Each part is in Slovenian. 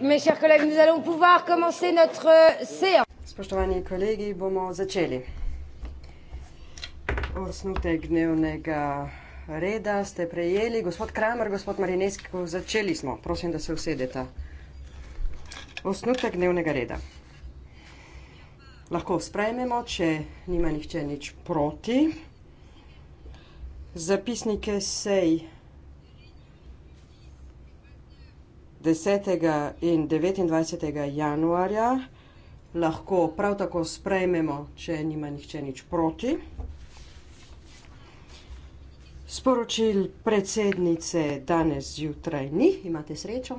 Mes chers collègues, nous allons pouvoir commencer notre euh, séance. Spoštovani kolegi, bomo začeli. Osnutek dnevnega reda ste prejeli. Gospod Kramer, gospod Marinesko, začeli smo. Prosim, da se usedete. Osnutek dnevnega reda. Lahko sprejmemo, če nima nihče nič proti. Zapisnike sej 10. in 29. januarja lahko prav tako sprejmemo, če nima nihče nič proti. Sporočil predsednice danes zjutraj ni, imate srečo.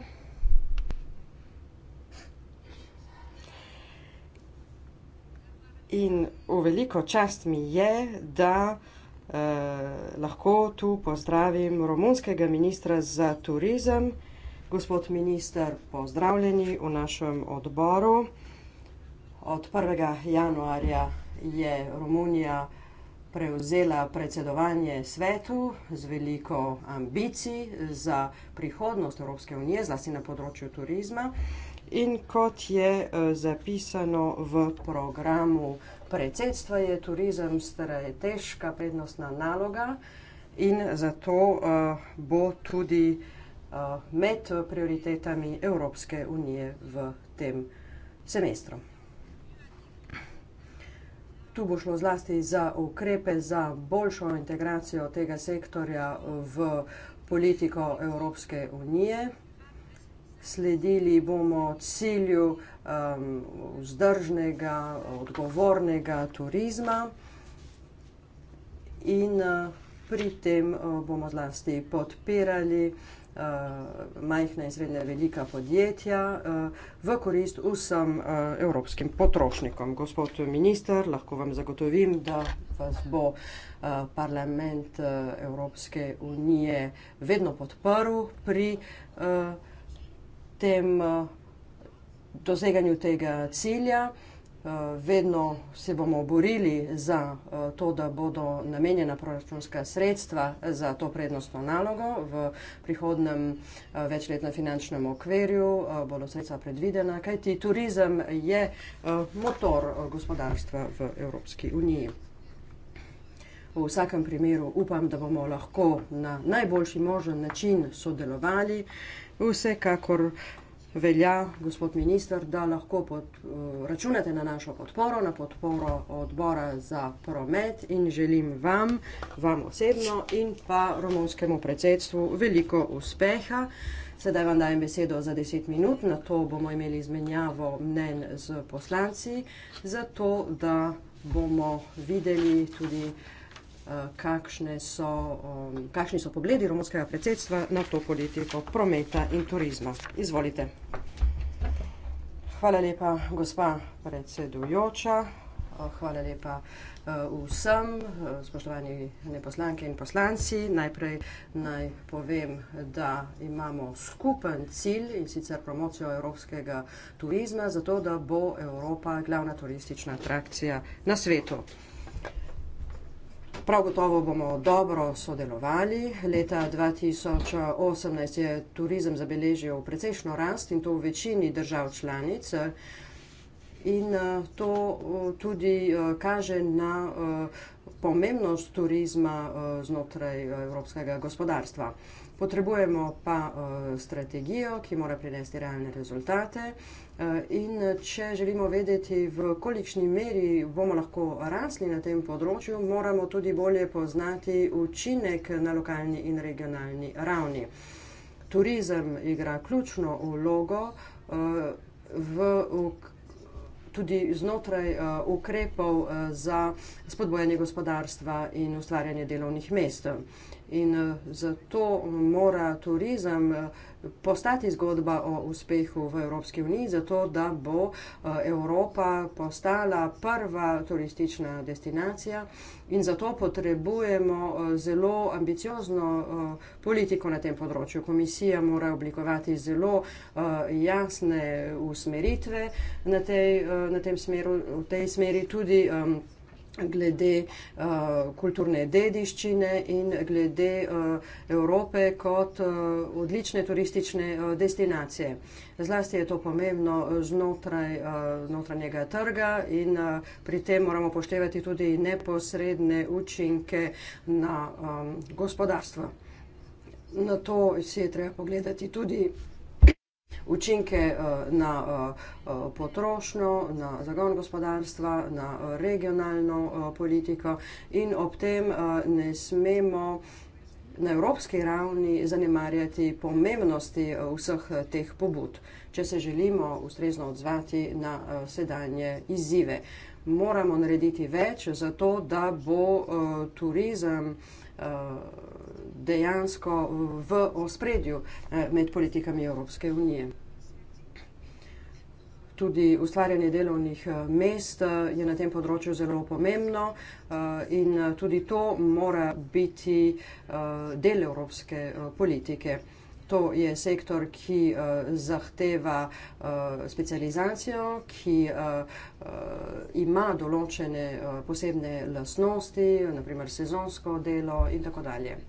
In v veliko čast mi je, da eh, lahko tu pozdravim romunskega ministra za turizem. Gospod minister, pozdravljeni v našem odboru. Od 1. januarja je Romunija prevzela predsedovanje svetu z veliko ambicij za prihodnost Evropske unije, zlasti na področju turizma. In kot je e, zapisano v programu predsedstva, je turizem strateška prednostna naloga in zato e, bo tudi. Eh, med prioritetami Evropske unije v tem semestru. Tu bo šlo zlasti za ukrepe za boljšo integracijo tega sektorja v politiko Evropske unije. Sledili bomo cilju um, vzdržnega, odgovornega turizma in uh, pri tem uh, bomo zlasti podpirali uh, Eh, majhna in srednja velika podjetja eh, v korist vsem eh, evropskim potrošnikom. Gospod minister, lahko vam zagotovim, da vas bo parlament Evropske unije vedno podprl pri tem doseganju tega cilja. Eh, vedno se bomo borili za eh, to, da bodo namenjena proračunska sredstva za to prednostno nalogo. V prihodnem eh, večletnem finančnem okvirju bodo sredstva predvidena, kajti turizem je motor gospodarstva v Evropski uniji. V vsakem primeru upam, da bomo lahko na najboljši možen način sodelovali. Vsekakor velja, gospod minister, da lahko pod, eh, računate na našo podporo, na podporo odbora za promet in želim vam, vam osebno in pa romovskemu predsedstvu veliko uspeha. Sedaj vam dajem besedo za 10 minut, na to bomo imeli izmenjavo mnen z poslanci, zato da bomo videli tudi so, um, kakšni so pogledi romunskega predsedstva na to politiko prometa in turizma. Izvolite. Hvala lepa, gospa predsedujoča. Hvala lepa uh, vsem, uh, spoštovani neposlanke in poslanci. Najprej naj povem, da imamo skupen cilj in sicer promocijo evropskega turizma, zato da bo Evropa glavna turistična atrakcija na svetu. Prav gotovo bomo dobro sodelovali. Leta 2018 je turizem zabeležil precejšno rast in to v večini držav članic. In eh, to eh, tudi eh, kaže na pomembnost turizma znotraj evropskega gospodarstva. Potrebujemo pa uh, strategijo, ki mora prinesti realne rezultate. Uh, in če želimo vedeti, v kolikšni meri bomo lahko rasli na tem področju, moramo tudi bolje poznati učinek na lokalni in regionalni ravni. Turizem igra ključno vlogo uh, v, v, tudi znotraj uh, ukrepov uh, za spodbojanje gospodarstva in ustvarjanje delovnih mest. Uh, In eh, zato mora turizem eh, postati zgodba o uspehu v Evropski uniji, zato da bo eh, Evropa postala prva turistična destinacija. In zato potrebujemo zelo ambiciozno politiko na tem področju. Komisija mora oblikovati zelo jasne usmeritve na tej, na tem smeru, v tej smeri tudi glede uh, kulturne dediščine in glede uh, Evrope kot uh, odlične turistične uh, destinacije. Zlasti je to pomembno znotraj uh, notranjega trga in uh, pri tem moramo poštevati tudi neposredne učinke na um, gospodarstvo. Na to si je treba pogledati tudi učinke eh, na eh, eh, potrošnjo, na zagon gospodarstva, na regionalno politiko in ob tem ne smemo na evropski ravni zanemarjati pomembnosti vseh teh pobud, če se želimo ustrezno odzvati na sedanje izzive. Moramo narediti več za to, da bo turizem dejansko v ospredju eh, med politikami Evropske unije. Tudi ustvarjanje delovnih eh, mest eh, je na tem področju zelo pomembno in tudi to mora biti del evropske politike. To je sektor, ki zahteva specializacijo, ki ima določene posebne lasnosti, naprimer sezonsko delo in tako dalje.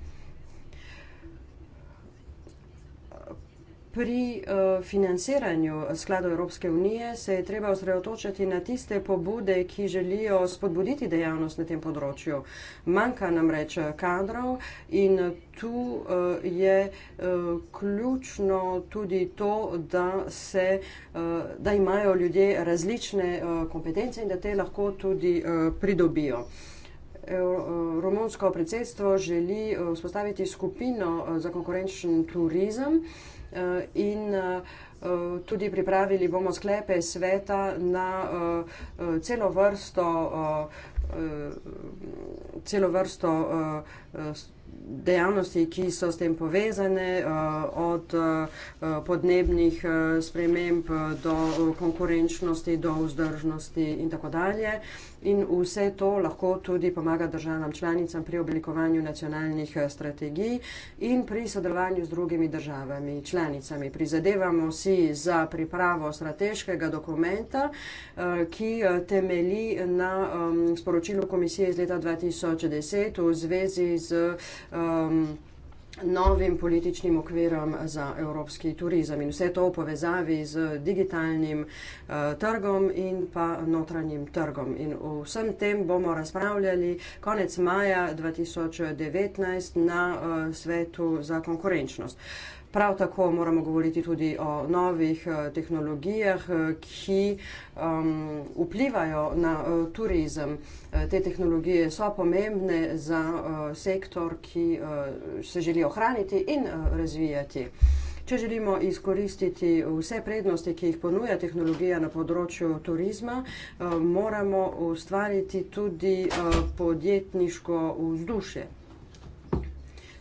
pri uh, financiranju skladov Evropske unije se je treba osredotočiti na tiste pobude, ki želijo spodbuditi dejavnost na tem področju. Manjka nam reč eh, kadrov in eh, tu uh, je uh, ključno tudi to, da, se, uh, da imajo ljudje različne uh, kompetence in da te lahko tudi uh, pridobijo. Romunsko predsedstvo želi vzpostaviti skupino za konkurenčen turizem. Eh, in eh, eh, tudi pripravili bomo sklepe sveta na celo vrsto, celo vrsto dejavnosti, ki so s tem povezane, od podnebnih sprememb do konkurenčnosti, do vzdržnosti in tako dalje in vse to lahko tudi pomaga državam članicam pri oblikovanju nacionalnih eh, strategij in pri sodelovanju z drugimi državami članicami. Prizadevamo si za pripravo strateškega dokumenta, eh, ki eh, temeli na ehm, sporočilu komisije iz leta 2010 v zvezi z. Ehm, novim političnim okvirom za evropski turizem in vse to v povezavi z digitalnim uh, trgom in pa notranjim trgom. In o vsem tem bomo razpravljali konec maja 2019 na uh, svetu za konkurenčnost. Uh, Prav tako moramo govoriti tudi o novih eh, tehnologijah, eh, ki um, vplivajo na uh, turizem. Te tehnologije so pomembne za uh, sektor, ki uh, se želi ohraniti in uh, razvijati. Če želimo izkoristiti vse prednosti, ki jih ponuja tehnologija na področju turizma, moramo ustvariti tudi podjetniško vzdušje.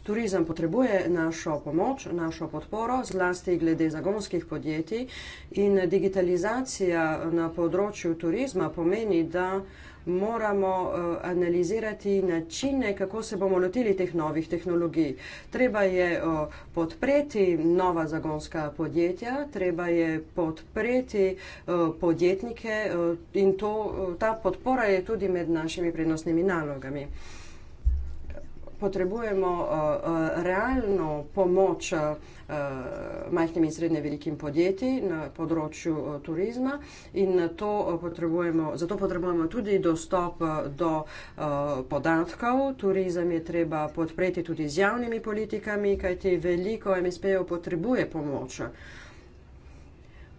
Turizem potrebuje našo pomoč, našo podporo, zlasti glede zagonskih podjetij in digitalizacija na področju turizma pomeni, da moramo eh, analizirati načine, kako se bomo lotili teh novih tehnologij. Treba je eh, podpreti nova zagonska podjetja, treba je podpreti eh, podjetnike in to, ta podpora je tudi med našimi prednostnimi nalogami potrebujemo uh, realno pomoč uh, majhnim in srednje velikim podjetij na področju uh, turizma in to, uh, potrebujemo, zato potrebujemo tudi dostop uh, do uh, podatkov. Turizem je treba podpreti tudi z javnimi politikami, kajti veliko MSP-jev potrebuje pomoč. Uh,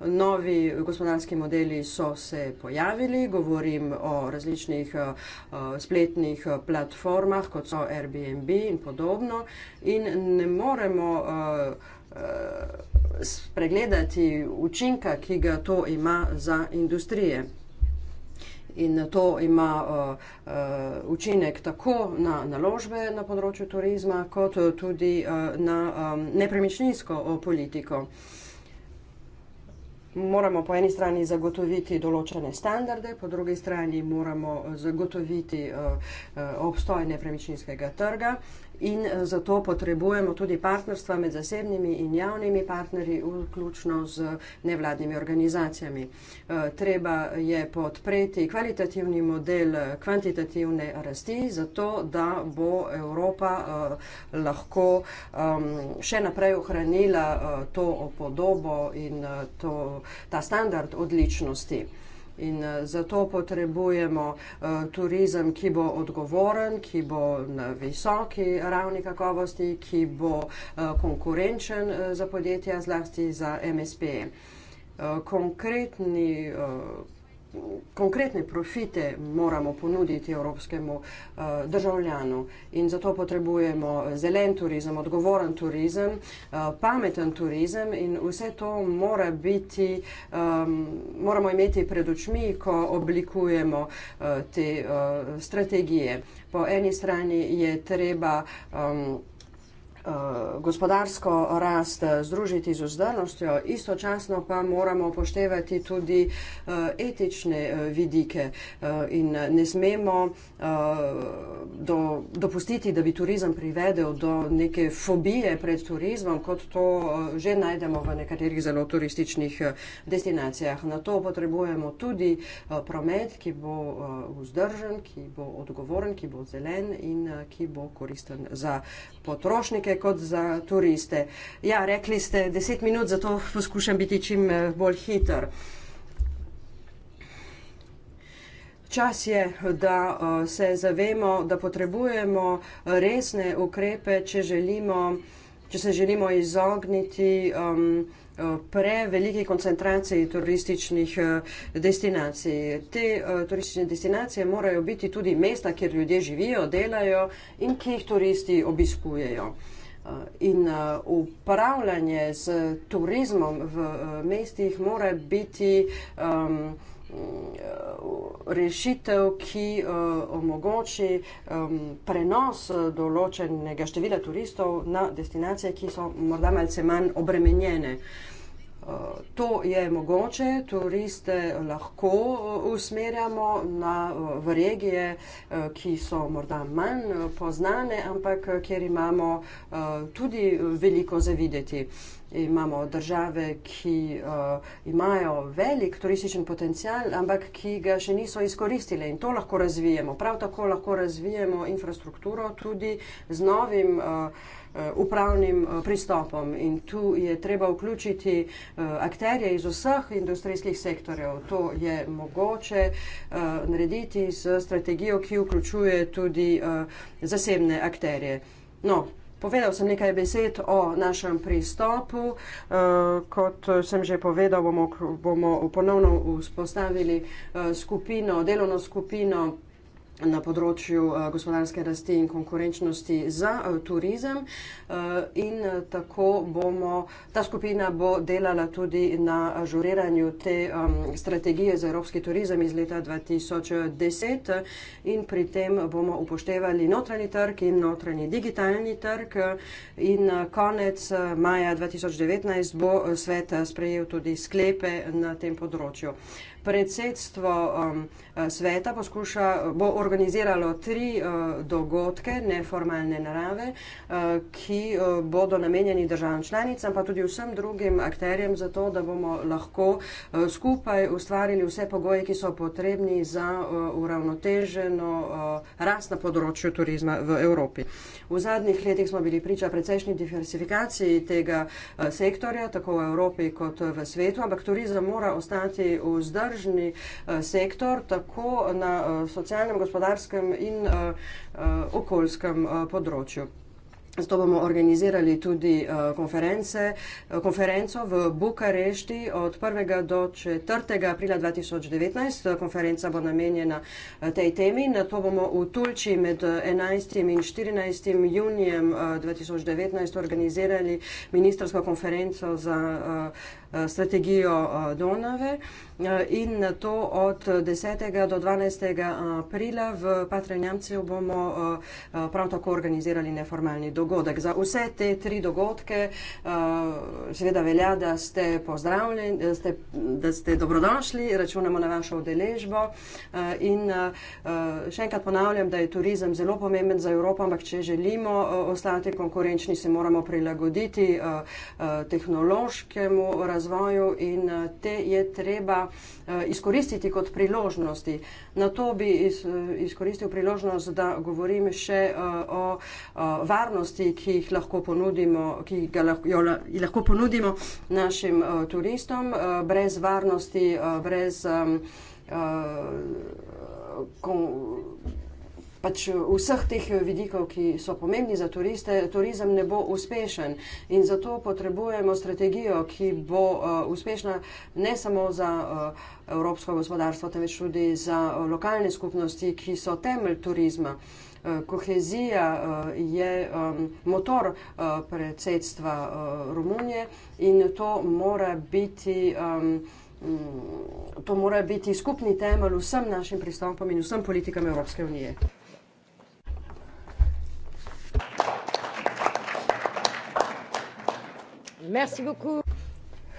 Novi gospodarski modeli so se pojavili, govorim o različnih eh, eh, spletnih eh, platformah, kot so Airbnb in podobno, in ne moremo spregledati učinka, ki ga to ima za industrije. In to ima uh, uh, učinek tako na naložbe na področju turizma, kot tudi uh, na um, nepremičninsko politiko. Uh, moramo po eni strani zagotoviti določene standarde, po drugi strani moramo zagotoviti eh, eh, obstoj nepremičninskega trga, in eh, zato potrebujemo tudi partnerstva med zasebnimi in javnimi partnerji, vključno z nevladnimi organizacijami. Eh, treba je podpreti kvalitativni model eh, kvantitativne rasti, zato da bo Evropa lahko ehm, še naprej ohranila to podobo in to, ta standard odličnosti. In eh, zato potrebujemo eh, turizem, ki bo odgovoren, ki bo na visoki ravni kakovosti, ki bo eh, konkurenčen za podjetja, zlasti za MSP. Konkretni konkretne profite moramo ponuditi evropskemu uh, državljanu in zato potrebujemo zelen turizem, odgovoren turizem, uh, pameten turizem in vse to mora biti, um, moramo imeti pred očmi, ko oblikujemo uh, te uh, strategije. Po eni strani je treba um, Eh, gospodarsko rast eh, združiti z vzdržnostjo, istočasno pa moramo upoštevati tudi eh, etične vidike in ne smemo dopustiti, da bi turizem privedel do neke fobije pred turizmom, kot to že najdemo v nekaterih zelo turističnih destinacijah. Na to potrebujemo tudi promet, ki bo vzdržen, ki bo odgovoren, ki bo zelen in ki bo koristen za potrošnike kot za turiste. Ja, rekli ste deset minut, zato poskušam biti čim eh, bolj hiter. Čas je, da eh, se zavemo, da potrebujemo eh, resne ukrepe, če, želimo, če se želimo izogniti um, preveliki koncentraciji turističnih destinacij. Te uh, turistične destinacije morajo biti tudi mesta, kjer ljudje živijo, delajo in ki jih turisti obiskujejo. In eh, upravljanje z turizmom v eh, mestih mora biti um, rešitev, ki uh, omogoči um, prenos določenega števila turistov na destinacije, ki so morda malce manj obremenjene. Uh, to je mogoče, turiste lahko eh, usmerjamo na, eh, v regije, eh, ki so morda manj poznane, ampak kjer imamo tudi veliko zavideti. Imamo države, ki uh, imajo velik turističen potencial, ampak ki ga še niso izkoristile in to lahko razvijemo. Prav tako lahko razvijemo infrastrukturo tudi z novim. Uh, Eh, upravnim eh, pristopom. In tu je treba vključiti eh, akterje iz vseh industrijskih sektorjev. To je mogoče narediti z strategijo, ki vključuje tudi zasebne akterje. No, Povedal sem nekaj besed o našem pristopu. Kot sem že povedal, bomo, bomo ponovno vzpostavili skupino, delovno skupino na področju eh, gospodarske rasti in konkurenčnosti za eh, turizem eh, in tako bomo, ta skupina bo delala tudi na žuriranju te strategije za evropski turizem iz leta 2010 in pri tem bomo upoštevali notranji trg in notranji digitalni trg in konec maja 2019 bo svet sprejel tudi sklepe na tem področju predsedstvo um, eh, sveta poskuša, bo organiziralo tri uh, dogodke neformalne narave, uh, ki uh, bodo namenjeni državam članicam, pa tudi vsem drugim akterjem, zato da bomo lahko uh, skupaj ustvarili vse pogoje, ki so potrebni za uh, uravnoteženo uh, rast na področju turizma v Evropi. V zadnjih letih smo bili priča precejšnji diversifikaciji tega uh, sektorja, tako v Evropi kot v svetu, ampak turizem mora ostati vzdržen tržni eh, sektor, tako na eh, socialnem, gospodarskem in eh, okoljskem področju. Zato bomo organizirali tudi konferenco v Bukarešti od 1. do 4. aprila 2019. Konferenca bo namenjena tej temi. Na to bomo v Tulči med 11. in 14. junijem 2019 organizirali ministersko konferenco za. Eh, strategijo eh, Donave eh, in to od 10. do 12. aprila v Patrenjamcev bomo prav tako organizirali neformalni dogodek. Za vse te tri dogodke seveda velja, da ste pozdravljeni, da ste, da ste dobrodošli, računamo na vašo udeležbo in še enkrat ponavljam, da je turizem zelo pomemben za Evropo, ampak če želimo ostati konkurenčni, se moramo prilagoditi tehnološkemu razvoju razvoju in eh, te je treba eh, izkoristiti kot priložnosti. Na to bi eh, izkoristil priložnost, da govorim še o varnosti, ki, lahko ponudimo, ki jo lahko ponudimo našim turistom. Brez varnosti, brez pač vseh teh vidikov, ki so pomembni za turiste, turizem ne bo uspešen. In zato potrebujemo strategijo, ki bo uh, uspešna ne samo za uh, evropsko gospodarstvo, temveč tudi za uh, lokalne skupnosti, ki so temelj turizma. Kohezija je motor predsedstva Romunije in to mora, biti, mm, to mora biti skupni temelj vsem našim pristopom in vsem politikam Evropske unije.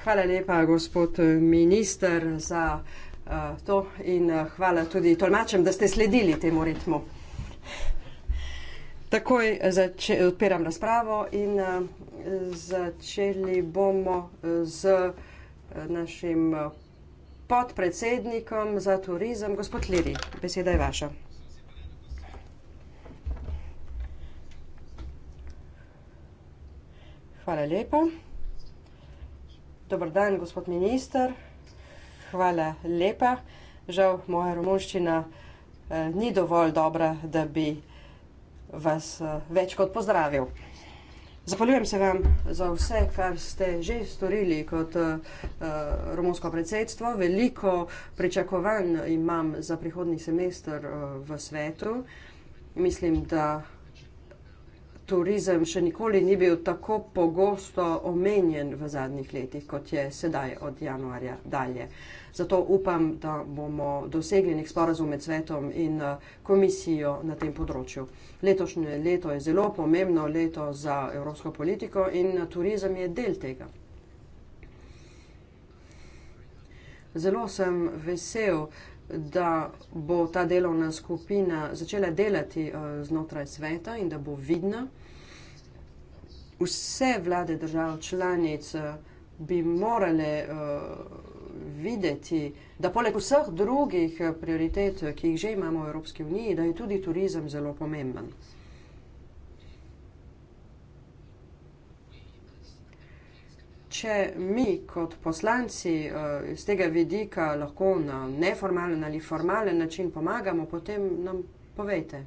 Hvala lepa, gospod eh, minister, za uh, to in uh, hvala tudi tolmačem, da ste sledili temu ritmu. Takoj zače, odpiram razpravo in uh, začeli bomo z uh, našim podpredsednikom za turizem, gospod Liri. Beseda je vaša. Hvala lepa. Dobar dan, gospod minister. Hvala lepa. Žal, moja romunščina eh, ni dovolj dobra, da bi vas eh, več kot pozdravil. Zahvaljujem se vam za vse, kar ste že storili kot uh, romunsko predsedstvo. Veliko pričakovanj imam za prihodni semester uh, v svetu. Mislim, da turizem še nikoli ni bil tako pogosto omenjen v zadnjih letih, kot je sedaj od januarja dalje. Zato upam, da bomo dosegli nek sporazum med svetom in eh, komisijo na tem področju. Letošnje leto je zelo pomembno leto za evropsko politiko in turizem je del tega. Zelo sem vesel, da bo ta delovna skupina začela delati uh, znotraj sveta in da bo vidna. Vse vlade držav članic eh, bi morale uh, videti, da poleg vseh drugih prioritet, ki jih že imamo v Evropski uniji, da je tudi turizem zelo pomemben. če mi kot poslanci eh, iz tega vidika lahko na neformalen ali formalen način pomagamo, potem nam povejte.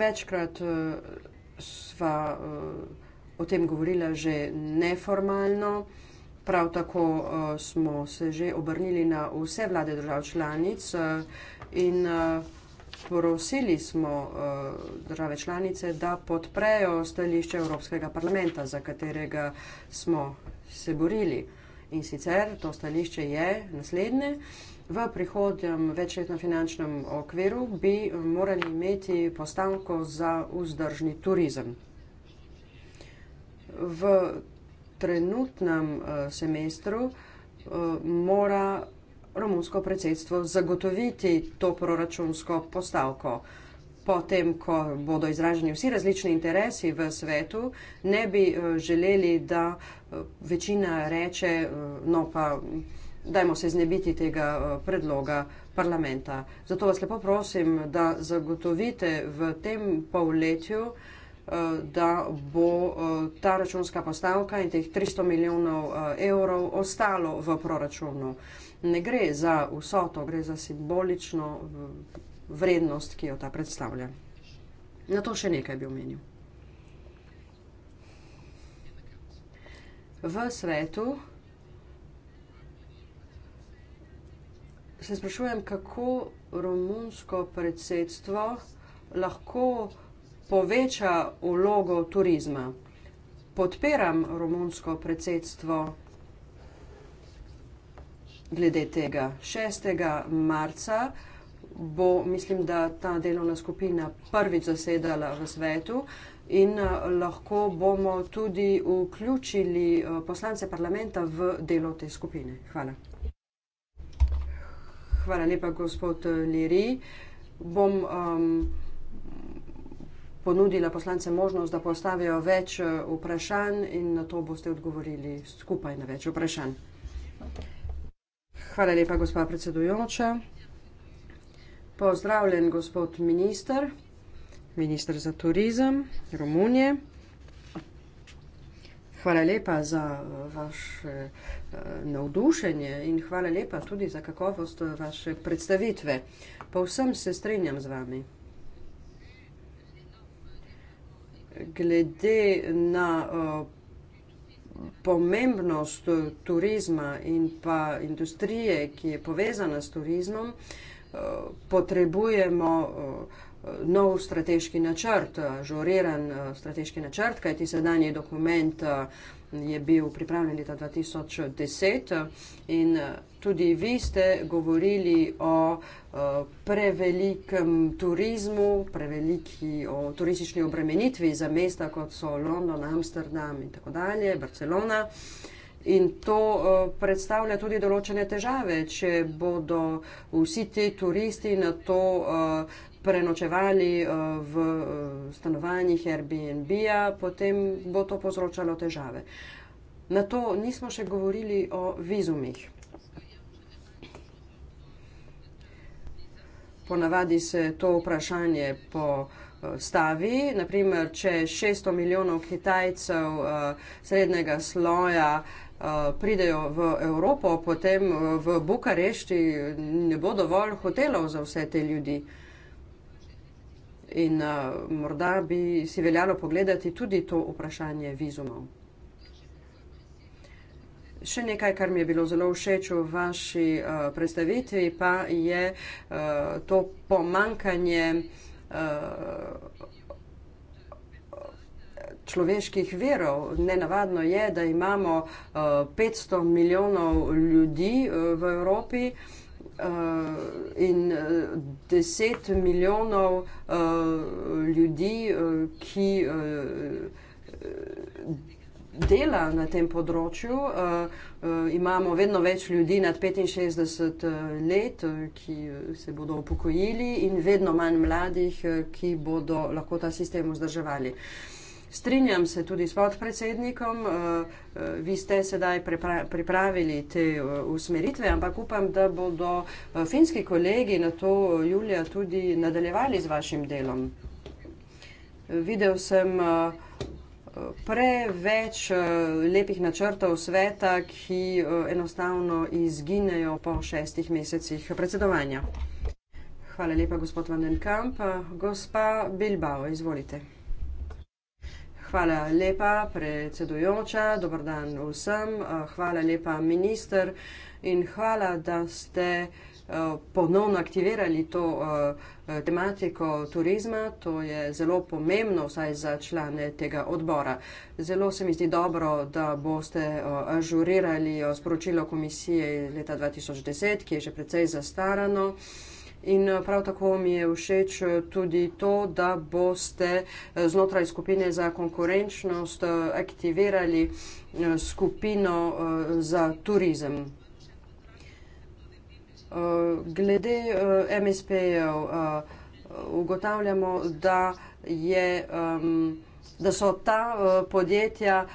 Večkrat eh, sva eh, o tem govorila že neformalno, prav tako smo se že obrnili na vse vlade držav članic in vse, prosili smo eh, države članice, da podprejo stališče Evropskega parlamenta, za katerega smo se borili. In sicer to stališče je naslednje. V prihodnjem večletnem finančnem okviru bi morali imeti postavko za vzdržni turizem. V trenutnem eh, semestru eh, mora romunsko predsedstvo zagotoviti to proračunsko postavko. Potem, ko bodo izraženi vsi različni interesi v svetu, ne bi eh, želeli, da eh, večina reče, eh, no pa dajmo se znebiti tega predloga parlamenta. Zato vas lepo prosim, da zagotovite v tem polletju, da bo ta računska postavka in teh 300 milijonov evrov ostalo v proračunu ne gre za vso to, gre za simbolično vrednost, ki jo ta predstavlja. Na to še nekaj bi omenil. V svetu se sprašujem, kako romunsko predsedstvo lahko poveča ulogo turizma. Podpiram romunsko predsedstvo glede tega. 6. marca bo, mislim, da ta delovna skupina prvič zasedala v svetu in eh, lahko bomo tudi vključili eh, poslance parlamenta v delo te skupine. Hvala. Hvala lepa, gospod eh, Liri. Bom um, ponudila poslance možnost, da postavijo več vprašanj in na to boste odgovorili skupaj na več vprašanj. Okay. Hvala lepa, gospa predsedujoča. Pozdravljen, gospod minister, minister za turizem Romunije. Hvala lepa za vaše eh, navdušenje in hvala lepa tudi za kakovost vaše predstavitve. Povsem se strinjam z vami. Glede na uh, pomembnost eh, turizma in pa industrije, ki je povezana s turizmom, eh, potrebujemo eh, nov strateški načrt, žoriran strateški načrt, kajti sedanji dokument je bil pripravljen leta 2010 in Tudi vi ste govorili o prevelikem turizmu, preveliki o turistični obremenitvi za mesta, kot so London, Amsterdam in tako dalje, Barcelona. In to predstavlja tudi določene težave, če bodo vsi ti turisti na to prenočevali v stanovanjih Airbnb-a, potem bo to povzročalo težave. Na to nismo še govorili o vizumih. ponavadi se to vprašanje po stavi. Naprimer, če 600 milijonov Kitajcev eh, srednjega sloja eh, pridejo v Evropo, potem eh, v Bukarešti ne bo dovolj hotelov za vse te ljudi. In morda bi si veljalo pogledati tudi to vprašanje vizumov. Še nekaj, kar mi je bilo zelo všeč v vaši uh, predstavitvi, pa je uh, to pomankanje uh, človeških verov. Nenavadno je, da imamo uh, 500 milijonov ljudi uh, v Evropi. Uh, in deset milijonov uh, ljudi, uh, ki uh, dela na tem področju. Eh, eh, imamo vedno več ljudi nad 65 eh, let, ki se bodo upokojili, in vedno manj mladih, ki bodo lahko ta sistem vzdrževali. Strinjam se tudi s podpredsednikom, vi ste sedaj pripravili te usmeritve, ampak upam, da bodo finski kolegi na to julija tudi nadaljevali z vašim delom. Videl sem preveč eh, lepih načrtov sveta, ki eh, enostavno izginejo po šestih mesecih predsedovanja. Hvala lepa, gospod Van den Kamp. Gospa Bilbao, izvolite. Hvala lepa, predsedujoča. Dobar dan vsem. Eh, hvala lepa, minister. In hvala, da ste. Eh, ponovno aktivirali to eh, eh, tematiko turizma. To je zelo pomembno, vsaj za člane tega odbora. Zelo se mi zdi dobro, da boste ažurirali sporočilo komisije leta 2010, ki je že precej zastarano. In prav tako mi je všeč tudi to, da boste znotraj skupine za konkurenčnost aktivirali skupino za turizem. Eh, glede eh, MSP-jev eh, ugotavljamo, da, je, da so ta podjetja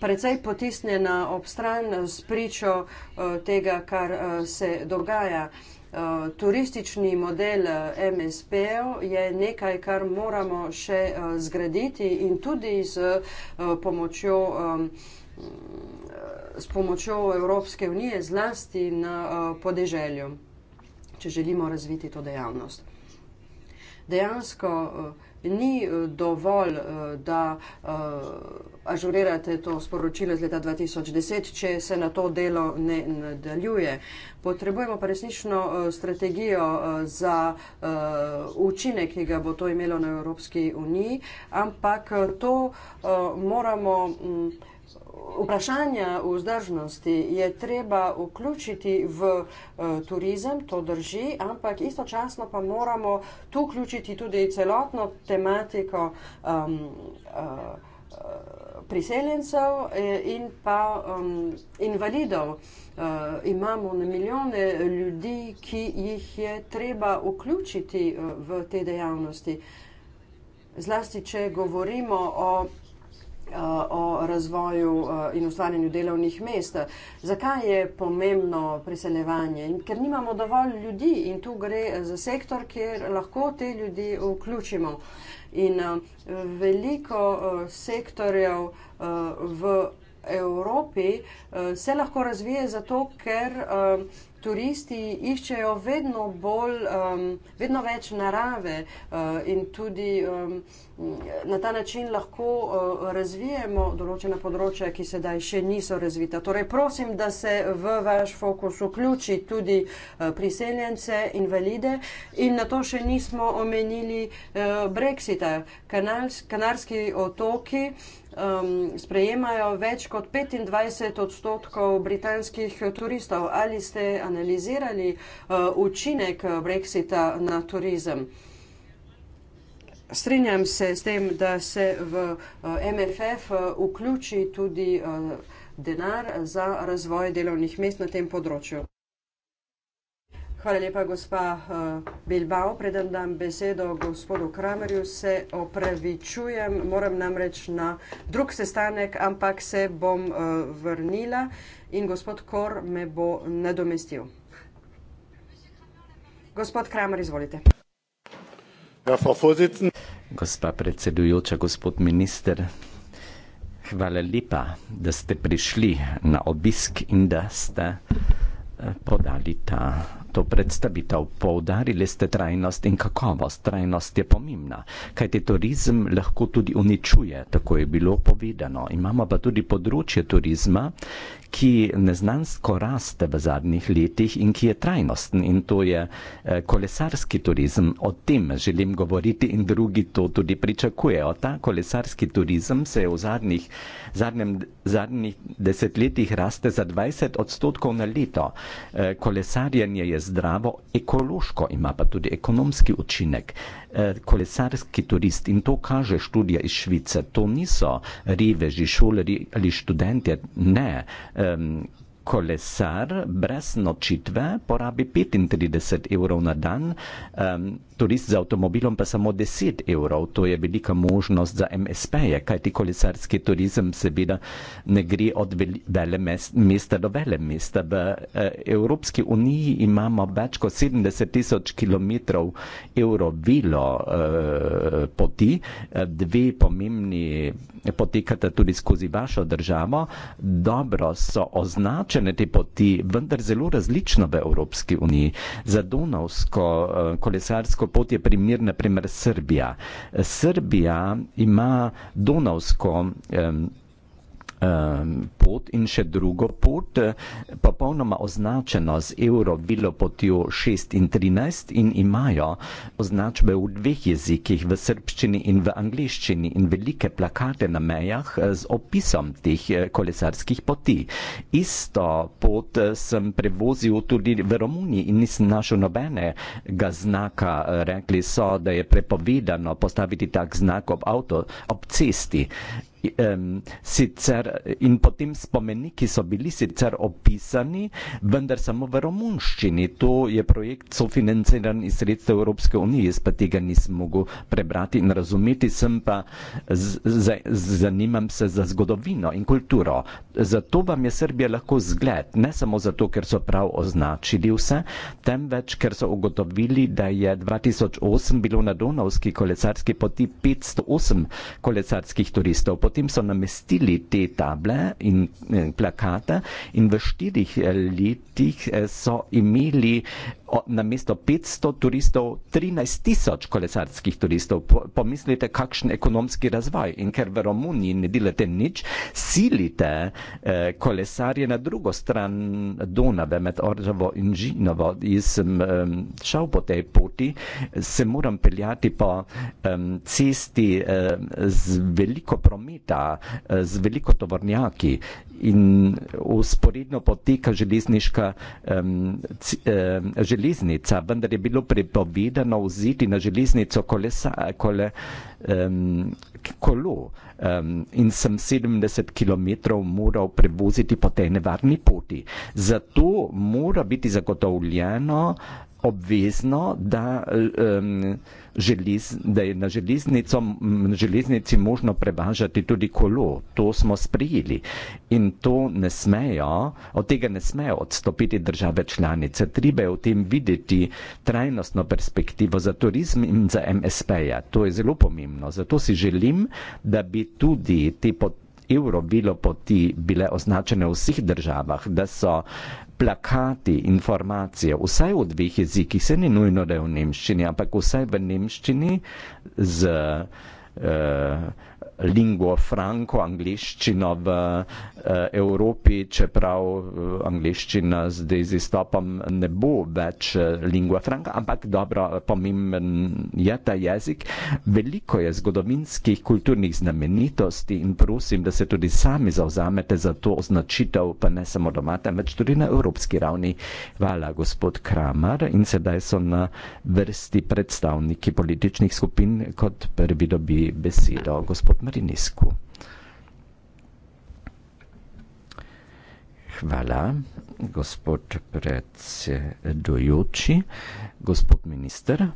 precej potisnjena ob stran s pričo tega, kar se dogaja. Turistični model MSP-jev je nekaj, kar moramo še zgraditi in tudi z pomočjo s pomočjo Evropske unije, zlasti na eh, podeželju, če želimo razviti to dejavnost. Dejansko eh, ni eh, dovolj, da ažurirate to sporočilo iz leta 2010, če se na to delo ne nadaljuje. Potrebujemo pa resnično strategijo za učinek, ki ga bo to imelo na Evropski uniji, ampak to moramo. Mm, vprašanja vzdržnosti je treba vključiti v eh, turizem, to drži, ampak istočasno pa moramo tu vključiti tudi celotno tematiko um, uh, priseljencev eh, in pa um, invalidov. Uh, imamo na milijone ljudi, ki jih je treba vključiti v te dejavnosti. Zlasti, če govorimo o Eh, o razvoju eh, in ustvarjanju delovnih mest. Zakaj je pomembno priseljevanje? Ker nimamo dovolj ljudi in tu gre za sektor, kjer lahko te ljudi vključimo. In eh, veliko sektorjev v Evropi se lahko razvije zato, ker turisti iščejo vedno bolj, um, vedno več narave uh, in tudi um, na ta način lahko uh, razvijemo določena področja, ki sedaj še niso razvita. Torej, prosim, da se v vaš fokus vključi tudi uh, priseljence, invalide in na to še nismo omenili uh, Brexita, Kanals, Kanarski otoki. Uh, um, sprejemajo več kot 25 odstotkov britanskih turistov. Ali ste analizirali uh, učinek Brexita na turizem? Strinjam se s tem, da se v uh, MFF uh, vključi tudi uh, denar za razvoj delovnih mest na tem področju. Hvala lepa, gospa eh, Bilbao. Predem dam besedo gospodu Kramerju, se opravičujem, moram namreč na drug sestanek, ampak se bom eh, vrnila in gospod Kor me bo nadomestil. Gospod Kramer, izvolite. Ja, gospa predsedujoča, gospod minister, hvala lepa, da ste prišli na obisk in da ste eh, podali ta to predstavitev poudarili ste trajnost in kakovost. Trajnost je pomembna, kajti turizem lahko tudi uničuje, tako je bilo povedano. Imamo pa tudi področje turizma, ki neznansko raste v zadnjih letih in ki je trajnosten in to je eh, kolesarski turizem. O tem želim govoriti in drugi to tudi pričakujejo. Ta kolesarski turizem se je v zadnjih letih zadnjem, zadnjih desetletjih raste za 20 odstotkov na leto. E, kolesarjenje je zdravo, ekološko ima pa tudi ekonomski učinek. E, kolesarski turist in to kaže študija iz Švice, to niso riveži, šoleri ali študentje, ne. E, kolesar brez nočitve porabi 35 evrov na dan, um, turist z avtomobilom pa samo 10 evrov. To je velika možnost za MSP-je, kajti kolesarski turizem seveda ne gre od vele mesta do vele mesta. V eh, Evropski uniji imamo več kot 70 tisoč km eurovilo uh, eh, poti, dve pomembni potekata tudi skozi vašo državo, dobro so označeni, določene te poti, vendar zelo različno v Evropski uniji. Za donovsko eh, kolesarsko pot je primer naprimer Srbija. Srbija ima donovsko eh, pot in še drugo pot, eh, popolnoma označeno z Eurovilo potjo 6 in 13 in imajo označbe v dveh jezikih, v srbščini in v angliščini in velike plakate na mejah eh, z opisom teh eh, kolesarskih poti. Isto pot sem prevozil tudi v Romuniji in nisem našel nobenega znaka. Rekli so, da je prepovedano postaviti tak znak ob, avto, ob cesti um, sicer in potem spomeniki so bili sicer opisani, vendar samo v romunščini. To je projekt sofinanciran iz sredstev Evropske unije, jaz pa tega nisem mogel prebrati in razumeti, sem pa z, z, zanimam se za zgodovino in kulturo. Zato vam je Srbija lahko zgled, ne samo zato, ker so prav označili vse, temveč, ker so ugotovili, da je 2008 bilo na Donavski kolesarski poti 508 kolesarskih turistov potem so namestili te table in eh, plakate in v štirih eh, letih eh, so imeli na mesto 500 turistov 13 tisoč kolesarskih turistov. Pomislite, kakšen ekonomski razvoj. In ker v Romuniji ne delate nič, silite eh, kolesarje na drugo stran Donave med Orževo in Žinovo. Jaz sem eh, šel po tej poti, se moram peljati po eh, cesti eh, z veliko prometa, eh, z veliko tovornjaki. In usporedno poteka železniška eh, eh, železnica, vendar je bilo prepovedano vzeti na železnico kolesa, kole, um, kolo um, in sem 70 km moral prevoziti po tej nevarni poti. Zato mora biti zagotovljeno obvezno, da, um, želiz, da je na, železnico, na železnici možno prevažati tudi kolo. To smo sprijeli in to ne smejo, od tega ne smejo odstopiti države članice. Treba je v tem videti trajnostno perspektivo za turizem in za MSP. -ja. To je zelo pomembno. Zato si želim, da bi tudi te pot. Euro bilo poti bile označene v vseh državah, da so plakati, informacije, vsaj v dveh jezikih, se ni nujno, da je v nemščini, ampak vsaj v nemščini z uh, lingvo franko, angliščino v eh, Evropi, čeprav eh, angliščina zdaj z izstopom ne bo več eh, lingva franka, ampak dobro, pomemben je ta jezik. Veliko je zgodovinskih kulturnih znamenitosti in prosim, da se tudi sami zauzamete za to označitev, pa ne samo doma, temveč tudi na evropski ravni. Hvala, gospod Kramar. In sedaj so na vrsti predstavniki političnih skupin, kot prvi dobi besedo. Gospod Marinescu. Hvala, gospod predsedujoči, gospod minister.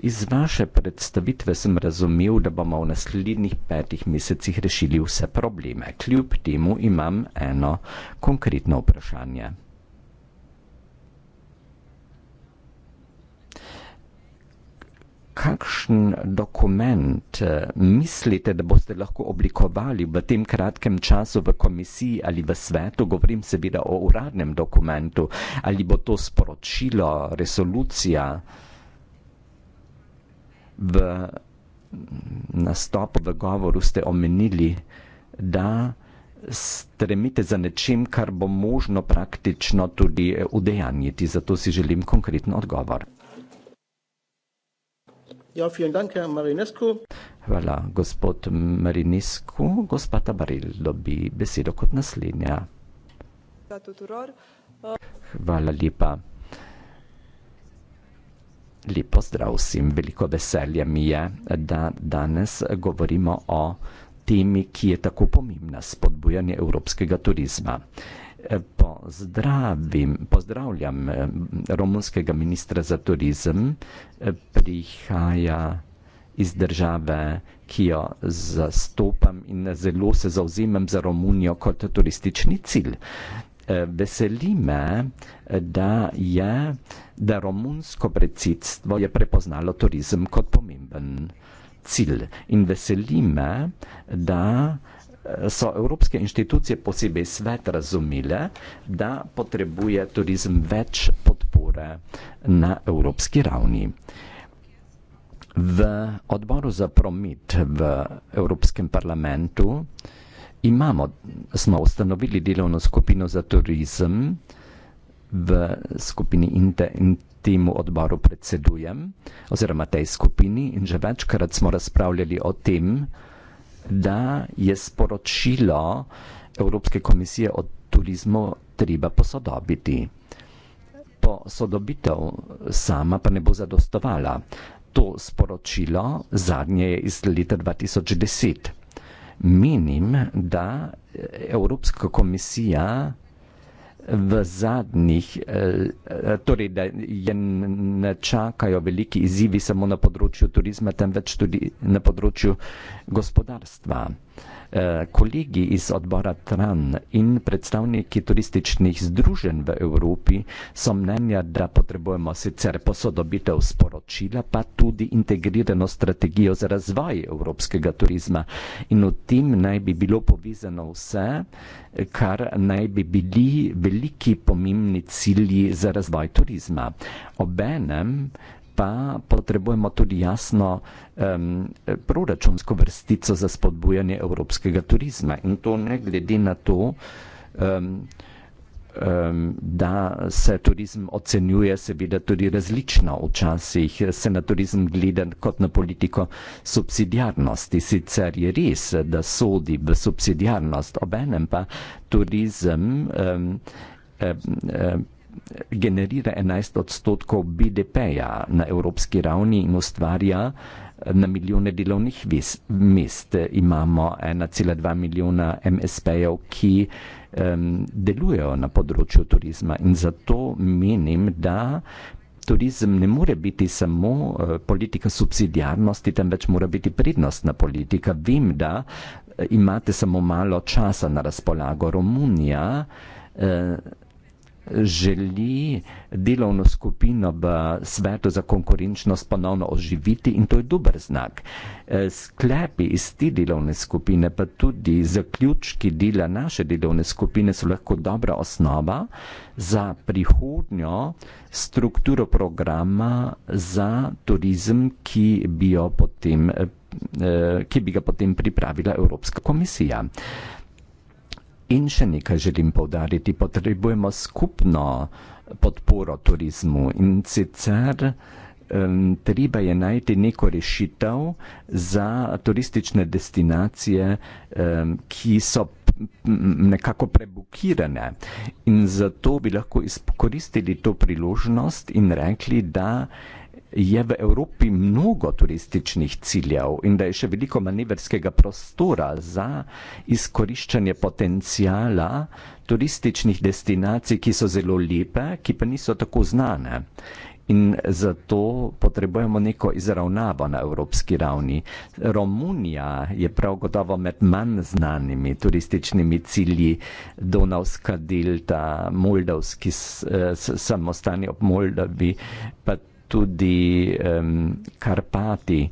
Iz vaše predstavitve sem razumel, da bomo v naslednjih petih mesecih rešili vse probleme. Kljub temu imam eno konkretno vprašanje. kakšen dokument eh, mislite, da boste lahko oblikovali v tem kratkem času v komisiji ali v svetu, govorim seveda o uradnem dokumentu, ali bo to sporočilo, resolucija v nastopu, v govoru ste omenili, da stremite za nečem, kar bo možno praktično tudi eh, udejanjiti. Zato si želim konkretno odgovor. Ja, vielen Dank, Herr Marinescu. Hvala, gospod Marinescu. Gospa Tabaril dobi besedo kot naslednja. Hvala lepa. Lepo zdrav vsem, veliko veselje mi je, da danes govorimo o temi, ki je tako pomembna, spodbujanje evropskega turizma. Pozdravim, pozdravljam eh, romunskega ministra za turizem, eh, prihaja iz države, ki jo zastopam in zelo se zauzemam za Romunijo kot turistični cilj. Eh, veseli me, da je da romunsko predsedstvo je prepoznalo turizem kot pomemben cilj. In veseli me, da so evropske inštitucije, posebej svet, razumile, da potrebuje turizem več podpore na evropski ravni. V odboru za promit v Evropskem parlamentu imamo, smo ustanovili delovno skupino za turizem, v skupini in temu odboru predsedujem, oziroma tej skupini, in že večkrat smo razpravljali o tem, da je sporočilo Evropske komisije o turizmu treba posodobiti. Posodobitev sama pa ne bo zadostovala. To sporočilo zadnje je iz leta 2010. Menim, da Evropska komisija v zadnjih, eh, torej da jen ne čakajo veliki izzivi samo na področju turizma, temveč tudi na področju gospodarstva. Eh, kolegi iz odbora TRAN in predstavniki turističnih združen v Evropi so mnenja, da potrebujemo sicer posodobitev sporočila, pa tudi integrirano strategijo za razvoj evropskega turizma. In v tem naj bi bilo povezano vse, kar naj bi bili veliki veliki pomembni cilji za razvoj turizma. Obenem pa potrebujemo tudi jasno um, proračunsko vrstico za spodbujanje evropskega turizma in to ne glede na to, um, um, da se turizem ocenjuje seveda tudi različno včasih, se na turizem gleda kot na politiko subsidiarnosti. Sicer je res, da sodi v subsidiarnost, obenem pa turizem. Um, um, um, generira 11 odstotkov BDP-ja na evropski ravni in ustvarja na milijone delovnih mest. Imamo 1,2 milijona MSP-jev, ki uh, um, delujejo na področju turizma in zato menim, da. Turizem ne more biti samo uh, politika subsidijarnosti, temveč mora biti prednostna politika. Vem, da uh, imate samo malo časa na razpolago. Romunija uh, želi delovno skupino v svetu za konkurenčnost ponovno oživiti in to je dober znak. E, sklepi iz te delovne skupine, pa tudi zaključki dela naše delovne skupine so lahko dobra osnova za prihodnjo strukturo programa za turizem, ki bi, potem, e, e, ki bi ga potem pripravila Evropska komisija. In še nekaj želim povdariti, potrebujemo skupno podporo turizmu in sicer um, treba je najti neko rešitev za turistične destinacije, um, ki so nekako prebukirane in zato bi lahko izkoristili to priložnost in rekli, da je v Evropi mnogo turističnih ciljev in da je še veliko manevrskega prostora za izkoriščanje potencijala turističnih destinacij, ki so zelo lepe, ki pa niso tako znane. In zato potrebujemo neko izravnavo na evropski ravni. Romunija je prav gotovo med manj znanimi turističnimi cilji, Donavska delta, Moldavski samostani ob Moldavi, pa tudi um, Karpati.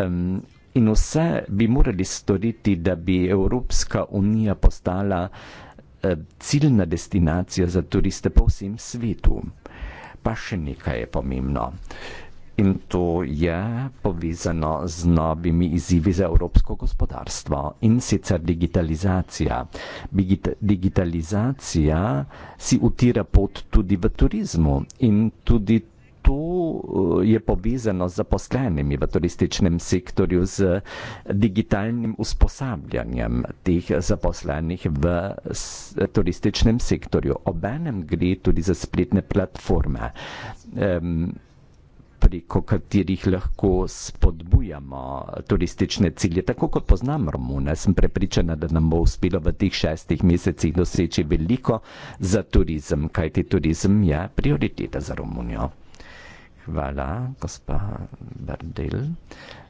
Um, in vse bi morali storiti, da bi Evropska unija postala uh, ciljna destinacija za turiste po vsem svetu. Pa še nekaj je pomembno. In to je povezano z novimi izzivi za evropsko gospodarstvo in sicer digitalizacija. Digitalizacija si utira pot tudi v turizmu in tudi turizmu tu eh, je povezano z zaposlenimi v turističnem sektorju, z digitalnim usposabljanjem teh zaposlenih v turističnem sektorju. Obenem gre tudi za spletne platforme, preko katerih lahko spodbujamo turistične cilje. Tako kot poznam Romune, sem prepričana, da nam bo uspelo v teh šestih mesecih doseči veliko za turizem, kajti turizem je prioriteta za Romunijo. Hvala, gospa Bardel.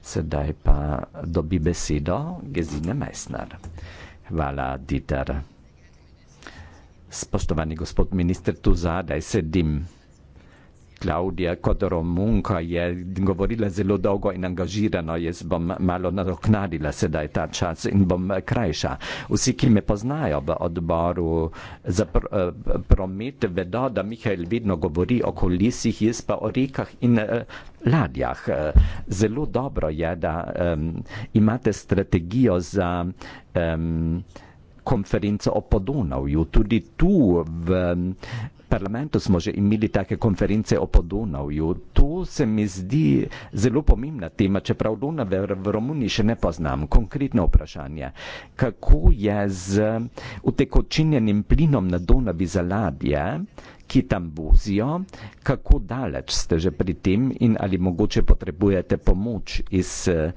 Sedaj pa dobi besedo Gezine Meissner. Hvala, Dieter. Spoštovani gospod minister, tu zadaj sedim. Klaudija Kodoromunka je govorila zelo dolgo in angažirano, jaz bom malo nadoknadila sedaj ta čas in bom krajša. Vsi, ki me poznajo v odboru za pr eh, promet, vedo, da Mihajl vedno govori o kolisih, jaz pa o rekah in uh, ladjah. Eh, zelo dobro je, da um, imate strategijo za. Um, konferenco o Podonavju. Tudi tu v parlamentu smo že imeli take konference o Podunavju. Tu se mi zdi zelo pomembna tema, čeprav Dunav v Romuniji še ne poznam. Konkretno vprašanje, kako je z utekočinjenim plinom na Dunavi za ladje, kitambuzijo, kako daleč ste že pri tem in ali mogoče potrebujete pomoč iz eh,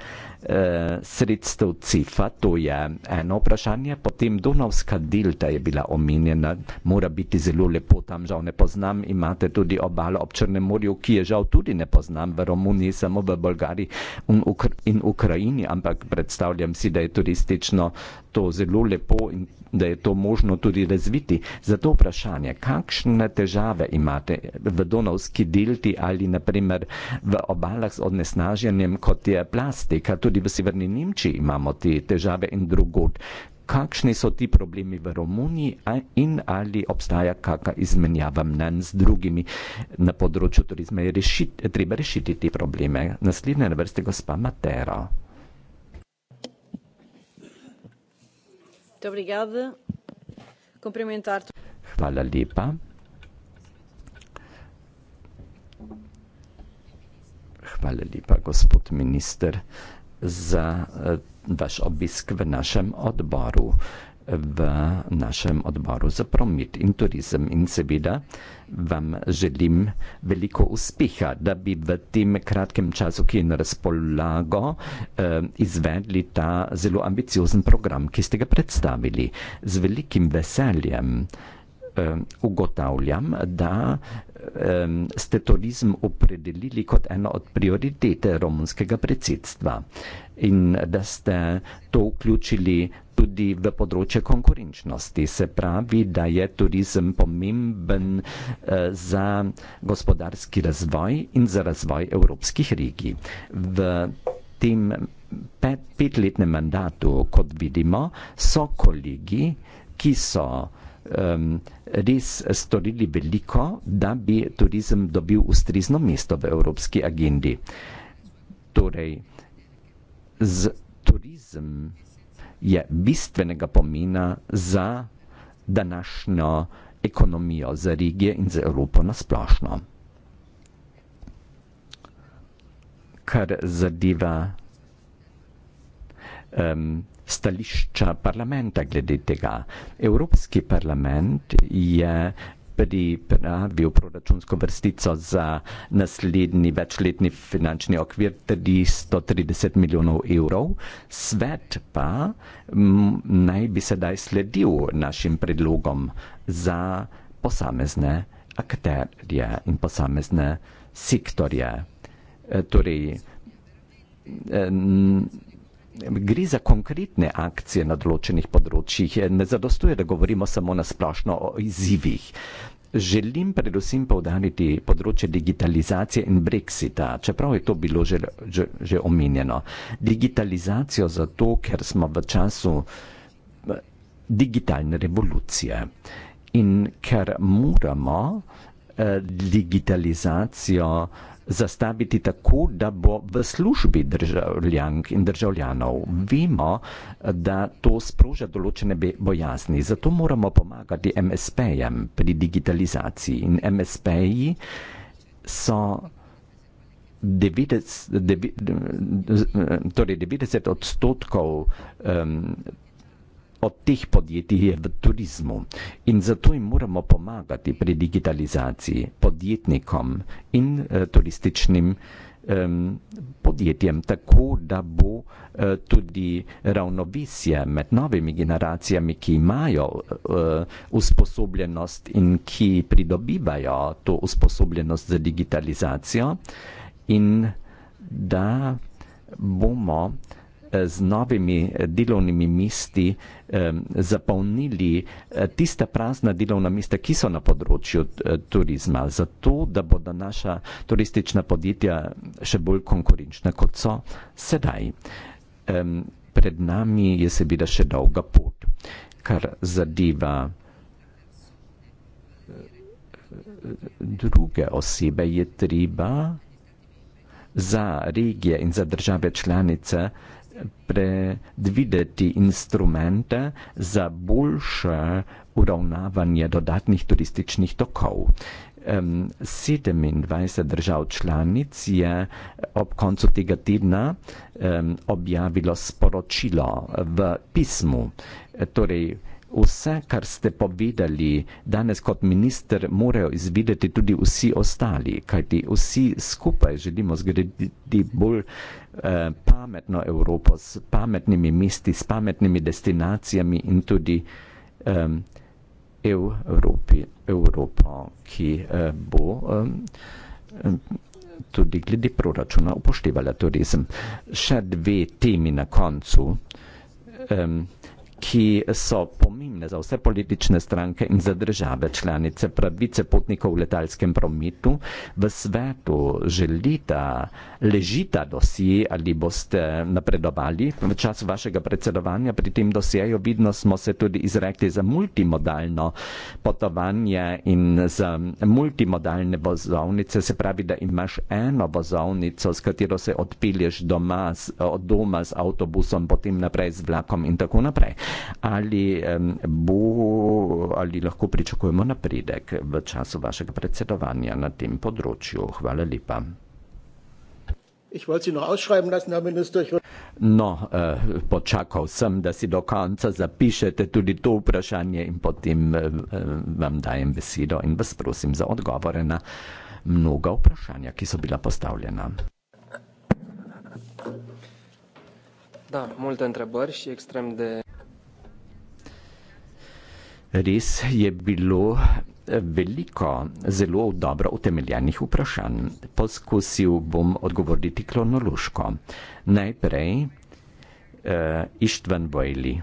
sredstev CIFA, to je eno vprašanje. Potem Donavska delta je bila omenjena, mora biti zelo lepo tam, žal ne poznam, imate tudi obalo ob Črnem morju, ki je žal tudi ne poznam v Romuniji, samo v Bolgariji in, Ukra in Ukrajini, ampak predstavljam si, da je turistično to zelo lepo in da je to možno tudi razviti. Zato vprašanje, kakšne težave imate v Donovski delti ali naprimer v obalah s odnesnaženjem, kot je plastika, tudi v Severni Nemčiji imamo te težave in drugot. Kakšni so ti problemi v Romuniji in ali obstaja kakšna izmenjava mnen z drugimi na področju turizma? Rešit, treba rešiti te probleme. Naslednja na vrsti gospa Matera. Hvala lepa. Hvala lepa, gospod minister, za eh, vaš obisk v našem odboru v našem odboru za promet in turizem. In seveda vam želim veliko uspeha, da bi v tem kratkem času, ki je na razpolago, eh, izvedli ta zelo ambiciozen program, ki ste ga predstavili z velikim veseljem. Eh, ugotavljam, da ste turizem opredelili kot eno od prioritete romunskega predsedstva in da ste to vključili tudi v področje konkurenčnosti. Se pravi, da je turizem pomemben eh, za gospodarski razvoj in za razvoj evropskih regij. V tem pet, petletnem mandatu, kot vidimo, so kolegi, ki so um, res storili veliko, da bi turizem dobil ustrezno mesto v evropski agendi. Torej, z turizem je bistvenega pomena za današnjo ekonomijo, za regije in za Evropo nasplošno. Kar zadeva um, stališča parlamenta glede tega. Evropski parlament je pripravil proračunsko vrstico za naslednji večletni finančni okvir 330 milijonov evrov. Svet pa naj bi sedaj sledil našim predlogom za posamezne akterje in posamezne sektorje. E, torej, e, gre za konkretne akcije na določenih področjih. Ne zadostuje, da govorimo samo na splošno o izzivih. Želim predvsem povdariti področje digitalizacije in brexita, čeprav je to bilo že, že, že omenjeno. Digitalizacijo zato, ker smo v času eh, digitalne revolucije in ker moramo eh, digitalizacijo eh, zastaviti tako, da bo v službi državljank in državljanov. Vemo, da to sproža določene bojazni, zato moramo pomagati MSP-jem pri digitalizaciji in MSP-ji so. 90, 90, torej 90 odstotkov um, od teh podjetij je v turizmu in zato jim moramo pomagati pri digitalizaciji podjetnikom in eh, turističnim podjetjem, tako da bo eh, tudi ravnovesje med novimi generacijami, ki imajo eh, usposobljenost in ki pridobivajo to usposobljenost za digitalizacijo in da bomo z novimi eh, delovnimi mesti zapolnili eh, tista prazna delovna mesta, ki so na področju eh, turizma, zato da bodo naša turistična podjetja še bolj konkurenčna, kot so sedaj. Pred nami je seveda še dolga pot, kar zadeva druge osebe, je treba za regije in za države članice, predvideti instrumente za boljše uravnavanje dodatnih turističnih tokov. 27 držav članic je ob koncu tega tedna objavilo sporočilo v pismu, torej vse, kar ste povedali danes kot minister, morajo izvideti tudi vsi ostali, kajti vsi skupaj želimo zgraditi bolj eh, pametno Evropo s pametnimi mesti, s pametnimi destinacijami in tudi eh, Evropi, Evropo, ki eh, bo eh, tudi glede proračuna upoštevala turizem. Še dve temi na koncu. Eh, ki so pomembne za vse politične stranke in za države članice. Pravice potnikov v letalskem prometu v svetu želita, ležita dosije ali boste napredovali. V času vašega predsedovanja pri tem dosijeju vidno smo se tudi izrekli za multimodalno potovanje in za multimodalne vozovnice. Se pravi, da imaš eno vozovnico, s katero se odpelješ doma, od doma z avtobusom, potem naprej z vlakom in tako naprej ali bo ali lahko pričakujemo napredek v času vašega predsedovanja na tem področju. Hvala lepa. No, eh, počakal sem, da si do konca zapišete tudi to vprašanje in potem eh, vam dajem besedo in vas prosim za odgovore na mnoga vprašanja, ki so bila postavljena. Da, multe întrebări și extrem de Res je bilo eh, veliko zelo dobro utemeljenih vprašanj. Poskusil bom odgovoriti kronološko. Najprej uh, eh, Ištvan Bojli.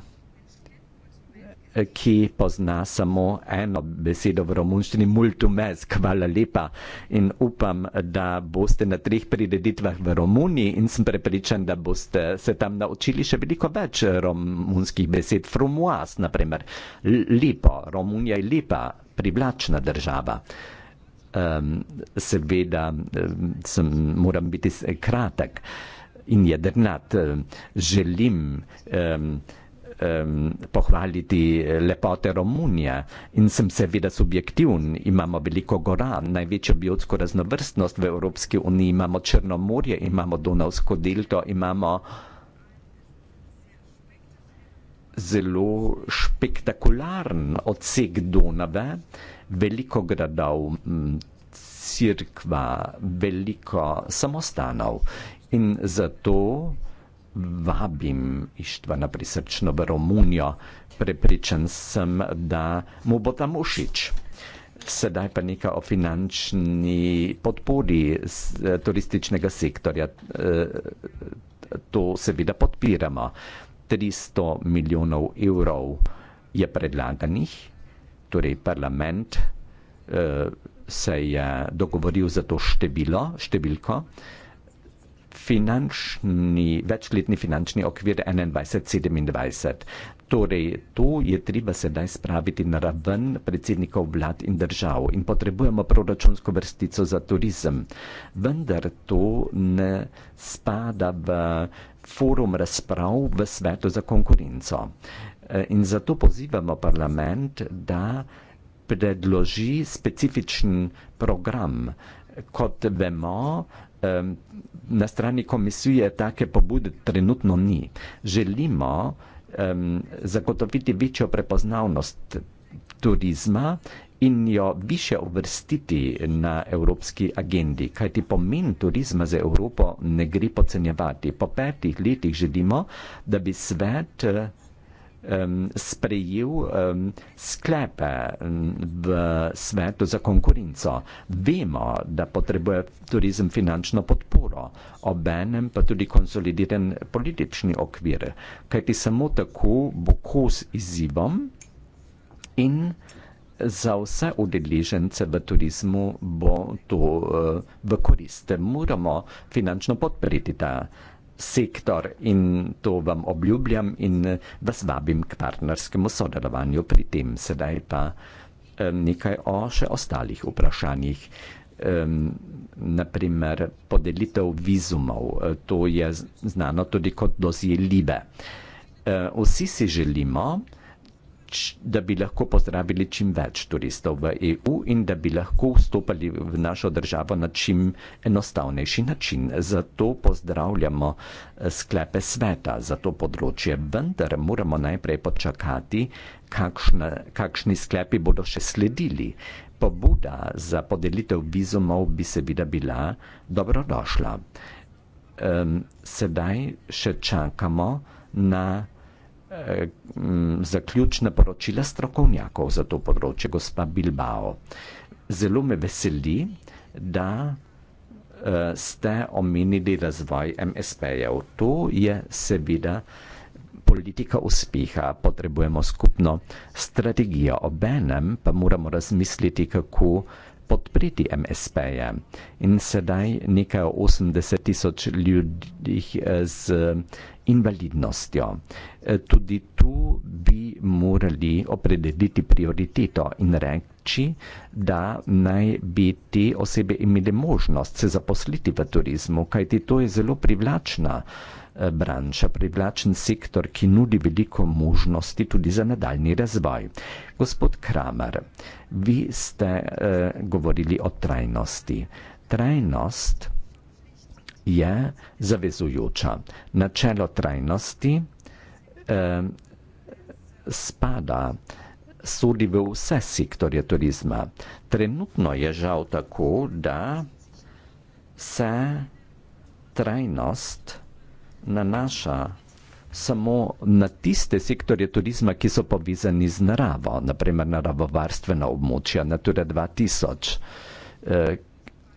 Eh, ki pozna samo eno besedo v romunščini, multumes, hvala lepa. In upam, da boste na treh prireditvah v Romuniji in sem prepričan, da boste se tam naučili še veliko več eh, romunskih besed. Frumuas, na primer. Lepo, Romunija je lepa, privlačna država. Um, seveda eh, sem, moram biti kratek in jedrnat. Želim. Um, um, pohvaliti eh, lepote Romunije in sem seveda subjektivn. Imamo veliko gora, največjo biotsko raznovrstnost v Evropski uniji, imamo Črnomorje, imamo Donavsko delto, imamo zelo spektakularen odsek Donave, veliko gradov, mm, cirkva, veliko samostanov. In zato vabim Ištvana prisrčno v Romunijo, prepričan sem, da mu bo tam všeč. Sedaj pa nekaj o finančni podpori eh, turističnega sektorja. Eh, to seveda podpiramo. 300 milijonov evrov je predlaganih, torej parlament eh, se je dogovoril za to število, številko finančni, večletni finančni okvir 21-27. Torej, to je treba sedaj spraviti na raven predsednikov vlad in držav in potrebujemo proračunsko vrstico za turizem. Vendar to ne spada v forum razprav v svetu za konkurenco. Eh, in zato pozivamo parlament, da predloži specifičen program. Kot vemo, na strani komisije take pobude trenutno ni. Želimo um, zagotoviti večjo prepoznavnost turizma in jo više uvrstiti na evropski agendi, kajti pomen turizma za Evropo ne gre pocenjevati. Po petih letih želimo, da bi svet sprejel sklepe v svetu za konkurenco. Vemo, da potrebuje turizem finančno podporo, obenem pa tudi konsolidiran politični okvir, kajti samo tako bo kos izzivom in za vse udeležence v turizmu bo to eh, v korist. Moramo finančno podpreti ta sektor in to vam obljubljam in eh, vas vabim k partnerskemu sodelovanju pri tem. Sedaj pa eh, nekaj o še ostalih vprašanjih. Um, naprimer, podelitev vizumov, eh, to je znano tudi kot dozje libe. Uh, vsi si želimo, da bi lahko pozdravili čim več turistov v EU in da bi lahko vstopili v našo državo na čim enostavnejši način. Zato pozdravljamo eh, sklepe sveta za to področje, vendar moramo najprej počakati, kakšne, kakšni sklepi bodo še sledili. Pobuda za podelitev vizumov bi seveda bila dobrodošla. Um, sedaj še čakamo na Eh, mm, zaključna poročila strokovnjakov za to področje, gospa Bilbao. Zelo me veseli, da eh, ste omenili razvoj MSP-jev. To je seveda politika uspeha, potrebujemo skupno strategijo. Obenem pa moramo razmisliti, kako podpreti MSP-je. In sedaj nekaj 80 tisoč ljudi eh, z invalidnostjo. Eh, tudi tu bi morali opredeliti prioriteto in reči, da naj bi te osebe imeli možnost se zaposliti v turizmu, kajti to je zelo privlačna branža, privlačen sektor, ki nudi veliko možnosti tudi za nadaljni razvoj. Gospod Kramer, vi ste eh, govorili o trajnosti. Trajnost je zavezujoča. Načelo trajnosti eh, spada, sodi v vse sektorje turizma. Trenutno je žal tako, da se trajnost nanaša samo na tiste sektorje turizma, ki so povezani z naravo, naprimer naravovarstvena območja, Natura 2000, eh,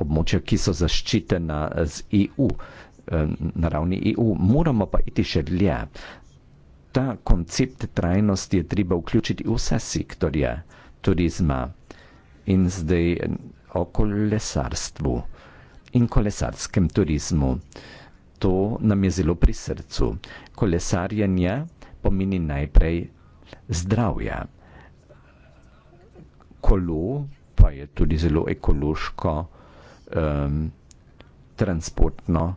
območja, ki so zaščitena z EU, eh, na ravni EU. Moramo pa iti še dlje. Ta koncept trajnosti je treba vključiti v vse sektorje turizma in zdaj eh, o kolesarstvu in kolesarskem turizmu. Eh, to nam je zelo pri srcu. Kolesarjenje pomeni najprej zdravje. Kolo pa je tudi zelo ekološko um, transportno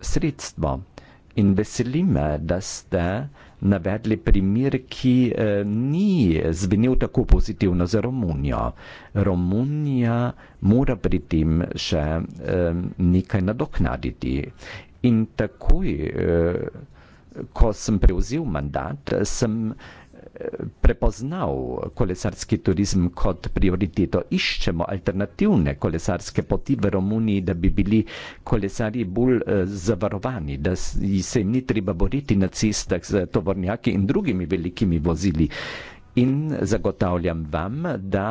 sredstvo. In veseli me, da ste navedli primer, ki eh, ni zvenel tako pozitivno za Romunijo. Romunija mora pri tem še eh, nekaj nadoknaditi. In takoj, eh, ko sem prevzel mandat, sem eh, prepoznal kolesarski turizem kot prioriteto. Iščemo alternativne kolesarske poti v Romuniji, da bi bili kolesari bolj eh, zavarovani, da se jim ni treba boriti na cestah z tovornjaki in drugimi velikimi vozili. In zagotavljam vam, da.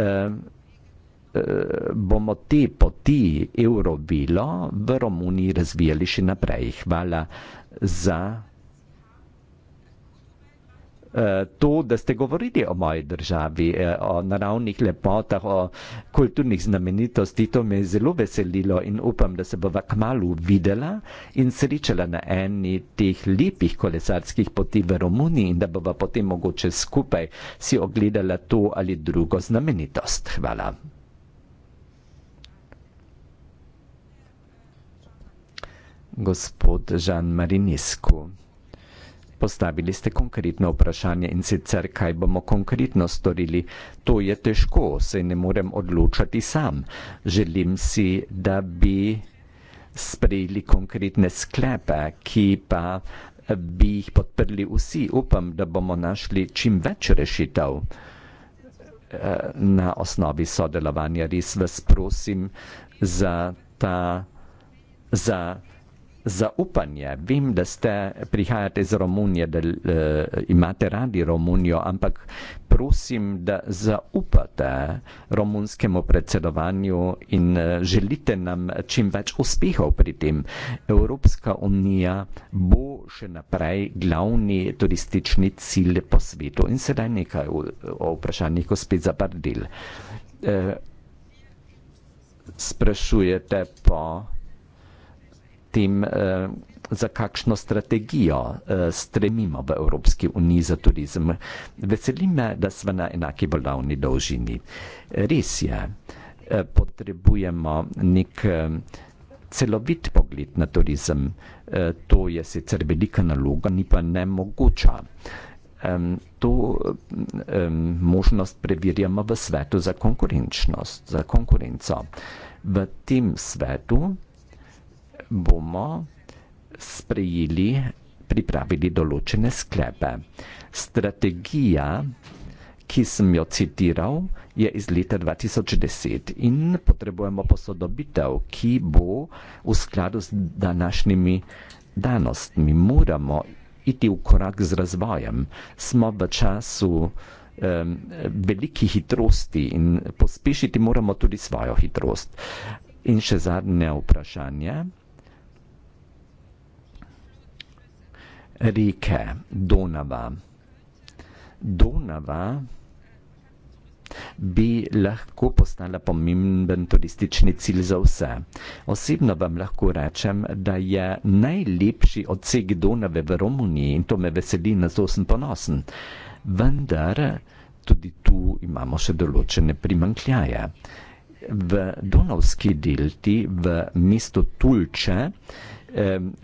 Uh, Eh, bomo te poti Eurovilo v Romuniji razvijali še naprej. Hvala za eh, to, da ste govorili o moji državi, eh, o naravnih lepotah, o kulturnih znamenitosti, to me je zelo veselilo in upam, da se bova kmalo videla in srečala na eni teh lepih kolesarskih poti v Romuniji in da bova potem mogoče skupaj si ogledala to ali drugo znamenitost. Hvala. gospod Žan Marinisku. Postavili ste konkretno vprašanje in sicer, kaj bomo konkretno storili. To je težko, se ne morem odločati sam. Želim si, da bi sprejeli konkretne sklepe, ki pa bi jih podprli vsi. Upam, da bomo našli čim več rešitev na osnovi sodelovanja. Res vas prosim za ta. Za zaupanje. Vem, da ste prihajate iz Romunije, da e, imate radi Romunijo, ampak prosim, da zaupate romunskemu predsedovanju in e, želite nam čim več uspehov pri tem. Evropska unija bo še naprej glavni turistični cilj po svetu. In sedaj nekaj o, o vprašanjih, ko spet zabrdil. E, eh, sprašujete po tem, eh, za kakšno strategijo eh, stremimo v Evropski uniji za turizem. Veselim me, da smo na enaki valovni dolžini. Res je, eh, potrebujemo nek celovit pogled na turizem. To je sicer velika naloga, ni pa nemogoča. Um, to um, možnost preverjamo v svetu za konkurenčnost, za konkurenco. V tem svetu bomo sprejeli, pripravili določene sklepe. Strategija, ki sem jo citiral, je iz leta 2010 in potrebujemo posodobitev, ki bo v skladu z današnjimi danostmi. Moramo iti v korak z razvojem. Smo v času um, velike hitrosti in pospešiti moramo tudi svojo hitrost. In še zadnje vprašanje. reke Donava. Donava bi lahko postala pomemben turistični cilj za vse. Osebno vam lahko rečem, da je najlepši odsek Donave v Romuniji in to me veseli, na to sem ponosen. Vendar tudi tu imamo še določene primankljaje. V Donavski delti, v mesto Tulče,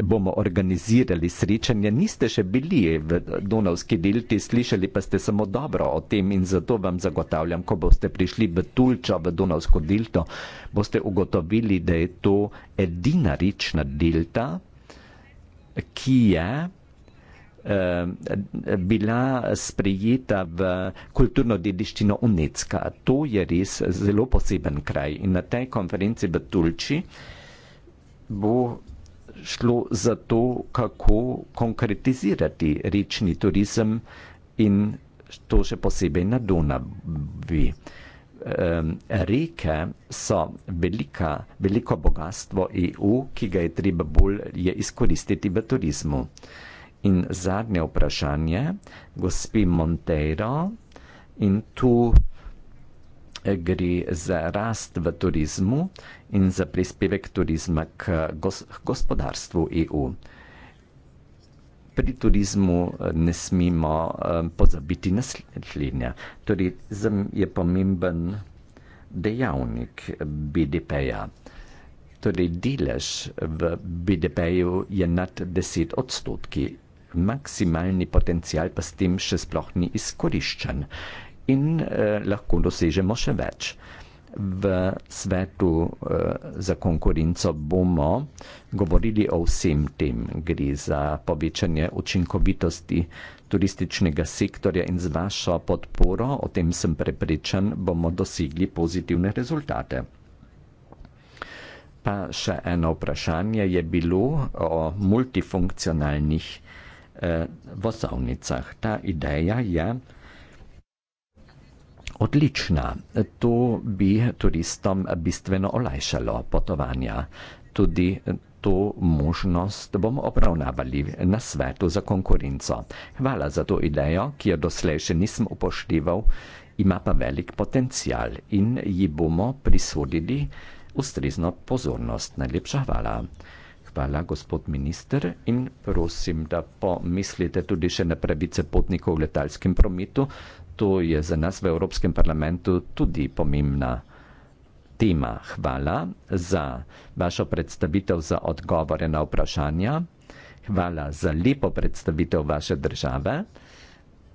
bomo organizirali srečanje. Niste še bili v Donavski delti, slišali pa ste samo dobro o tem in zato vam zagotavljam, ko boste prišli v Tulča, v Donavsko delto, boste ugotovili, da je to edina rična delta, ki je bila sprejeta v kulturno dediščino UNESCO. To je res zelo poseben kraj. In na tej konferenci v Tulči bo šlo za to, kako konkretizirati rečni turizem in to še posebej na Donavi. Reke so velika, veliko bogatstvo EU, ki ga je treba bolje izkoristiti v turizmu. In zadnje vprašanje, gospod Monteiro, in tu gre za rast v turizmu in za prispevek turizma k gospodarstvu EU. Pri turizmu eh, ne smemo eh, pozabiti naslednja. Turizem torej, je pomemben dejavnik BDP-ja. Torej, delež v BDP-ju je nad 10 odstotki. Maksimalni potencial pa s tem še sploh ni izkoriščen in eh, lahko dosežemo še več. V svetu eh, za konkurenco bomo govorili o vsem tem. Gre za povečanje učinkovitosti turističnega sektorja in z vašo podporo, o tem sem prepričan, bomo dosegli pozitivne rezultate. Pa še eno vprašanje je bilo o multifunkcionalnih eh, vozovnicah. Ta ideja je, Odlična. To bi turistom bistveno olajšalo potovanja. Tudi to možnost bomo obravnavali na svetu za konkurenco. Hvala za to idejo, ki jo doslej še nisem upošteval, ima pa velik potencial in ji bomo prisodili ustrezno pozornost. Najlepša hvala. Hvala, gospod minister, in prosim, da pomislite tudi še na pravice potnikov v letalskem prometu zato je za nas v Evropskem parlamentu tudi pomembna tema. Hvala za vašo predstavitev, za odgovore na vprašanja. Hvala za lepo predstavitev vaše države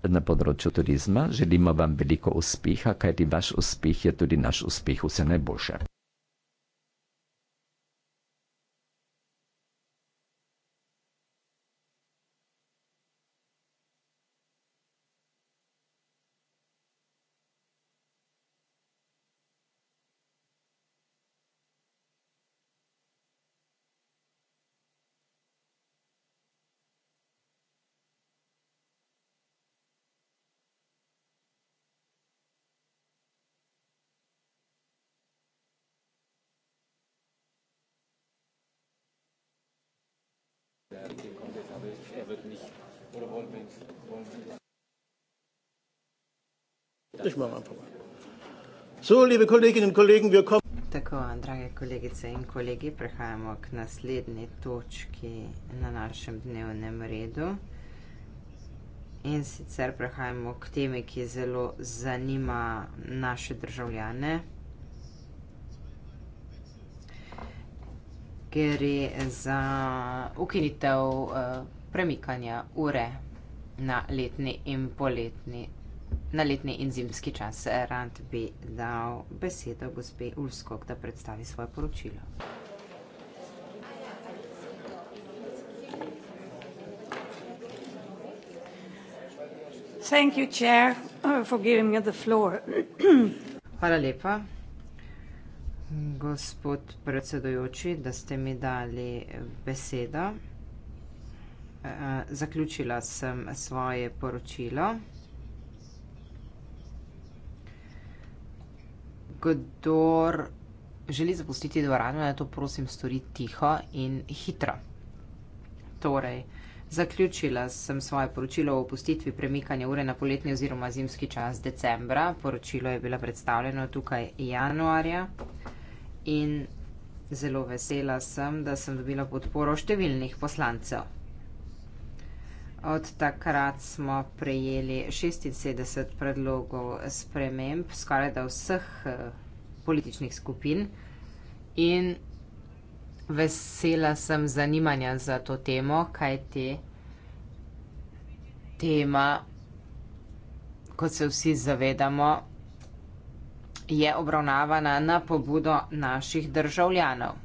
na področju turizma. Želimo vam veliko uspeha, kajti vaš uspeh je tudi naš uspeh. Vse najboljše. ich mache einfach mal. So, liebe Kolleginnen und Kollegen, wir kommen. Tako, drage kolegice in kolegi, prehajamo k naslednji točki na našem dnevnem redu. In sicer prehajamo k temi, ki zelo zanima naše državljane. Gre za ukinitev uh, premikanja ure na letni in poletni na letni in zimski čas. Rad bi dal besedo gospe Ulskog, da predstavi svoje poročilo. Thank you, chair, uh, for giving me the floor. Hvala lepa, gospod predsedujoči, da ste mi dali besedo. Uh, zaključila sem svoje poročilo. kdor želi zapustiti dvorano, naj to prosim stori tiho in hitro. Torej, zaključila sem svoje poročilo o opustitvi premikanja ure na poletni oziroma zimski čas decembra. Poročilo je bilo predstavljeno tukaj januarja in zelo vesela sem, da sem dobila podporo številnih poslancev. Od takrat smo prejeli 76 predlogov sprememb skoraj da vseh eh, političnih skupin in vesela sem zanimanja za to temo, kaj te tema, kot se vsi zavedamo, je obravnavana na pobudo naših državljanov.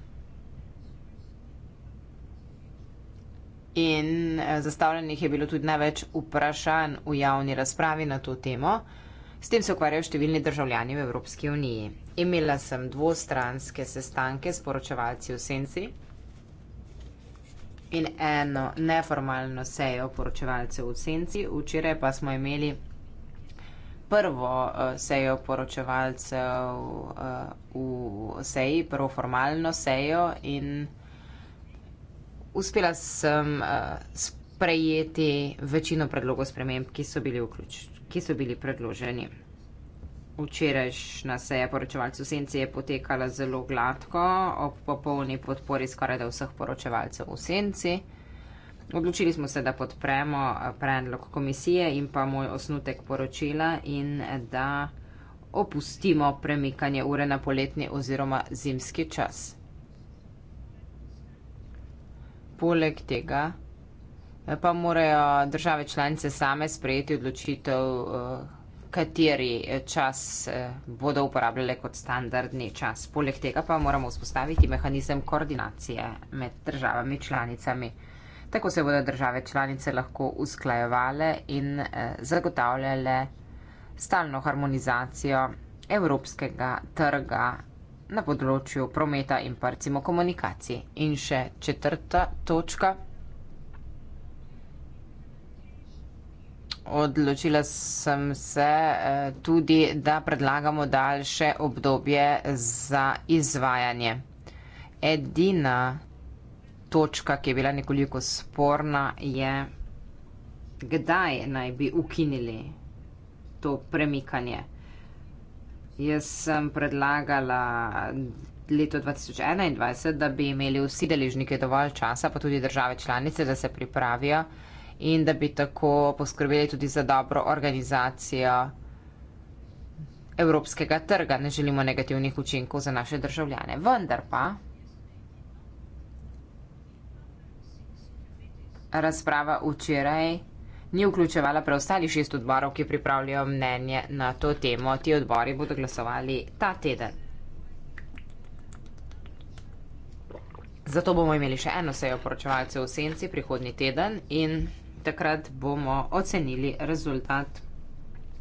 In eh, zastavljenih je bilo tudi največ vprašanj v javni razpravi na to temo. S tem se ukvarjajo številni državljani v Evropski uniji. Imela sem dvostranske sestanke s poročevalci v Senci in eno neformalno sejo poročevalcev v Senci. Včeraj pa smo imeli prvo eh, sejo poročevalcev eh, v seji, prvo formalno sejo in uspela sem uh, sprejeti večino predlogov sprememb, ki so bili, vključ, ki so bili predloženi. Včerajšnja seja poročevalcev senci je potekala zelo gladko, ob popolni podpori skoraj da vseh poročevalcev v senci. Odločili smo se, da podpremo eh, predlog komisije in pa moj osnutek poročila in eh, da opustimo premikanje ure na poletni oziroma zimski čas poleg tega eh, pa morajo države članice same sprejeti odločitev, eh, kateri eh, čas bodo uporabljale kot standardni čas. Poleg tega pa moramo vzpostaviti mehanizem koordinacije med državami članicami. Tako se bodo države članice lahko usklajevale in zagotavljale stalno harmonizacijo evropskega trga na področju prometa in pa recimo komunikacij. In še četrta točka. Odločila sem se eh, tudi, da predlagamo daljše obdobje za izvajanje. Edina točka, ki je bila nekoliko sporna, je, kdaj naj bi ukinili to premikanje. Jaz sem predlagala leto 2021, da bi imeli vsi deležniki dovolj časa, pa tudi države članice, da se pripravijo in da bi tako poskrbeli tudi za dobro organizacijo evropskega trga. Ne želimo negativnih učinkov za naše državljane. Vendar pa. Razprava včeraj ni vključevala preostalih šest odborov, ki pripravljajo mnenje na to temo. Ti odbori bodo glasovali ta teden. Zato bomo imeli še eno sejo poročevalcev v senci prihodnji teden in takrat bomo ocenili rezultat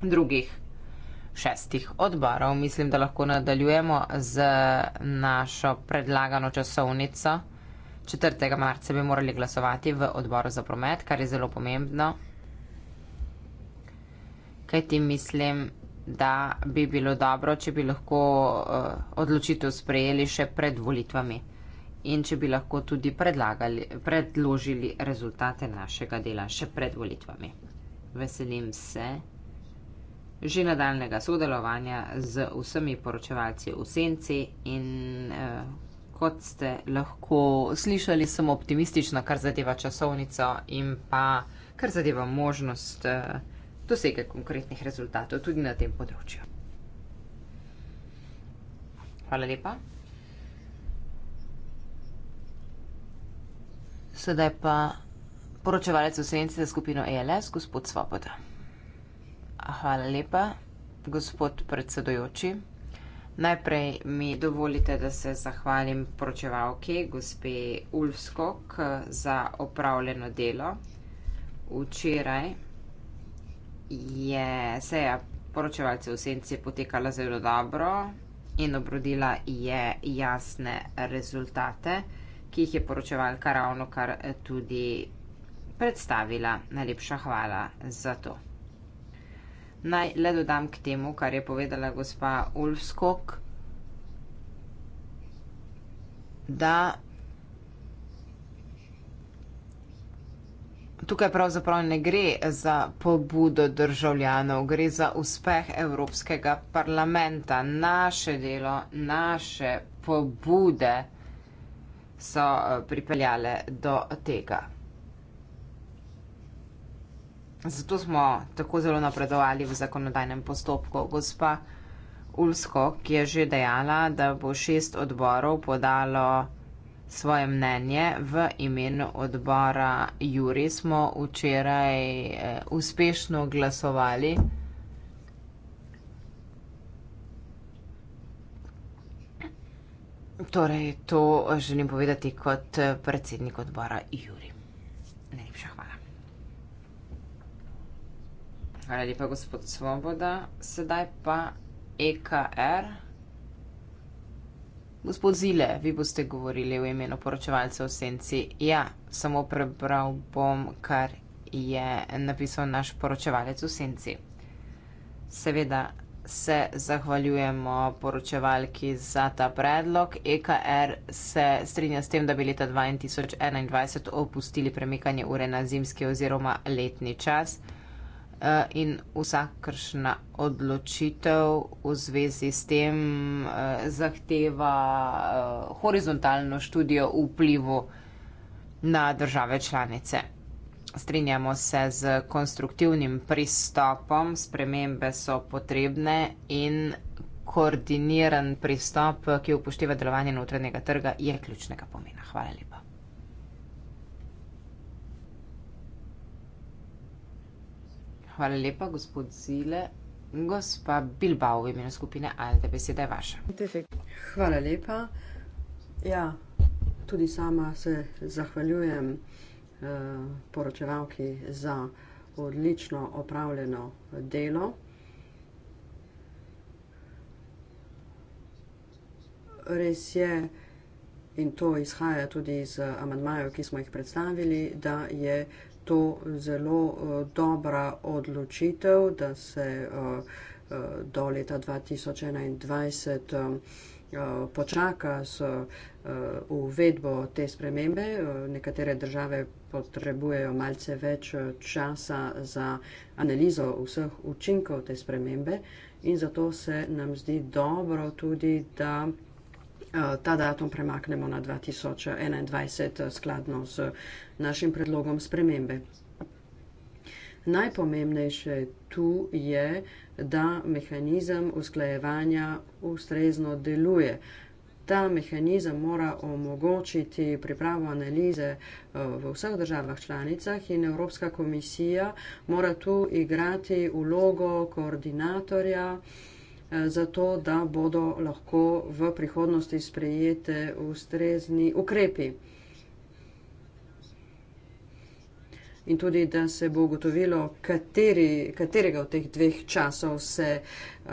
drugih šestih odborov. Mislim, da lahko nadaljujemo z našo predlagano časovnico. 4. marca bi morali glasovati v odboru za promet, kar je zelo pomembno kaj ti mislim, da bi bilo dobro, če bi lahko eh, odločitev sprejeli še pred volitvami in če bi lahko tudi predložili rezultate našega dela še pred volitvami. Veselim se že nadaljnega sodelovanja z vsemi poročevalci v senci in eh, kot ste lahko slišali, sem optimistična, kar zadeva časovnico in pa kar zadeva možnost. Eh, dosege konkretnih rezultatov tudi na tem področju. Hvala lepa. Sedaj pa poročevalec v senci za skupino ELS, gospod Svoboda. Hvala lepa, gospod predsedujoči. Najprej mi dovolite, da se zahvalim poročevalki, gospe Ulfskog, za opravljeno delo včeraj je seja poročevalcev v senci potekala zelo dobro in obrodila je jasne rezultate, ki jih je poročevalka ravno kar eh, tudi predstavila. Najlepša hvala za to. Naj le dodam k temu, kar je povedala gospa Ulfskog, da Tukaj pravzaprav ne gre za pobudo državljanov, gre za uspeh Evropskega parlamenta. Naše delo, naše pobude so eh, pripeljale do tega. Zato smo tako zelo napredovali v zakonodajnem postopku. Gospa Ulsko, ki je že dejala, da bo šest odborov podalo svoje mnenje v imenu odbora Juri. Smo včeraj eh, uspešno glasovali. Torej, to želim povedati kot predsednik odbora Juri. Najlepša hvala. Hvala lepa, gospod Svoboda. Sedaj pa EKR. Gospod Zile, vi boste govorili v imenu poročevalca v senci. Ja, samo prebral bom, kar je napisal naš poročevalec v senci. Seveda se zahvaljujemo poročevalki za ta predlog. EKR se strinja s tem, da bi leta 2021 opustili premikanje ure na zimski oziroma letni čas. Eh, in vsakršna odločitev v zvezi s tem eh, zahteva eh, horizontalno študijo vplivu na države članice. Strinjamo se z konstruktivnim pristopom, spremembe so potrebne in koordiniran pristop, ki upošteva delovanje notranjega trga, je ključnega pomena. Hvala lepa. Hvala lepa, gospod Zile. Gospa Bilbao v imenu skupine Alde, beseda je vaša. Hvala lepa. Ja, tudi sama se zahvaljujem eh, poročevalki za odlično opravljeno delo. Res je, in to izhaja tudi iz amadmajev, ki smo jih predstavili, da je eh, to zelo uh, dobra odločitev, da se uh, uh, do leta 2021 um, uh, počaka s uh, uvedbo te spremembe. Uh, nekatere države potrebujejo malce več časa za analizo vseh učinkov te spremembe in zato se nam zdi dobro tudi, da ta datum premaknemo na 2021 skladno s uh, našim predlogom spremembe. Najpomembnejše tu je, da mehanizem usklajevanja ustrezno deluje. Ta mehanizem mora omogočiti pripravo analize eh, v vseh državah članicah in Evropska komisija mora tu igrati ulogo koordinatorja, eh, zato da bodo lahko v prihodnosti sprejete ustrezni ukrepi. in tudi, da se bo ugotovilo, kateri, katerega od teh dveh časov se uh,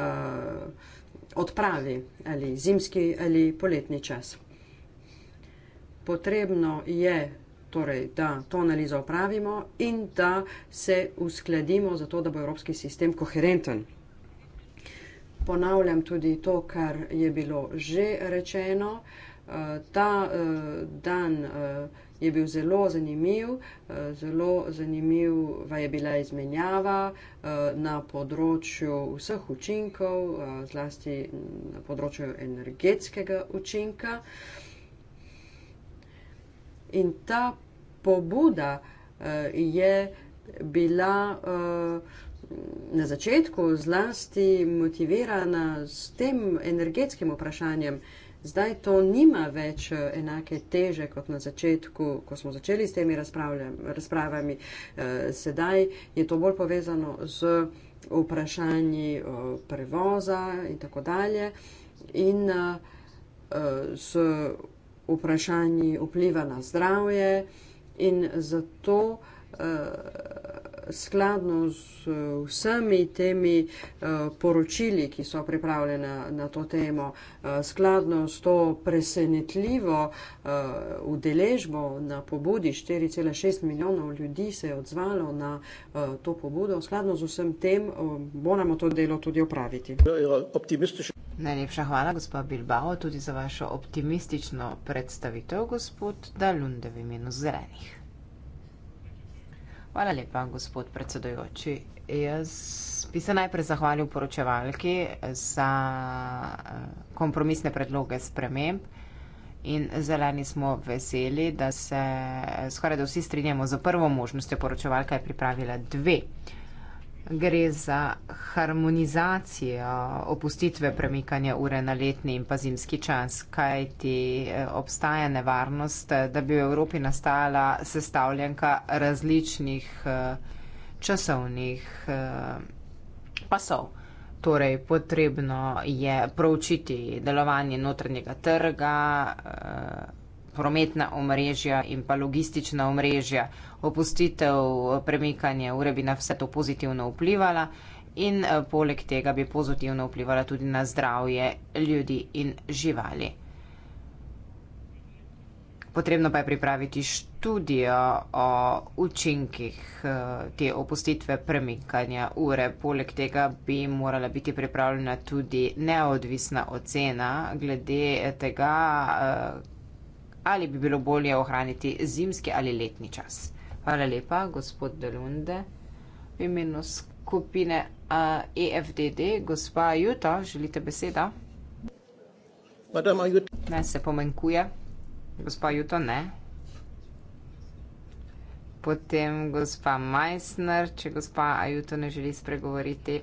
odpravi, ali zimski ali poletni čas. Potrebno je torej, da to analizo opravimo in da se uskladimo za to, da bo evropski sistem koherenten. Ponavljam tudi to, kar je bilo že rečeno. Uh, ta eh, dan eh, je bil zelo zanimiv, eh, zelo zanimiva je bila izmenjava na področju vseh učinkov, zlasti na področju energetskega učinka. In ta pobuda je bila na začetku zlasti motivirana s tem energetskim vprašanjem, zdaj to nima več eh, enake teže kot na začetku, ko smo začeli s temi razpravami. Eh, sedaj je to bolj povezano z vprašanji eh, prevoza in tako dalje in z vprašanji vpliva na zdravje in zato skladno z eh, vsemi temi eh, poročili, ki so pripravljene na to temo, eh, skladno s to presenetljivo udeležbo na pobudi 4,6 milijonov ljudi se je odzvalo na to pobudo. Skladno z vsem tem moramo to delo tudi opraviti. Najlepša hvala, gospa Bilbao, tudi za vašo optimistično predstavitev, gospod Dalunde v imenu zelenih. Hvala lepa, gospod predsedojoči. Jaz bi se najprej zahvalil poročevalki za eh, kompromisne predloge sprememb in zeleni smo veseli, da se eh, skoraj da vsi strinjamo za prvo možnostjo. Poročevalka je pripravila dve. Gre za harmonizacijo opustitve premikanja ure na letni in pa zimski čas, kajti eh, obstaja nevarnost, da bi v Evropi nastala sestavljanka različnih eh, časovnih eh, pasov. Torej, potrebno je proučiti delovanje notranjega trga prometna omrežja in pa logistična omrežja. Opustitev eh, premikanja ure bi na vse to pozitivno vplivala in eh, poleg tega bi pozitivno vplivala tudi na zdravje ljudi in živali. Potrebno pa je pripraviti študijo o učinkih eh, te opustitve premikanja ure. Poleg tega bi morala biti pripravljena tudi neodvisna ocena glede tega, ali bi bilo bolje ohraniti zimski ali letni čas. Hvala lepa, gospod Delunde. V imenu skupine uh, EFDD, gospa Juta, želite beseda? Ne, se pomenkuje. Gospa Juta, ne. Potem gospa Meissner, če gospa Ajuto ne želi spregovoriti.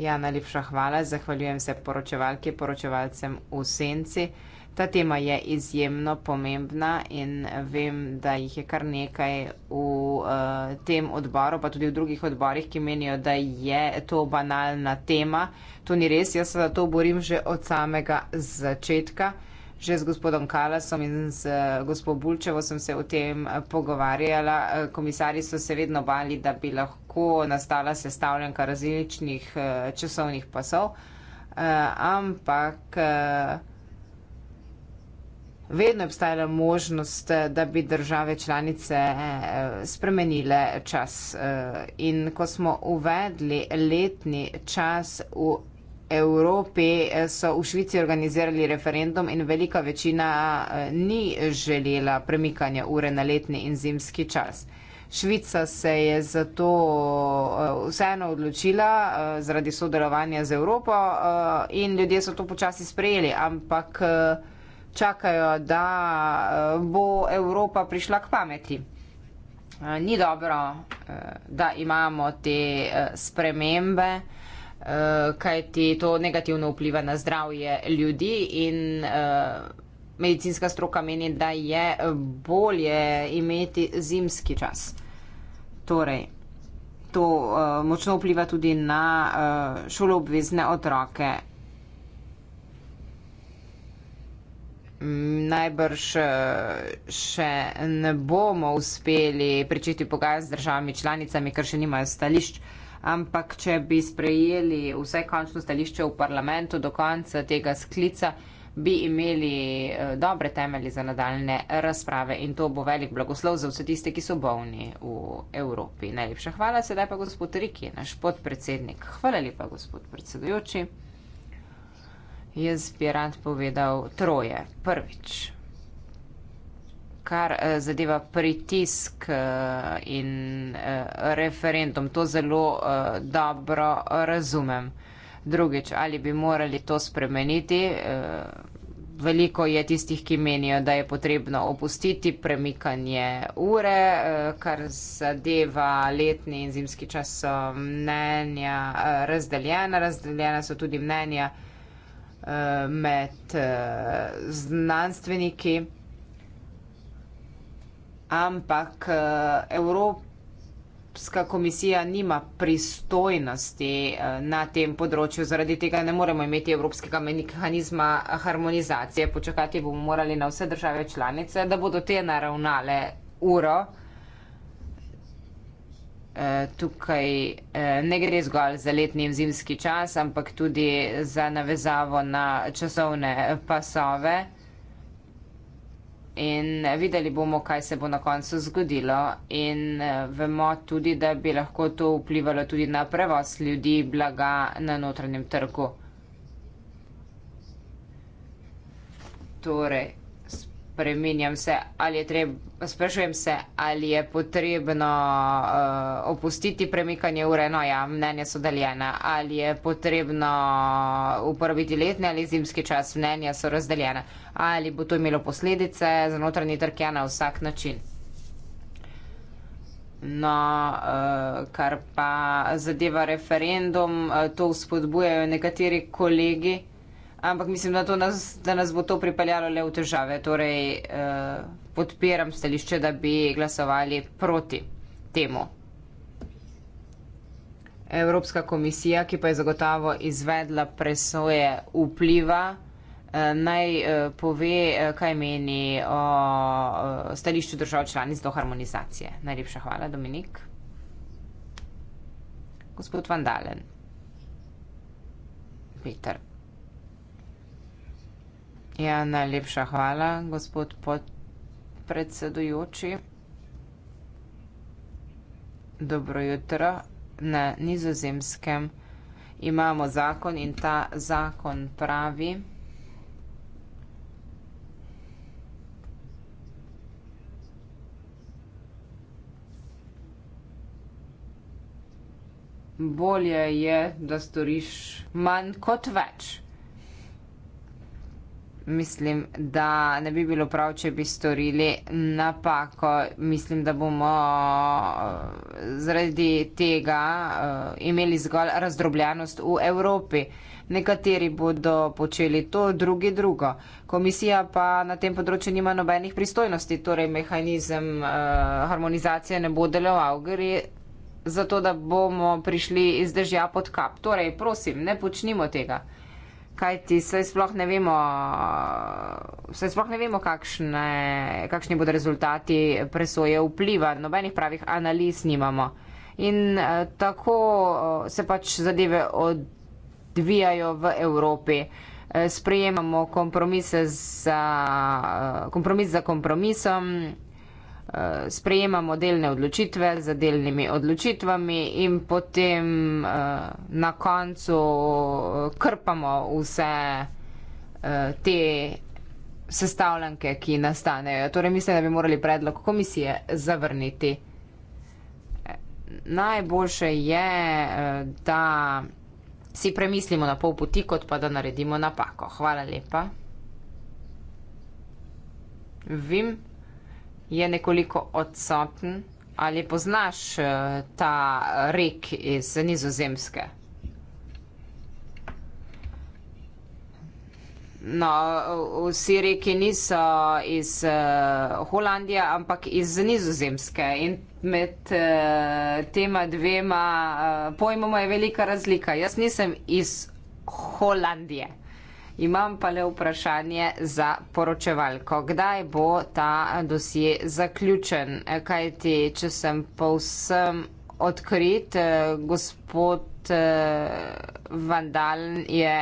Ja, najlepša hvala. Zahvaljujem se poročevalki, poročevalcem v senci. Ta tema je izjemno pomembna in vem, da jih je kar nekaj v uh, tem odboru, pa tudi v drugih odborih, ki menijo, da je to banalna tema. To ni res, jaz se za to borim že od samega začetka. Že z gospodom Kalasom in z eh, gospod Bulčevo sem se o tem eh, pogovarjala. Komisari so se vedno bali, da bi lahko nastala sestavljanka različnih časovnih pasov, ampak vedno obstajala možnost, da bi države članice eh, spremenile čas. Eh, in ko smo uvedli letni čas v Evropi, eh, so v Švici organizirali referendum in velika večina ni želela premikanja ure na letni in zimski čas. Švica se je zato vseeno odločila zaradi sodelovanja z Evropo in ljudje so to počasi sprejeli, ampak čakajo, da eh, bo Evropa prišla k pameti. Eh, ni dobro, eh, da imamo te spremembe, kajti to negativno vpliva na zdravje ljudi in medicinska stroka meni, da je bolje imeti zimski čas. Torej, to močno vpliva tudi na šoloobvezne otroke. najbrž eh, še ne bomo uspeli pričeti pogajanj z državami članicami, ker še nimajo stališč. Ampak, če bi sprejeli vse končno stališče v parlamentu do konca tega sklica, bi imeli eh, dobre temelje za nadaljne razprave in to bo velik blagoslov za vse tiste, ki so bolni v Evropi. Najlepša hvala, sedaj pa gospod Riki, naš podpredsednik. Hvala lepa, gospod predsedujoči. Jaz bi rad povedal troje. Prvič, kar eh, zadeva pritisk eh, in eh, referendum, to zelo eh, dobro razumem. Drugič, ali bi morali to spremeniti? Eh, veliko je tistih, ki menijo, da je potrebno opustiti premikanje ure, eh, kar zadeva letni in zimski čas, so mnenja eh, razdeljena, razdeljena so tudi mnenja. Eh, med eh, znanstveniki, ampak eh, Evropska komisija nima pristojnosti na tem področju, zaradi tega ne moremo imeti evropskega mehanizma harmonizacije. Počakati bomo morali na vse države članice, da bodo te naravnale uro. Eh, tukaj eh, ne gre zgolj za letni in zimski čas, ampak tudi za navezavo na časovne pasove. In videli bomo, kaj se bo na koncu zgodilo. In eh, vemo tudi, da bi lahko to vplivalo tudi na prevoz ljudi blaga na notranjem trgu. Torej, preminjam se, ali je treba, sprašujem se, ali je potrebno uh, opustiti premikanje ure, no ja, mnenje so deljene, ali je potrebno eh, uporabiti letni ali zimski čas, mnenje so razdeljene, ali bo to imelo posledice za notranji trg, ja, na vsak način. No, eh, kar pa zadeva referendum, to vzpodbujajo nekateri kolegi ampak mislim, da, nas, da nas bo to pripeljalo le v težave. Torej, uh, podpiram stališče, da bi glasovali proti temu. Evropska komisija, ki pa je zagotavo izvedla presoje vpliva, eh, naj eh, pove, eh, kaj meni o, o eh, stališču držav članic do harmonizacije. Najlepša hvala, Dominik. Gospod Vandalen. Petr. Ja, najlepša hvala, gospod podpredsedujoči. Dobro jutro. Na nizozemskem imamo zakon in ta zakon pravi, bolje je, da storiš manj kot več mislim, da ne bi bilo prav, če bi storili napako. Mislim, da bomo eh, zaradi tega eh, imeli zgolj razdrobljenost v Evropi. Nekateri bodo počeli to, drugi drugo. Komisija pa na tem področju nima nobenih pristojnosti, torej mehanizem eh, harmonizacije ne bo deloval. Zato, da bomo prišli iz držja pod kap. Torej, prosim, ne počnimo tega kaj ti saj sploh ne vemo, saj sploh ne vemo, kakšne, kakšni bodo rezultati presoje vpliva, nobenih pravih analiz nimamo. In eh, tako eh, se pač zadeve odvijajo v Evropi. Eh, sprejemamo kompromise za, kompromis za kompromisom. Eh, sprejemamo delne odločitve z delnimi odločitvami in potem eh, na koncu eh, krpamo vse te sestavljanke, ki nastanejo. Torej mislim, da bi morali predlog komisije zavrniti. Najboljše je, da si premislimo na pol poti, kot pa da naredimo napako. Hvala lepa. Vim je nekoliko odsoten. Ali poznaš eh, ta rek iz Nizozemske? No, vsi reki niso iz uh, Holandije, ampak iz Nizozemske. In med uh, tema dvema uh, pojmoma je velika razlika. Jaz nisem iz Holandije. Imam pa le vprašanje za poročevalko. Kdaj bo ta dosje zaključen? Kaj ti, če sem povsem odkrit, eh, gospod eh, Vandal je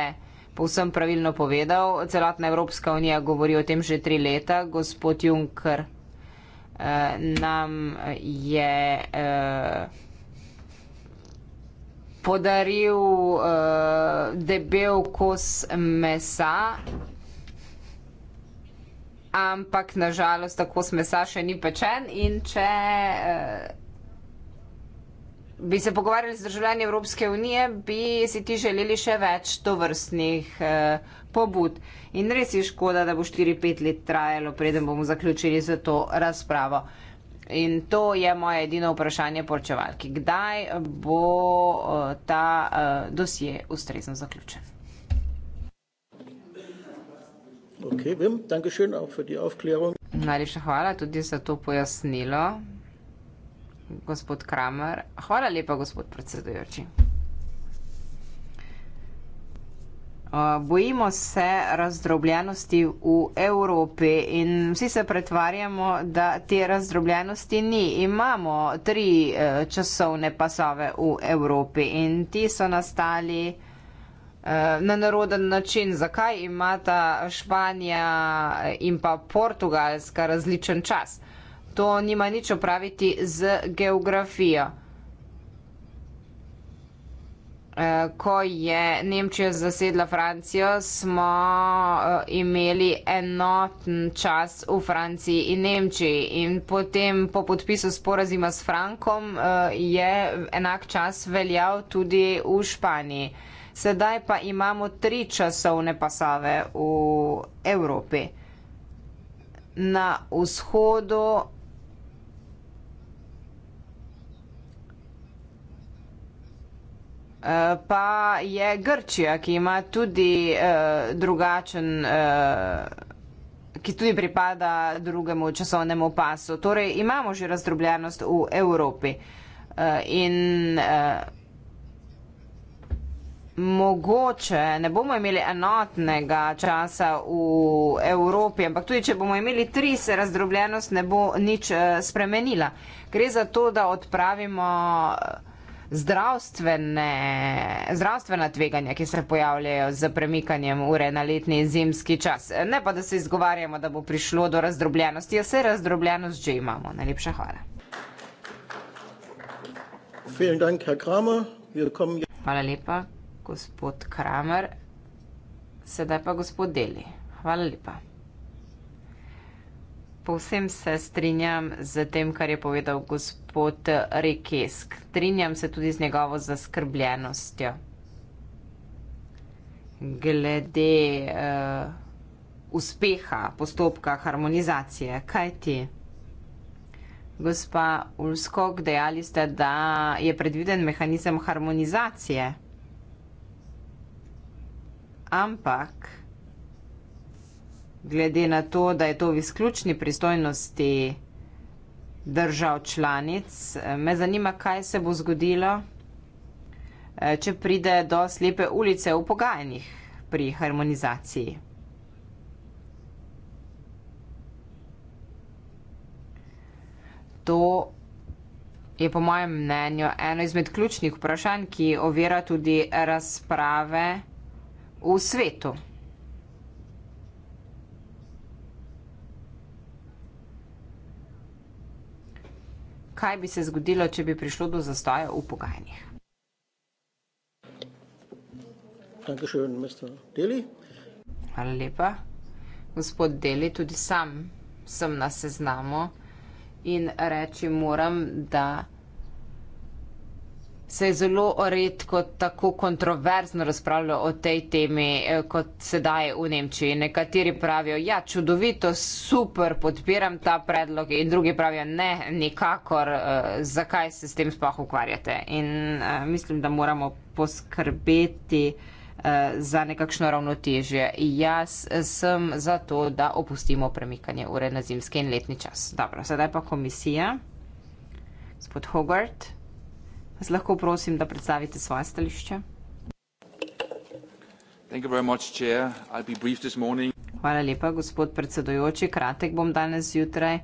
povsem pravilno povedal, celotna Evropska unija govori o tem že tri leta, gospod Juncker eh, nam je podaril uh, debel kos mesa. Ampak nažalost, tako smesa še ni pečen. In če eh, bi se pogovarjali z državljani Evropske unije, bi si ti želeli še več tovrstnih eh, pobud. In res je škoda, da bo 4-5 let trajalo, preden bomo zaključili z to razpravo. In to je moje edino vprašanje poročevalki. Kdaj bo eh, ta eh, dosje ustrezno zaključen? Najlepša hvala tudi za to pojasnilo, gospod Kramer. Hvala lepa, gospod predsedujoči. Eh, bojimo se razdrobljenosti v Evropi in vsi se pretvarjamo, da te razdrobljenosti ni. Imamo tri eh, časovne pasove v Evropi in ti so nastali eh, na naroden način. Zakaj imata Španija in pa Portugalska različen čas? To nima nič opraviti z geografijo. Eh, ko je Nemčija zasedla Francijo, smo eh, imeli enoten čas v Franciji in Nemčiji. In potem po podpisu sporazima s Frankom eh, je enak čas veljal tudi v Španiji. Sedaj pa imamo tri časovne pasave v Evropi. Na vzhodu pa je Grčija, ki ima tudi uh, drugačen. Uh, Ki tudi pripada drugemu časovnemu pasu. Torej, imamo že razdrobljenost v Evropi. Uh, in uh, mogoče ne bomo imeli enotnega časa v Evropi, ampak tudi, če bomo imeli tri, se razdrobljenost ne bo nič uh, spremenila. Gre za to, da odpravimo. Uh, zdravstvene, zdravstvena tveganja, ki se pojavljajo z premikanjem ure na letni in zimski čas. Ne pa, da se izgovarjamo, da bo prišlo do razdrobljenosti. Ja, se razdrobljenost že imamo. Najlepša hvala. Hvala lepa, gospod Kramer. Sedaj pa gospod Deli. Hvala lepa povsem se strinjam z tem, kar je povedal gospod Rekesk. Strinjam se tudi z njegovo zaskrbljenostjo. Glede uh, uspeha postopka harmonizacije, kaj ti? Gospa Ulskog, dejali ste, da je predviden mehanizem harmonizacije. Ampak glede na to, da je to v izključni pristojnosti držav članic. Eh, me zanima, kaj se bo zgodilo, eh, če pride do slepe ulice v pogajanjih pri harmonizaciji. To je po mojem mnenju eno izmed ključnih vprašanj, ki ovira tudi razprave v svetu. kaj bi se zgodilo, če bi prišlo do zastoja v pogajanjih. Hvala lepa. Gospod Deli, tudi sam sem na seznamu in reči moram, da se je zelo redko tako kontroverzno razpravljalo o tej temi, eh, kot sedaj v Nemčiji. Nekateri pravijo, ja, čudovito, super, podpiram ta predlog in drugi pravijo, ne, nikakor, eh, zakaj se s tem sploh ukvarjate. In eh, mislim, da moramo poskrbeti za nekakšno ravnotežje. Jaz sem za to, da opustimo premikanje ure na zimski in letni čas. Dobro, sedaj pa komisija. Gospod Hogarth. Vas lahko prosim, da predstavite svoje stališče? Hvala lepa, gospod predsedujoči. Kratek bom danes zjutraj.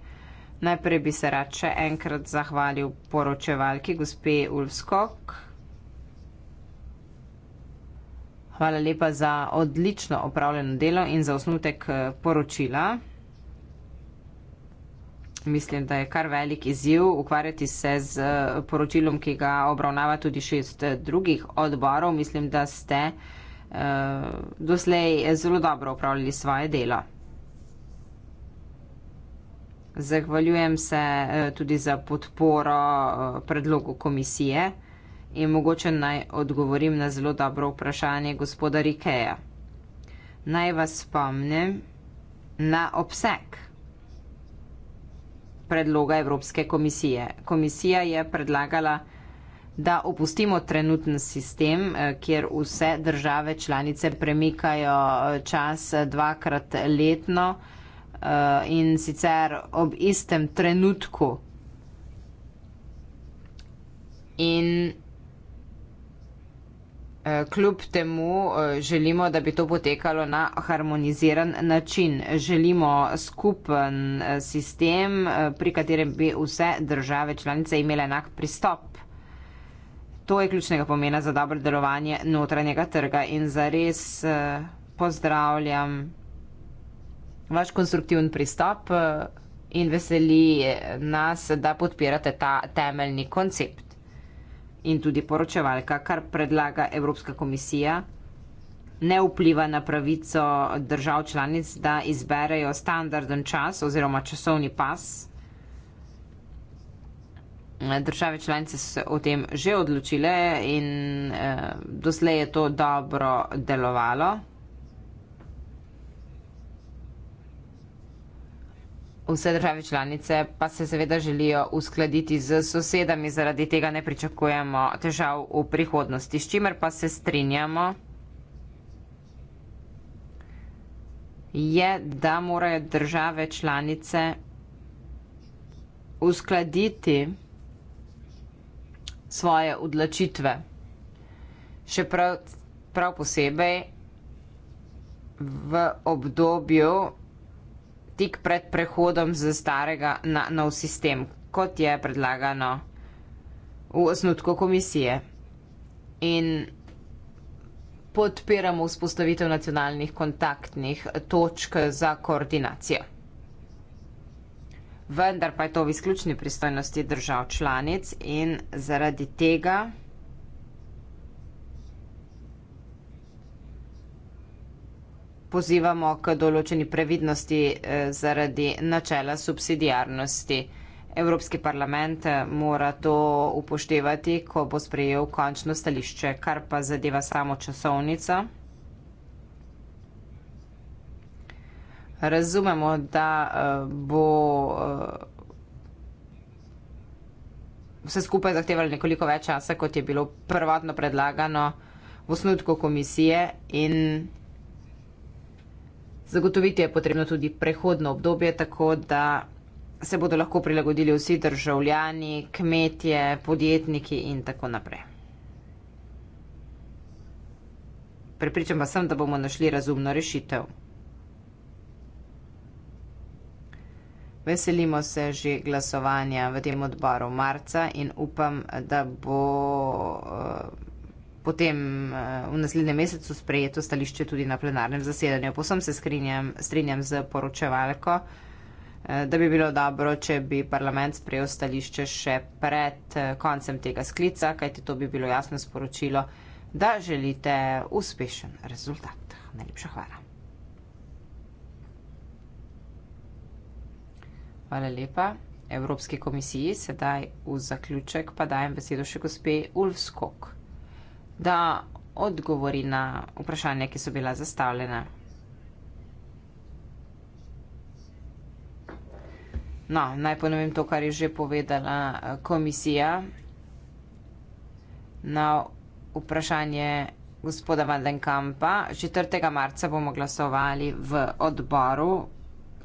Najprej bi se rad še enkrat zahvalil poročevalki, gospe Ulfskog. Hvala lepa za odlično opravljeno delo in za osnutek eh, poročila mislim, da je kar velik izziv ukvarjati se z eh, poročilom, ki ga obravnava tudi šest eh, drugih odborov. Mislim, da ste uh, doslej zelo dobro upravljali svoje delo. Zahvaljujem se tudi za podporo predlogu komisije in mogoče naj odgovorim na zelo dobro vprašanje gospoda Rikeja. Naj vas spomnim na obseg predloga Evropske komisije. Komisija je predlagala, da opustimo trenutni sistem, eh, kjer vse države članice premikajo eh, čas eh, dvakrat letno in sicer ob istem trenutku. In Eh, kljub temu eh, želimo, da bi to potekalo na harmoniziran način. Želimo skupen eh, sistem, pri katerem bi vse države članice imele enak pristop. To je ključnega pomena za dobro delovanje notranjega trga in za res pozdravljam vaš konstruktivn pristop in veseli nas, da podpirate ta temeljni koncept in tudi poročevalka, kar predlaga Evropska komisija, ne vpliva na pravico držav članic, da izberejo standarden čas oziroma časovni pas. Države članice so se o tem že odločile in eh, doslej je to dobro delovalo. Vse države članice pa se seveda želijo uskladiti z sosedami, zaradi tega ne pričakujemo težav v prihodnosti, s čimer pa se strinjamo. je, da morajo države članice uskladiti svoje odločitve. Še prav, prav posebej v obdobju tik pred prehodom z starega na nov sistem, kot je predlagano v osnutku komisije. In podpiramo vzpostavitev nacionalnih kontaktnih točk za koordinacijo. Vendar pa je to v izključni pristojnosti držav članic in zaradi tega. pozivamo k določeni previdnosti eh, zaradi načela subsidijarnosti. Evropski parlament eh, mora to upoštevati, ko bo sprejel končno stališče, kar pa zadeva samo časovnico. Razumemo, da eh, bo vse skupaj zahtevalo nekoliko več časa, kot je bilo prvotno predlagano v osnutku komisije in Zagotoviti je potrebno tudi prehodno obdobje, tako da se bodo lahko prilagodili vsi državljani, kmetje, podjetniki in tako naprej. Prepričam pa sem, da bomo našli razumno rešitev. Veselimo se že glasovanja v tem odboru marca in upam, da bo. Uh, potem eh, v naslednjem mesecu sprejeto stališče tudi na plenarnem zasedanju. Posem se skrinjam, strinjam z poročevalko, eh, da bi bilo dobro, če bi parlament sprejel stališče še pred eh, koncem tega sklica, kajti to bi bilo jasno sporočilo, da želite uspešen rezultat. Najlepša hvala. Hvala lepa. Evropski komisiji sedaj v zaključek pa dajem besedo še gospe Ulf Skok da odgovori na vprašanja, ki so bila zastavljena. No, naj ponovim to, kar je že povedala eh, komisija na vprašanje gospoda Valdenkampa. 4. marca bomo glasovali v odboru.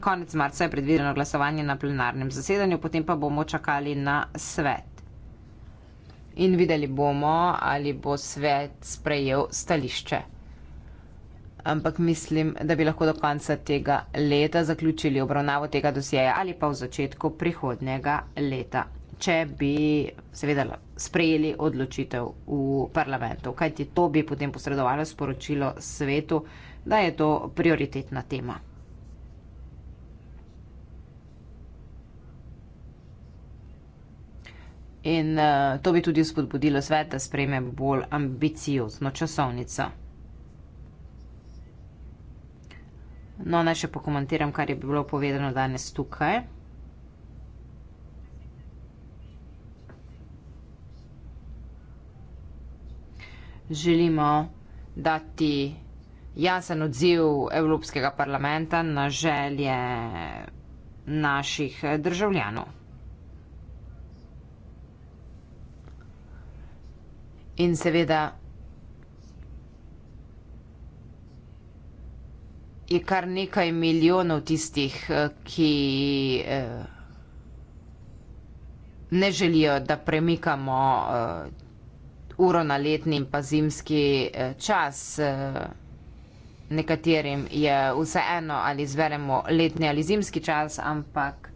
Konec marca je predvideno glasovanje na plenarnem zasedanju, potem pa bomo čakali na svet in videli bomo, ali bo svet sprejel stališče. Ampak mislim, da bi lahko do konca tega leta zaključili obravnavo tega dosjeja ali pa v začetku prihodnega leta, če bi seveda sprejeli odločitev v parlamentu. Kajti to bi potem posredovalo sporočilo svetu, da je to prioritetna tema. in uh, to bi tudi spodbudilo svet, da sprejme bolj ambiciozno časovnico. No, naj še pokomentiram, kar je bilo povedano danes tukaj. Želimo dati jasen odziv Evropskega parlamenta na želje naših državljanov. in seveda je kar nekaj milijonov tistih, eh, ki eh, ne želijo, da premikamo eh, uro na letni in pa zimski čas. Nekaterim je vse eno, ali zveremo letni ali zimski čas, ampak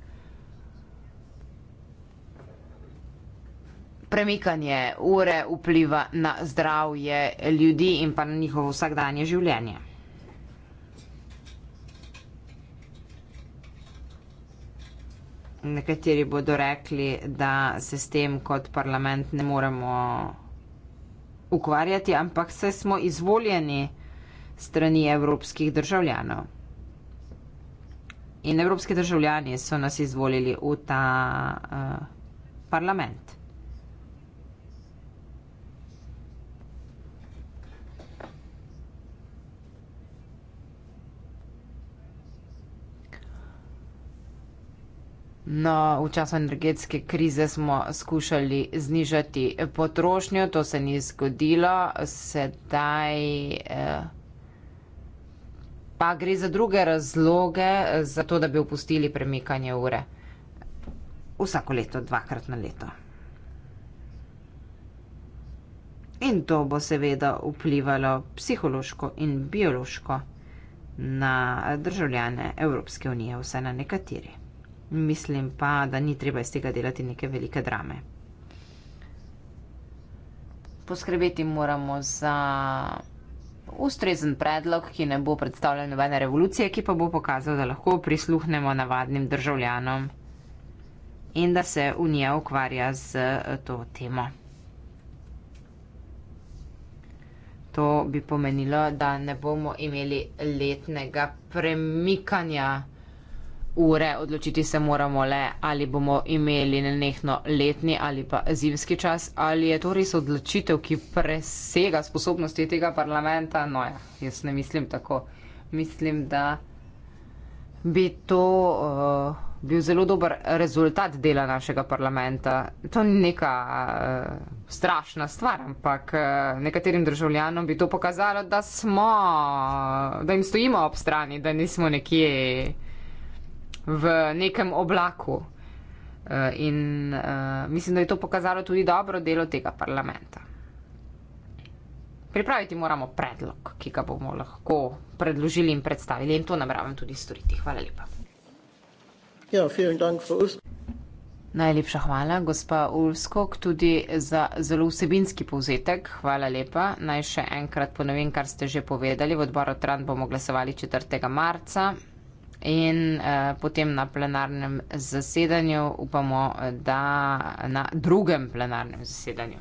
premikanje ure vpliva na zdravje ljudi in pa na njihovo vsakdanje življenje. Nekateri bodo rekli, da se s tem kot parlament ne moremo ukvarjati, ampak se smo izvoljeni strani evropskih državljanov. In evropski državljani so nas izvolili v ta uh, parlament. No, v času energetske krize smo skušali znižati potrošnjo, to se ni zgodilo, sedaj eh, pa gre za druge razloge, za to, da bi opustili premikanje ure. Vsako leto, dvakrat na leto. In to bo seveda vplivalo psihološko in biološko na državljane Evropske unije, vsaj na nekateri mislim pa, da ni treba iz tega delati neke velike drame. Poskrbeti moramo za ustrezen predlog, ki ne bo predstavljal nobene revolucije, ki pa bo pokazal, da lahko prisluhnemo navadnim državljanom in da se Unija ukvarja z eh, to temo. To bi pomenilo, da ne bomo imeli letnega premikanja ure, odločiti se moramo le, ali bomo imeli nenehno letni ali pa zimski čas, ali je to res odločitev, ki presega sposobnosti tega parlamenta. No ja, jaz ne mislim tako. Mislim, da bi to uh, bil zelo dober rezultat dela našega parlamenta. To ni neka uh, strašna stvar, ampak uh, nekaterim državljanom bi to pokazalo, da smo, da jim stojimo ob strani, da nismo nekje. Uh, v nekem oblaku. Eh, in eh, mislim, da je to pokazalo tudi dobro delo tega parlamenta. Pripraviti moramo predlog, ki ga bomo lahko predložili in predstavili, in to nameravam tudi storiti. Hvala lepa. Ja, Najlepša hvala, gospa Ulskog, tudi za zelo vsebinski povzetek. Hvala lepa. Naj še enkrat ponovim, kar ste že povedali. V odboru Trant bomo glasovali 4. marca in uh, potem na plenarnem zasedanju upamo, eh, da na drugem plenarnem zasedanju.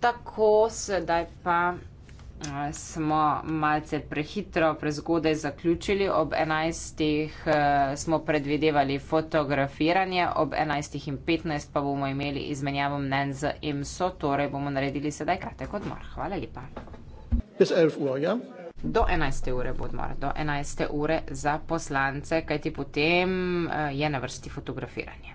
Tako sedaj pa uh, smo malce prehitro, prezgodaj zaključili. Ob 11. Uh, smo predvidevali fotografiranje, ob 11. in 15. pa bomo imeli izmenjavo mnen z EMSO, torej bomo naredili sedaj kratek odmor. Hvala lepa. Bis 11 Uhr, ja? do 11. ure bo odmor, do 11. ure za poslance, kajti potem eh, je na vrsti fotografiranje.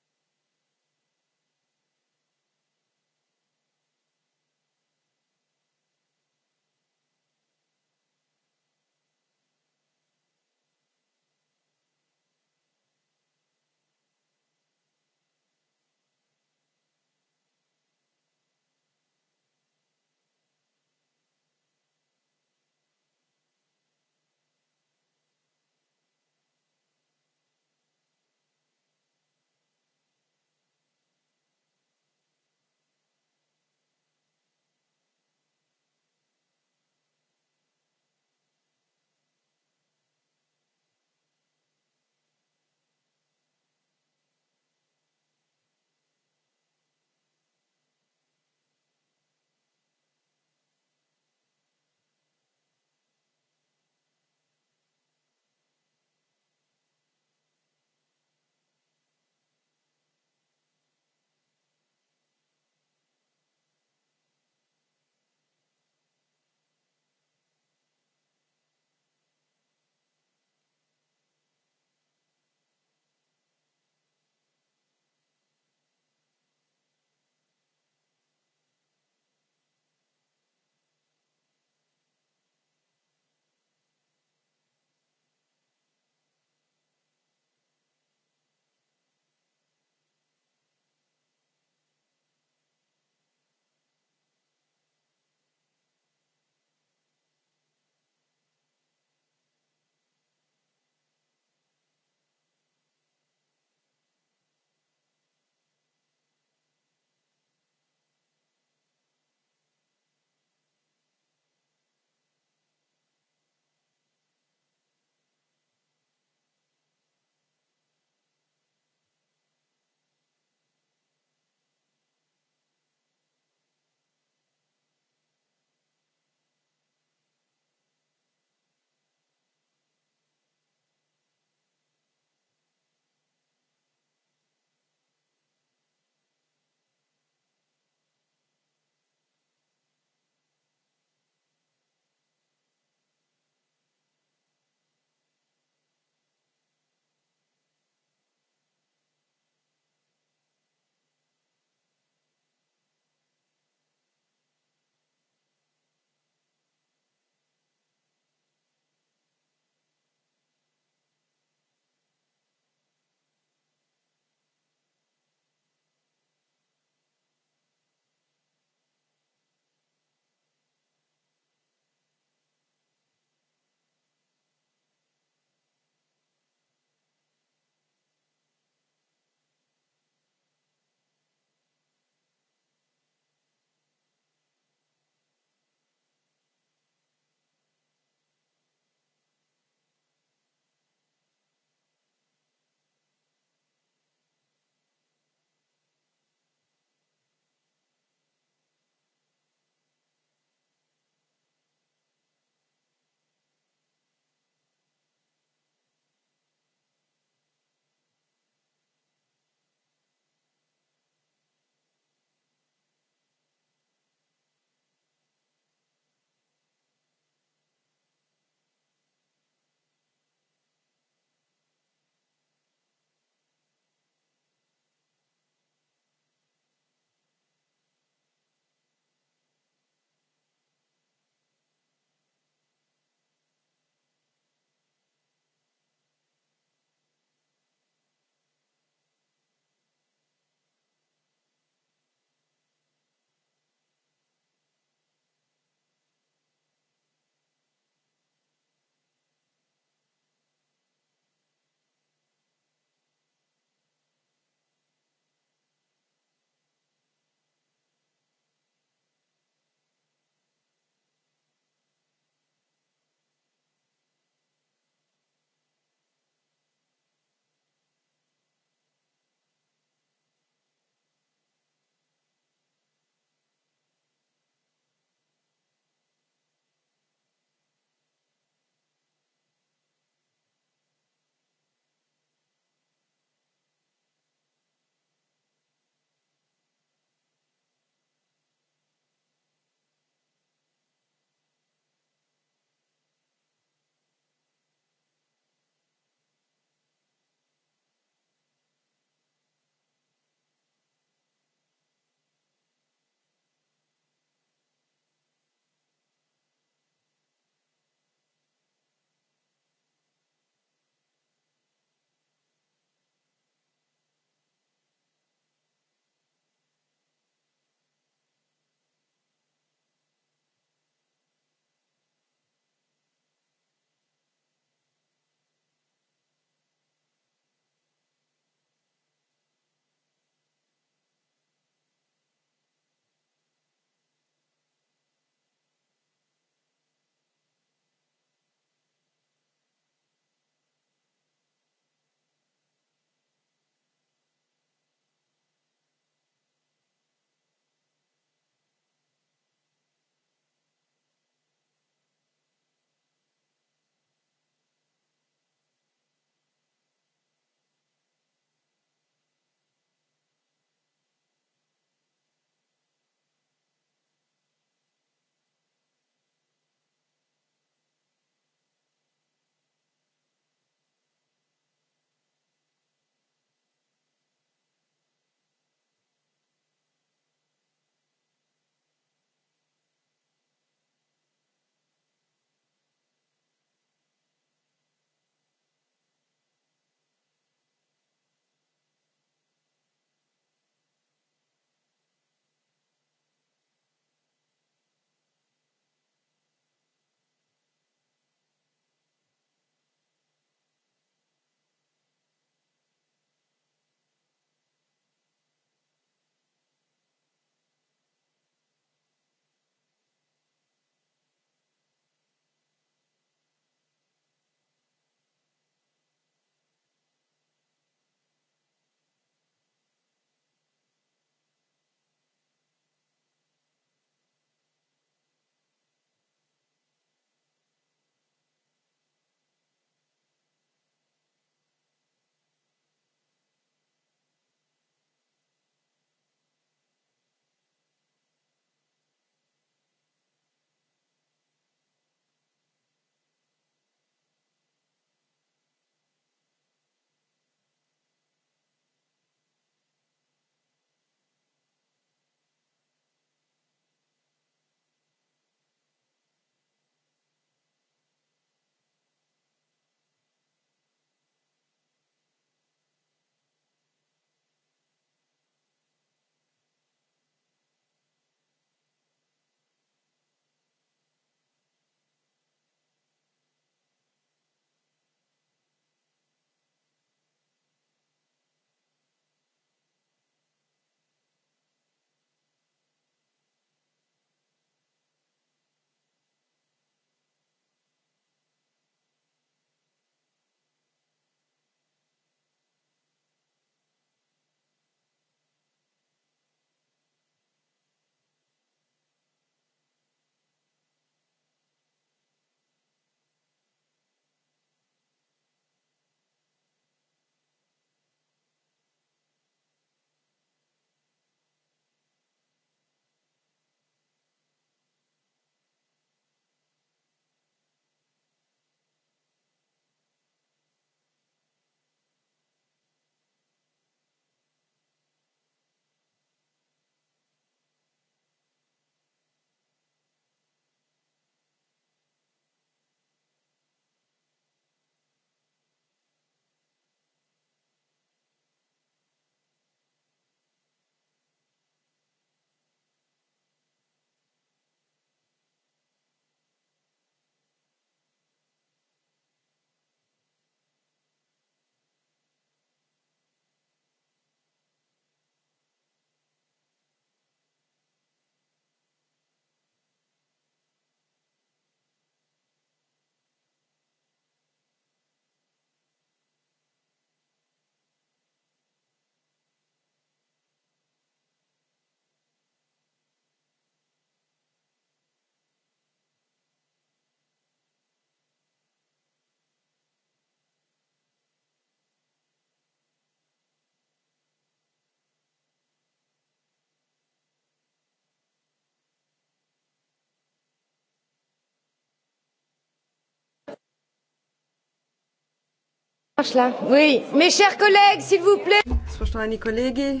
Spoštovani kolegi,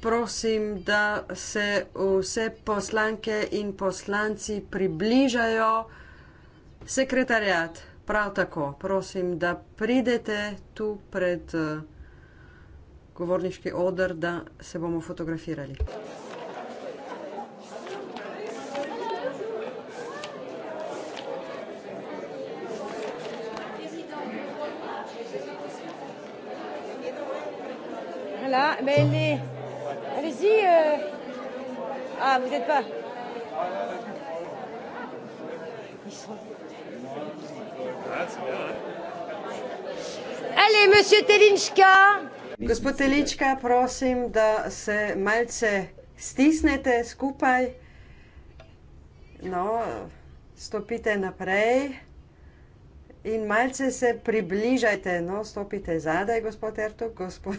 prosim, da se vse poslanke in poslanci približajo sekretarjat. Prav tako, prosim, da pridete tu pred eh, govorniški odr, da se bomo fotografirali. là. Mais elle est. Allez-y. Euh... Ah, vous n'êtes pas. Ils sont. Allez, monsieur Telinchka. Gospod Telinchka, prosim, da se malce stisnete skupaj. No, stopite naprej in malce se približajte. No, stopite zadaj, gospod Ertug. Gospod...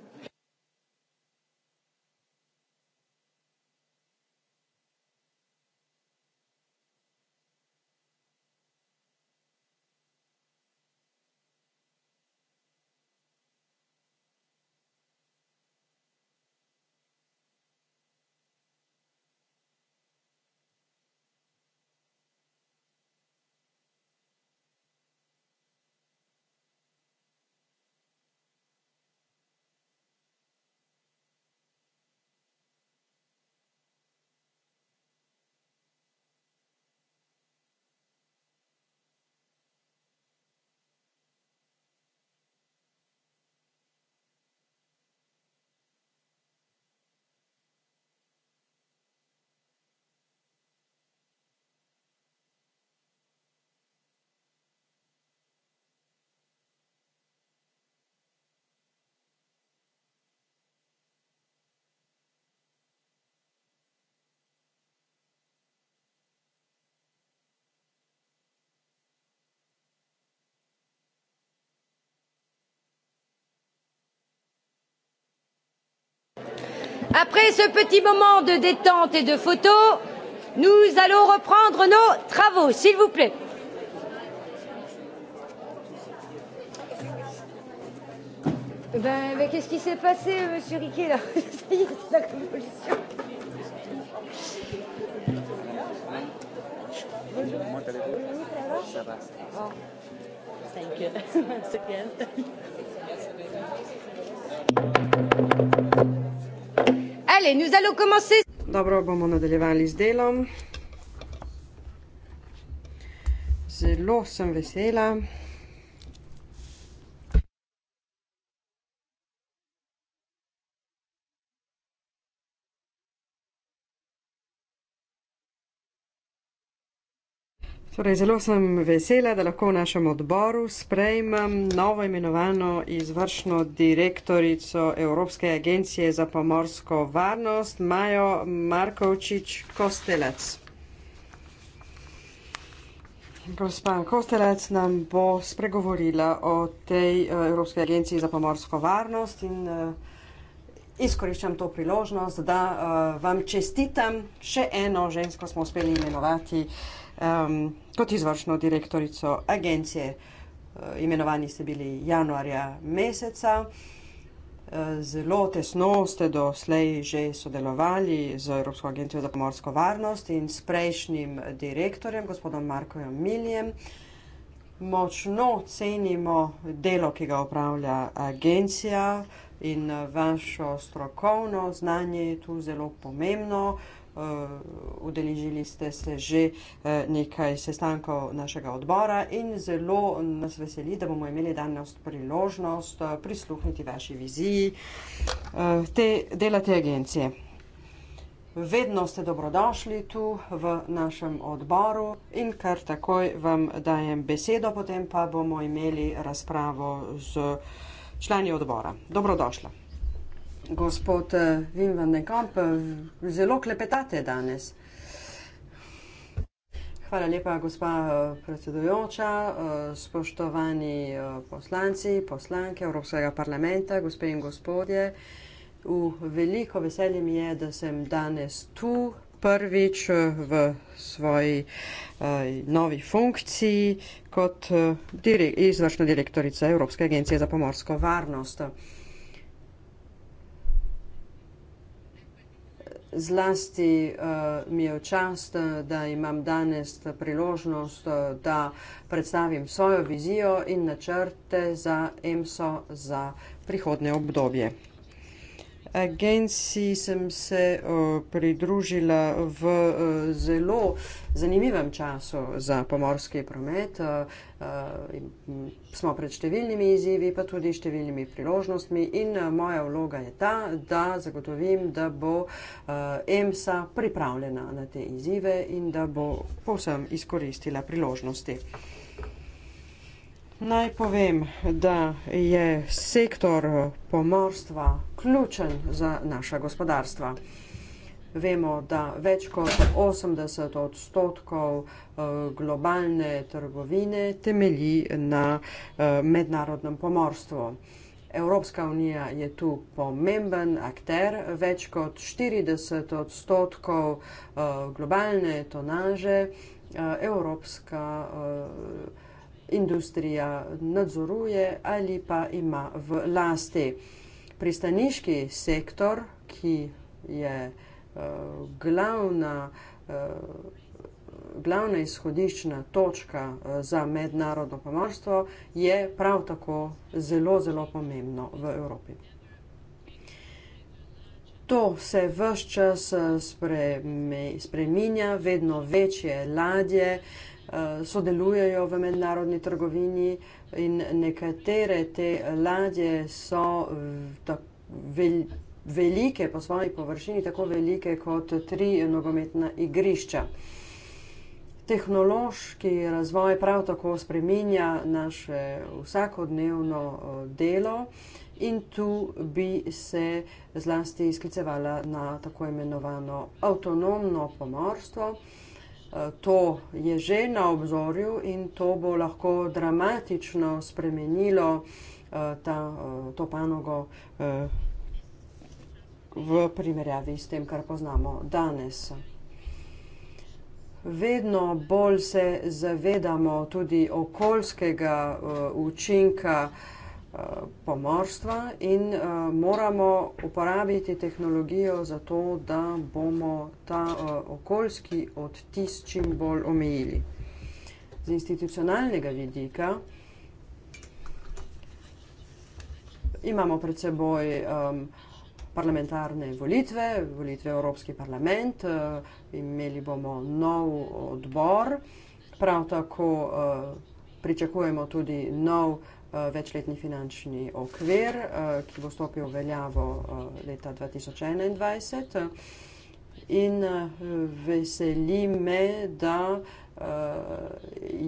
Après ce petit moment de détente et de photo, nous allons reprendre nos travaux, s'il vous plaît. Ben, ben qu'est-ce qui s'est passé, monsieur Riquet, là Ça y est, la Thank you. Once again. Allez, nous allons commencer. Dobro bomo nadaljevali z delom. Zelo sem vesela. Torej, zelo sem vesela, da lahko v našem odboru sprejmem novo imenovano izvršno direktorico Evropske agencije za pomorsko varnost, Majo Markovčič Kostelec. Gospa Kostelec nam bo spregovorila o tej eh, Evropske agenciji za pomorsko varnost in eh, izkoriščam to priložnost, da eh, vam čestitam še eno žensko smo uspeli imenovati um, kot izvršno direktorico agencije. Uh, imenovani ste bili januarja meseca. Eh, zelo tesno ste doslej že sodelovali z Evropsko agencijo za pomorsko varnost in s prejšnjim direktorjem, gospodom Markojem Miljem. Močno cenimo delo, ki ga upravlja agencija in eh, vašo strokovno znanje je tu zelo pomembno. Uh, Eh, udeležili ste se že eh, nekaj sestankov našega odbora in zelo nas veseli, da bomo imeli danes priložnost eh, prisluhniti vaši viziji te, dela te agencije. Vedno ste dobrodošli tu v našem odboru in kar takoj vam dajem besedo, potem pa bomo imeli razpravo z člani odbora. Dobrodošla gospod Vim eh, van den Kamp, eh, zelo klepetate danes. Hvala lepa, gospa eh, predsedujoča, spoštovani poslanci, poslanke Evropskega parlamenta, gospe in gospodje. V veliko veselje mi je, da sem danes tu prvič v svoji novi funkciji kot direk, izvršna direktorica Evropske agencije za pomorsko varnost. zlasti uh, mi je v čast, eh, da imam danes priložnost, uh, da predstavim svojo vizijo in načrte za EMSO za prihodne obdobje agenciji sem se o, pridružila v o, zelo zanimivem času za pomorski promet. O, o, smo pred številnimi izzivi, pa tudi številnimi priložnostmi in o, moja vloga je ta, da zagotovim, da bo o, EMSA pripravljena na te izzive in da bo povsem izkoristila priložnosti. Naj povem, da je sektor pomorstva ključen za naša gospodarstva. Vemo, da več kot 80 odstotkov eh, globalne trgovine temelji na eh, mednarodnem pomorstvu. Evropska unija je tu pomemben akter, več kot 40 odstotkov eh, globalne tonaže Evropska unija industrija nadzoruje ali pa ima v lasti. Pristaniški sektor, ki je eh, glavna, eh, glavna izhodiščna točka eh, za mednarodno pomorstvo, je prav tako zelo, zelo pomembno v Evropi. To se v vse čas spreminja, vedno večje ladje uh, sodelujejo v mednarodni trgovini in nekatere te ladje so eh, vel, velike po svoji površini, tako velike kot tri nogometna igrišča. Tehnološki razvoj prav tako spreminja naše vsakodnevno eh, delo in tu bi se zlasti sklicevala na tako imenovano avtonomno pomorstvo. To je že na obzorju in to bo lahko dramatično spremenilo eh, ta, eh, to panogo eh, v primerjavi s tem, kar poznamo danes. Vedno bolj se zavedamo tudi okoljskega učinka, Eh, pomorstva in eh, moramo uporabiti tehnologijo za to, da bomo ta eh, okoljski odtis čim bolj omejili. Z institucionalnega vidika imamo pred seboj parlamentarne volitve, volitve v Evropski parlament, imeli bomo nov odbor, prav tako pričakujemo tudi nov odbor, Eh, večletni finančni okvir, eh, ki bo stopil v veljavo eh, leta 2021. In veseli me, da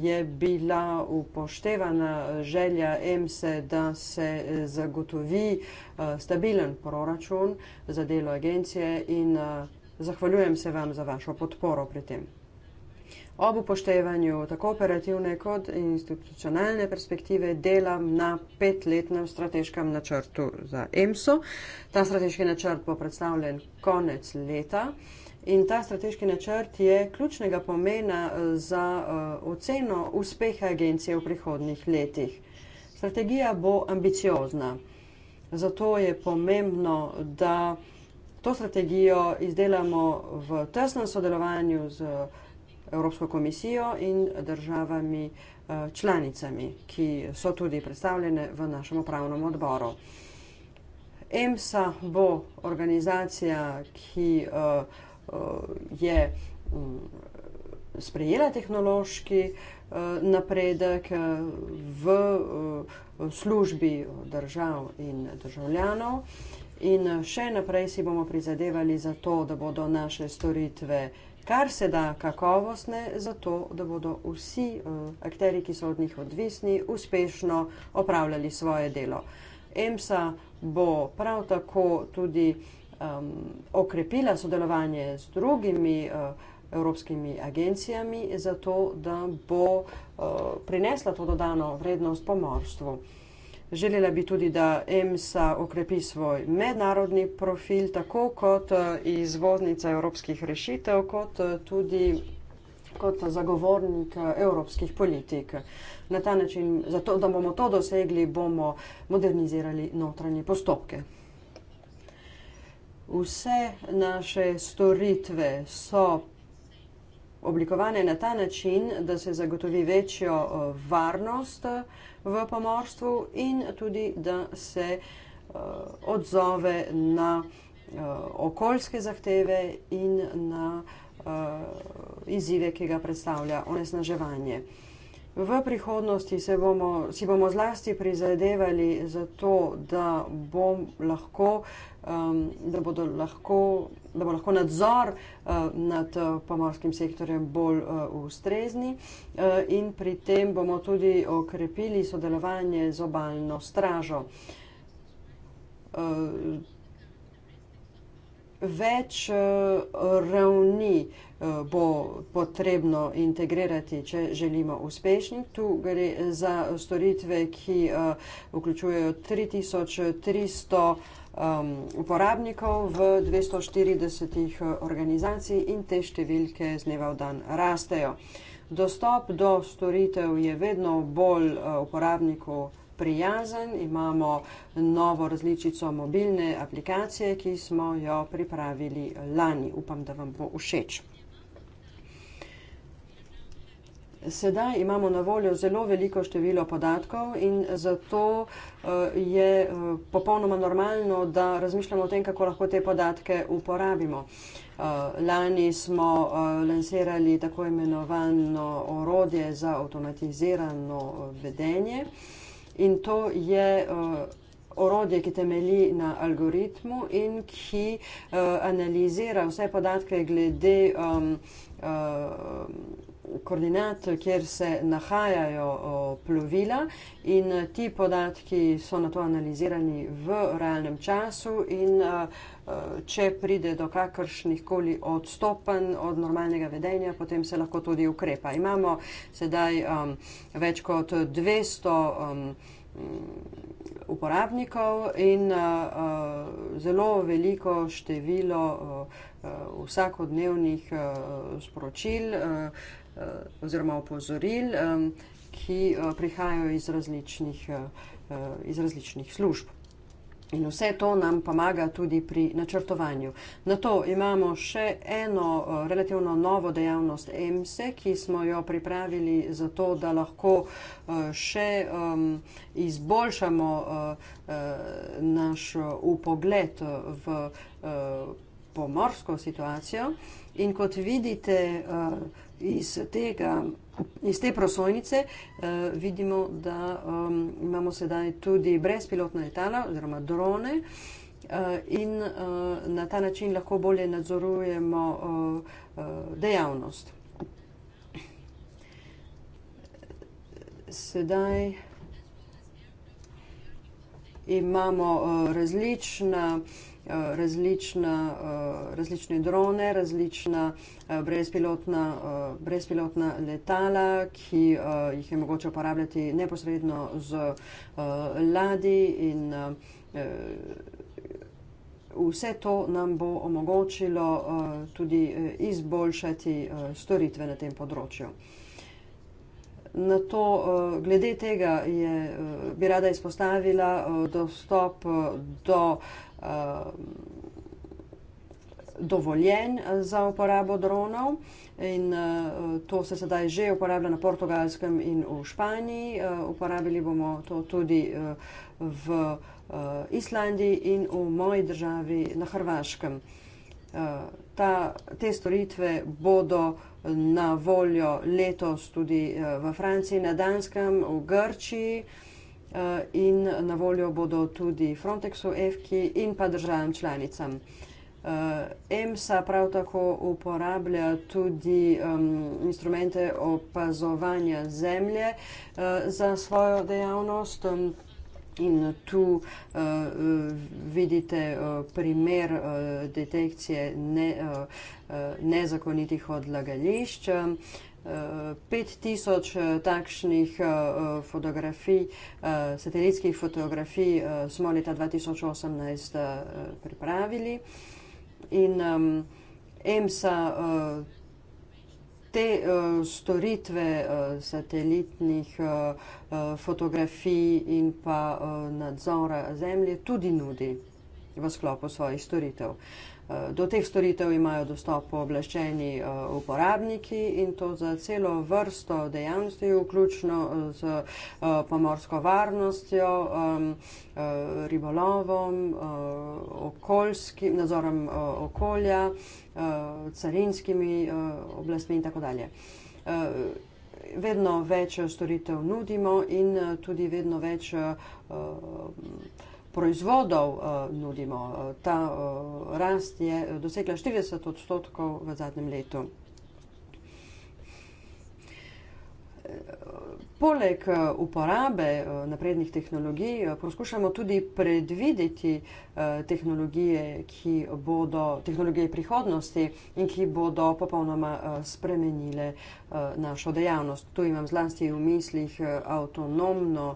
je bila upoštevana želja EMSE, da se zagotovi stabilen proračun za delo agencije in zahvaljujem se vam za vašo podporo pri tem ob upoštevanju tako operativne kot institucionalne perspektive dela na petletnem strateškem načrtu za EMSO. Ta strateški načrt bo predstavljen konec leta. In ta strateški načrt je ključnega pomena eh, za uh, oceno uspeha agencije v prihodnih letih. Strategija bo ambiciozna, zato je pomembno, da to strategijo izdelamo v tesnem sodelovanju z uh, Evropsko komisijo in državami eh, članicami, ki so tudi predstavljene v našem upravnem odboru. EMSA bo organizacija, ki eh, je mm, sprejela tehnološki eh, napredek v službi držav in državljanov in še naprej si bomo prizadevali za to, da bodo naše storitve kar se da kakovostne, zato da bodo vsi uh, eh, akteri, ki so od njih odvisni, uspešno opravljali svoje delo. EMSA bo prav tako tudi um, okrepila sodelovanje z drugimi uh, evropskimi agencijami, zato da bo uh, prinesla to dodano vrednost pomorstvu. Želela bi tudi, da EMSA okrepi svoj mednarodni profil, tako kot eh, izvoznica evropskih rešitev, kot eh, tudi kot zagovornik eh, evropskih politik. Na ta način, zato, da bomo to dosegli, bomo modernizirali notranje postopke. Vse naše storitve so oblikovane na ta način, da se zagotovi večjo eh, varnost v pomorstvu in tudi, da se eh, odzove na eh, okoljske zahteve in na izzive, ki ga predstavlja onesnaževanje. V prihodnosti bomo, si bomo zlasti prizadevali za to, da, bom lahko, um, da, lahko, da bo lahko nadzor uh, nad uh, pomorskim sektorjem bolj uh, ustrezni uh, in pri tem bomo tudi okrepili sodelovanje z obaljno stražo. Uh, več uh, ravni uh, bo potrebno integrirati, če želimo uspešni. Tu gre za storitve, ki uh, vključujejo 3300. Um, uporabnikov v 240 organizacij in te številke z dneva v dan rastejo. Dostop do storitev je vedno bolj uh, uporabnikov prijazen, imamo novo različico mobilne aplikacije, ki smo jo pripravili lani. Upam, da vam bo všeč. Sedaj imamo na voljo zelo veliko število podatkov in zato eh, je eh, popolnoma normalno, da razmišljamo o tem, kako lahko te podatke uporabimo. Eh, lani smo lansirali tako imenovano orodje za avtomatizirano vedenje. In to je uh, orodje, ki temelji na algoritmu in ki uh, analizira vse podatke glede. Um, uh, koordinat, kjer se nahajajo plovila in ti podatki so na to analizirani v realnem času in če pride do kakršnih koli odstopen od normalnega vedenja, potem se lahko tudi ukrepa. Imamo sedaj um, več kot 200 um, uporabnikov in zelo veliko število vsakodnevnih sporočil, Eh, oziroma opozoril, ki eh, prihajajo iz različnih, eh, iz različnih služb. In vse to nam pomaga tudi pri načrtovanju. Na to imamo še eno relativno novo dejavnost EMSE, ki smo jo pripravili zato, da lahko še izboljšamo naš upogled v pomorsko situacijo. In kot vidite, iz, tega, iz te prosojnice eh, vidimo, da um, imamo sedaj tudi brezpilotna letala oziroma drone. Eh, in uh, na ta način lahko bolje nadzorujemo uh, uh, dejavnost. Sedaj imamo uh, različna uh, Eh, različna, eh, različne drone, različna eh, brezpilotna, brezpilotna letala, ki jih je mogoče uporabljati neposredno z ladi in vse to nam bo omogočilo tudi izboljšati storitve na tem področju. Na to, glede tega je, bi rada izpostavila dostop do Um, dovoljen eh, za uporabo dronov in eh, to se sedaj že uporablja na portugalskem in v Španiji. Eh, uporabili bomo to tudi v Islandiji in v moji državi na Hrvaškem. Ta, te storitve bodo na voljo letos tudi v Franciji, na Danskem, v Grčiji. Eh, in na voljo bodo tudi Frontexu, EFKI in pa državam članicam. Eh, EMSA prav tako uporablja tudi um, instrumente opazovanja zemlje uh, za svojo dejavnost. In tu uh, vidite uh, primer uh, detekcije ne, uh, uh, nezakonitih odlagališč. Uh, 5000 eh, takšnih eh, eh, fotografij, satelitskih fotografij smo leta 2018 pripravili in EMSA te storitve satelitnih fotografij in pa nadzora zemlje tudi nudi v sklopu svojih storitev. Eh, do teh storitev imajo dostop oblaščeni eh, uporabniki in to za celo vrsto dejavnosti, vključno eh, z pomorsko varnostjo, ribolovom, okoljskim, nazorom okolja, carinskimi oblastmi in tako dalje. Vedno več storitev nudimo in tudi vedno več proizvodov uh, nudimo. Eh, ta uh, rast je dosegla 40 odstotkov v zadnjem letu. Poleg uporabe naprednih tehnologij poskušamo tudi predvideti tehnologije, ki bodo tehnologije prihodnosti in ki bodo popolnoma spremenile našo dejavnost. Tu imam zlasti v mislih avtonomno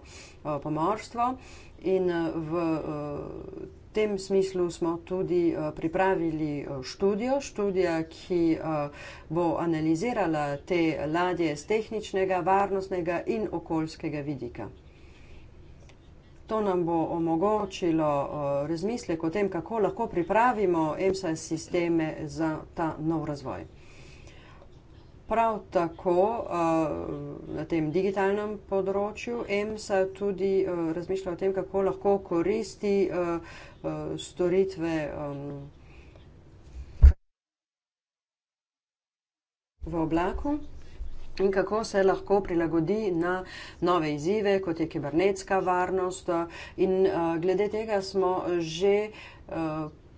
pomorstvo. In eh, v eh, tem smislu smo tudi eh, pripravili študijo, študija, ki bo analizirala te ladje z tehničnega, varnostnega in okoljskega vidika. To nam bo omogočilo razmislek o tem, kako lahko pripravimo EMSA sisteme za ta nov razvoj. Prav tako eh, na tem digitalnem področju EMSA tudi eh, razmišlja o tem, kako lahko koristi eh, storitve v oblaku in kako se lahko prilagodi na nove izzive, kot je kibernetska varnost. In glede tega smo že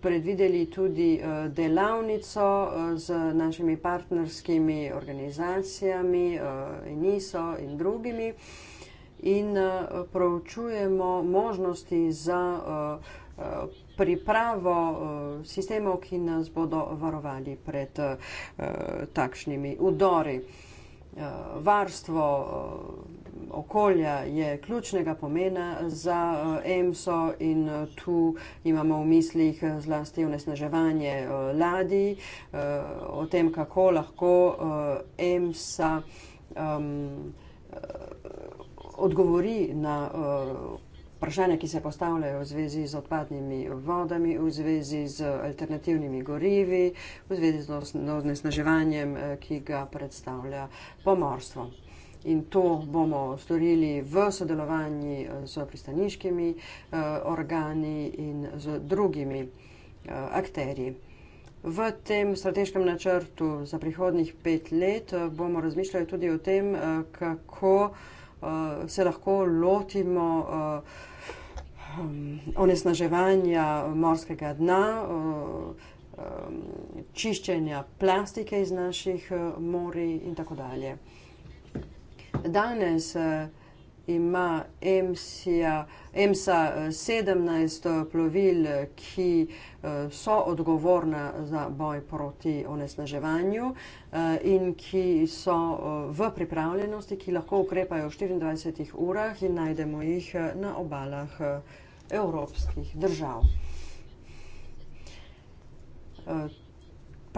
predvideli tudi eh, delavnico eh, z našimi partnerskimi organizacijami eh, in ISO in drugimi in proučujemo možnosti za pripravo sistemov, ki nas bodo varovali pred takšnimi udori. Varstvo okolja je ključnega pomena za eh, EMSO in eh, tu imamo v mislih eh, zlasti onesnaževanje ladij, o tem, kako lahko EMSA um, odgovori na vprašanja, ki se postavljajo v zvezi z odpadnimi vodami, v zvezi z alternativnimi gorivi, v zvezi z onesnaževanjem, ki ga predstavlja pomorstvo. In to bomo storili v sodelovanju z eh, pristaniškimi eh, organi in z drugimi eh, akterji. V tem strateškem načrtu za prihodnih pet let bomo razmišljali tudi o tem, kako se lahko lotimo hmm, onesnaževanja morskega dna, čiščenja plastike iz naših morij in tako dalje. Danes uh, ima Emsija, EMSA 17 eh, eh, plovil, ki uh, so odgovorna za boj proti onesnaževanju uh, in ki so uh, v pripravljenosti, ki lahko ukrepajo v 24 urah in najdemo jih na obalah uh, evropskih držav. Uh,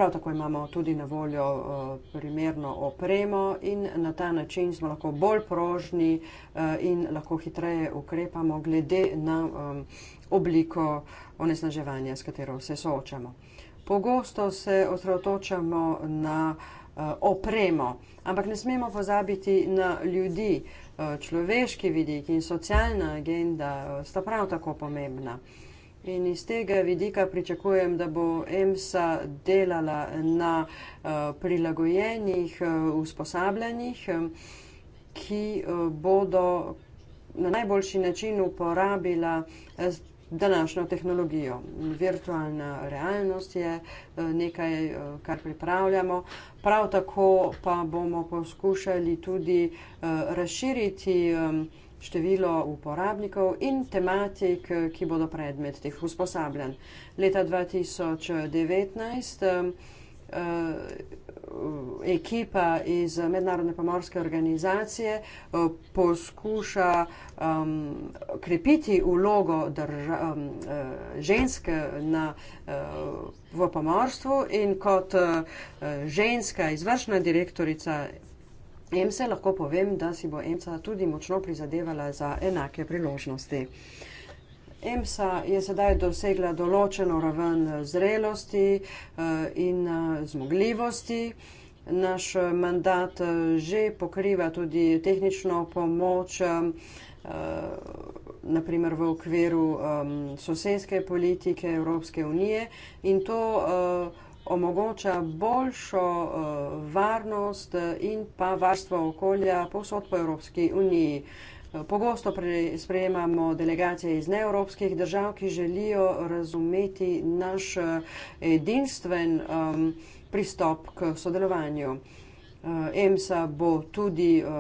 Prav tako imamo tudi na voljo eh, primerno opremo in na ta način smo lahko bolj prožni eh, in lahko hitreje ukrepamo glede na eh, obliko onesnaževanja, s katero se soočamo. Pogosto se osredotočamo na opremo, ampak ne smemo pozabiti na ljudi. Človeški vidik in socialna agenda sta prav tako pomembna. In iz tega vidika pričakujem, da bo EMSA delala na eh, prilagojenih eh, usposabljanjih, eh, ki bodo na najboljši način uporabila današnjo tehnologijo. Virtualna realnost je nekaj, kar pripravljamo. Prav tako pa bomo poskušali tudi razširiti število uporabnikov in tematik, ki bodo predmet teh usposabljanj. Leta 2019 eh, ekipa iz Mednarodne pomorske organizacije eh, poskuša um, krepiti ulogo drža, um, žensk na, uh, v pomorstvu in kot uh, ženska izvršna direktorica EMSE, lahko povem, da si bo EMSA tudi močno prizadevala za enake priložnosti. EMSA je sedaj dosegla določeno raven zrelosti eh, in eh, zmogljivosti. Naš eh, mandat že pokriva tudi tehnično pomoč, naprimer v okviru sosedske politike Evropske unije in to omogoča boljšo eh, varnost eh, in pa varstvo okolja povsod po Evropski uniji. Eh, pogosto sprejemamo delegacije iz neevropskih držav, ki želijo razumeti naš edinstven um, pristop k sodelovanju. EMSA bo tudi uh,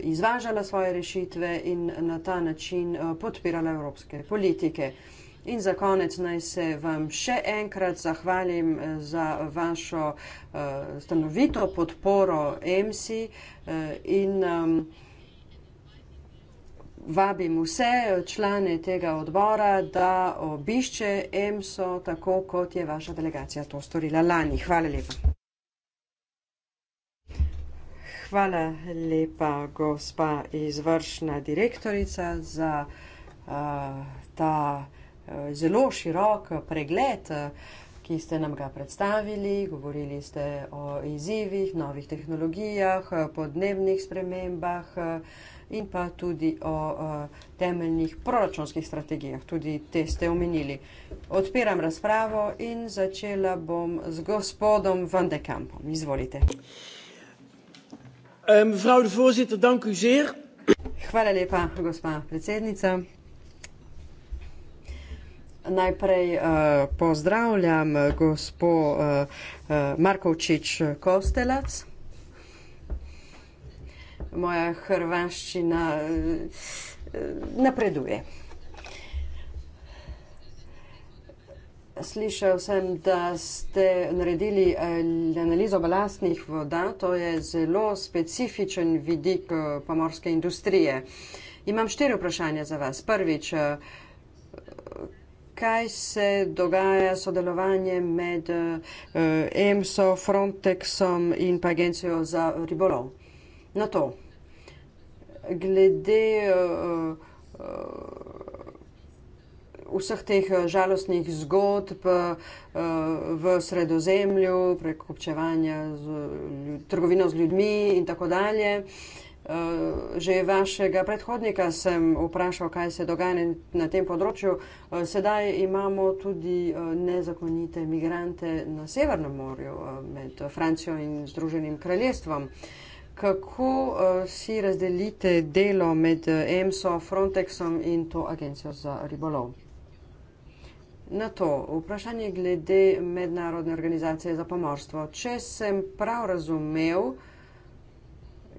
izvažala svoje rešitve in na ta način uh, podpirala evropske politike. Uh, In za konec naj se vam še enkrat zahvalim eh, za vašo uh, stanovito podporo EMSI uh, in um, vabim vse člane tega odbora, da obišče EMSO, tako kot je vaša delegacija to storila lani. Hvala lepa. Hvala lepa, gospa izvršna direktorica, za uh, ta. Eh, zelo širok eh, pregled, eh, ki ste nam ga predstavili. Govorili ste o izzivih, novih tehnologijah, podnebnih spremembah in pa tudi o temeljnih proračunskih strategijah. Tudi te ste omenili. Odpiram razpravo in začela bom z gospodom Van de Kampom. Izvolite. Ehm, mevrouw de voorzitter, dank u zeer. Hvala lepa, gospa predsednica. Najprej uh, pozdravljam eh, gospo uh, uh, Markovčič Kostelac. Moja hrvaščina uh, napreduje. Slišal sem, da ste naredili analizo balastnih voda. To je zelo specifičen vidik pomorske industrije. Imam štiri vprašanja za vas. Prvič, uh, kaj se dogaja s sodelovanjem med uh, EMSO, Frontexom in pa Agencijo za ribolov. Na to, glede uh, uh, vseh teh žalostnih zgodb uh, v sredozemlju, prekopčevanja z, ljud, trgovino z ljudmi in tako dalje. Uh, Eh, že vašega predhodnika sem vprašal, kaj se dogaja na tem področju. Eh, sedaj imamo tudi eh, nezakonite migrante na Severnem morju med Francijo in Združenim kraljestvom. Kako si razdelite delo med EMSO, Frontexom in to agencijo za ribolov? Na to vprašanje glede mednarodne organizacije za pomorstvo. Če sem prav razumel,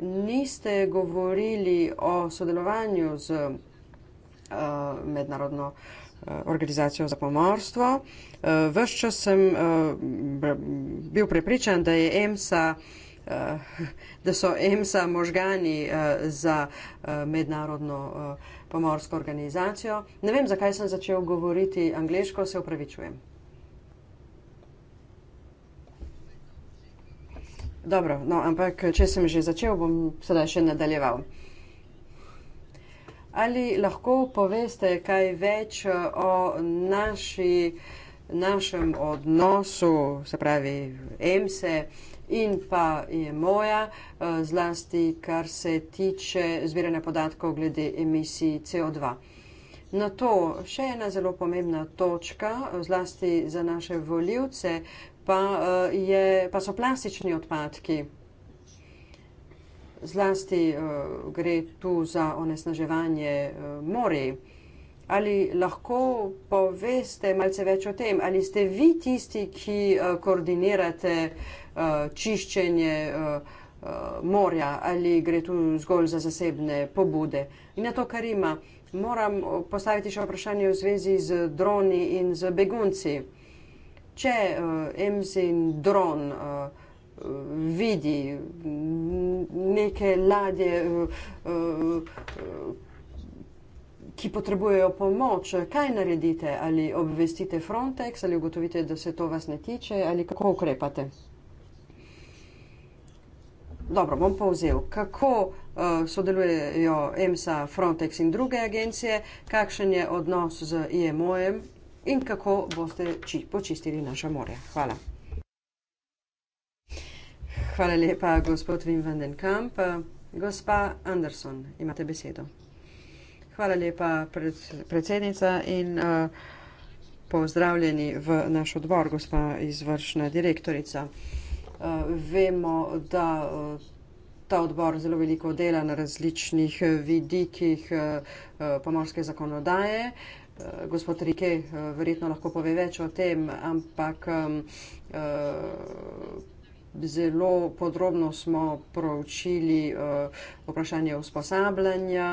niste govorili o sodelovanju z uh, mednarodno uh, organizacijo za pomorstvo. Uh, Ves čas sem uh, bil prepričan, da je EMSA da so EMSA možgani za mednarodno pomorsko organizacijo. Ne vem, zakaj sem začel govoriti angliško, se upravičujem. Dobro, no, ampak eh, če sem že začel, bom sedaj še nadaljeval. Ali lahko poveste kaj več eh, o naši, našem odnosu, se pravi EMSE in pa je moja, eh, zlasti kar se tiče zbiranja podatkov glede emisij CO2? Na to še ena zelo pomembna točka, zlasti za naše voljivce, pa, eh, je, pa so plastični odpadki. Zlasti eh, gre tu za onesnaževanje eh, morja. Ali lahko poveste malce več o tem, ali ste vi tisti, ki koordinirate čiščenje morja, ali gre tu zgolj za zasebne pobude? In na to, kar ima, moram postaviti še vprašanje v zvezi z droni in z begunci če uh, eh, MSN dron uh, vidi neke ladje, uh, uh, ki potrebujejo pomoč, kaj naredite? Ali obvestite Frontex, ali ugotovite, da se to vas ne tiče, ali kako ukrepate? Dobro, bom povzel, kako uh, sodelujejo EMSA, Frontex in druge agencije, kakšen je odnos z IMO-jem in kako boste či, počistili naše more. Hvala. Hvala lepa, gospod Wim van den Kamp. Gospa Anderson, imate besedo. Hvala lepa, pred, predsednica in uh, pozdravljeni v naš odbor, gospa izvršna direktorica. Uh, vemo, da uh, ta odbor zelo veliko dela na različnih vidikih uh, pomorske zakonodaje. Uh, Eh, gospod Rike eh, verjetno lahko pove več o tem, ampak eh, zelo podrobno smo proučili vprašanje usposabljanja.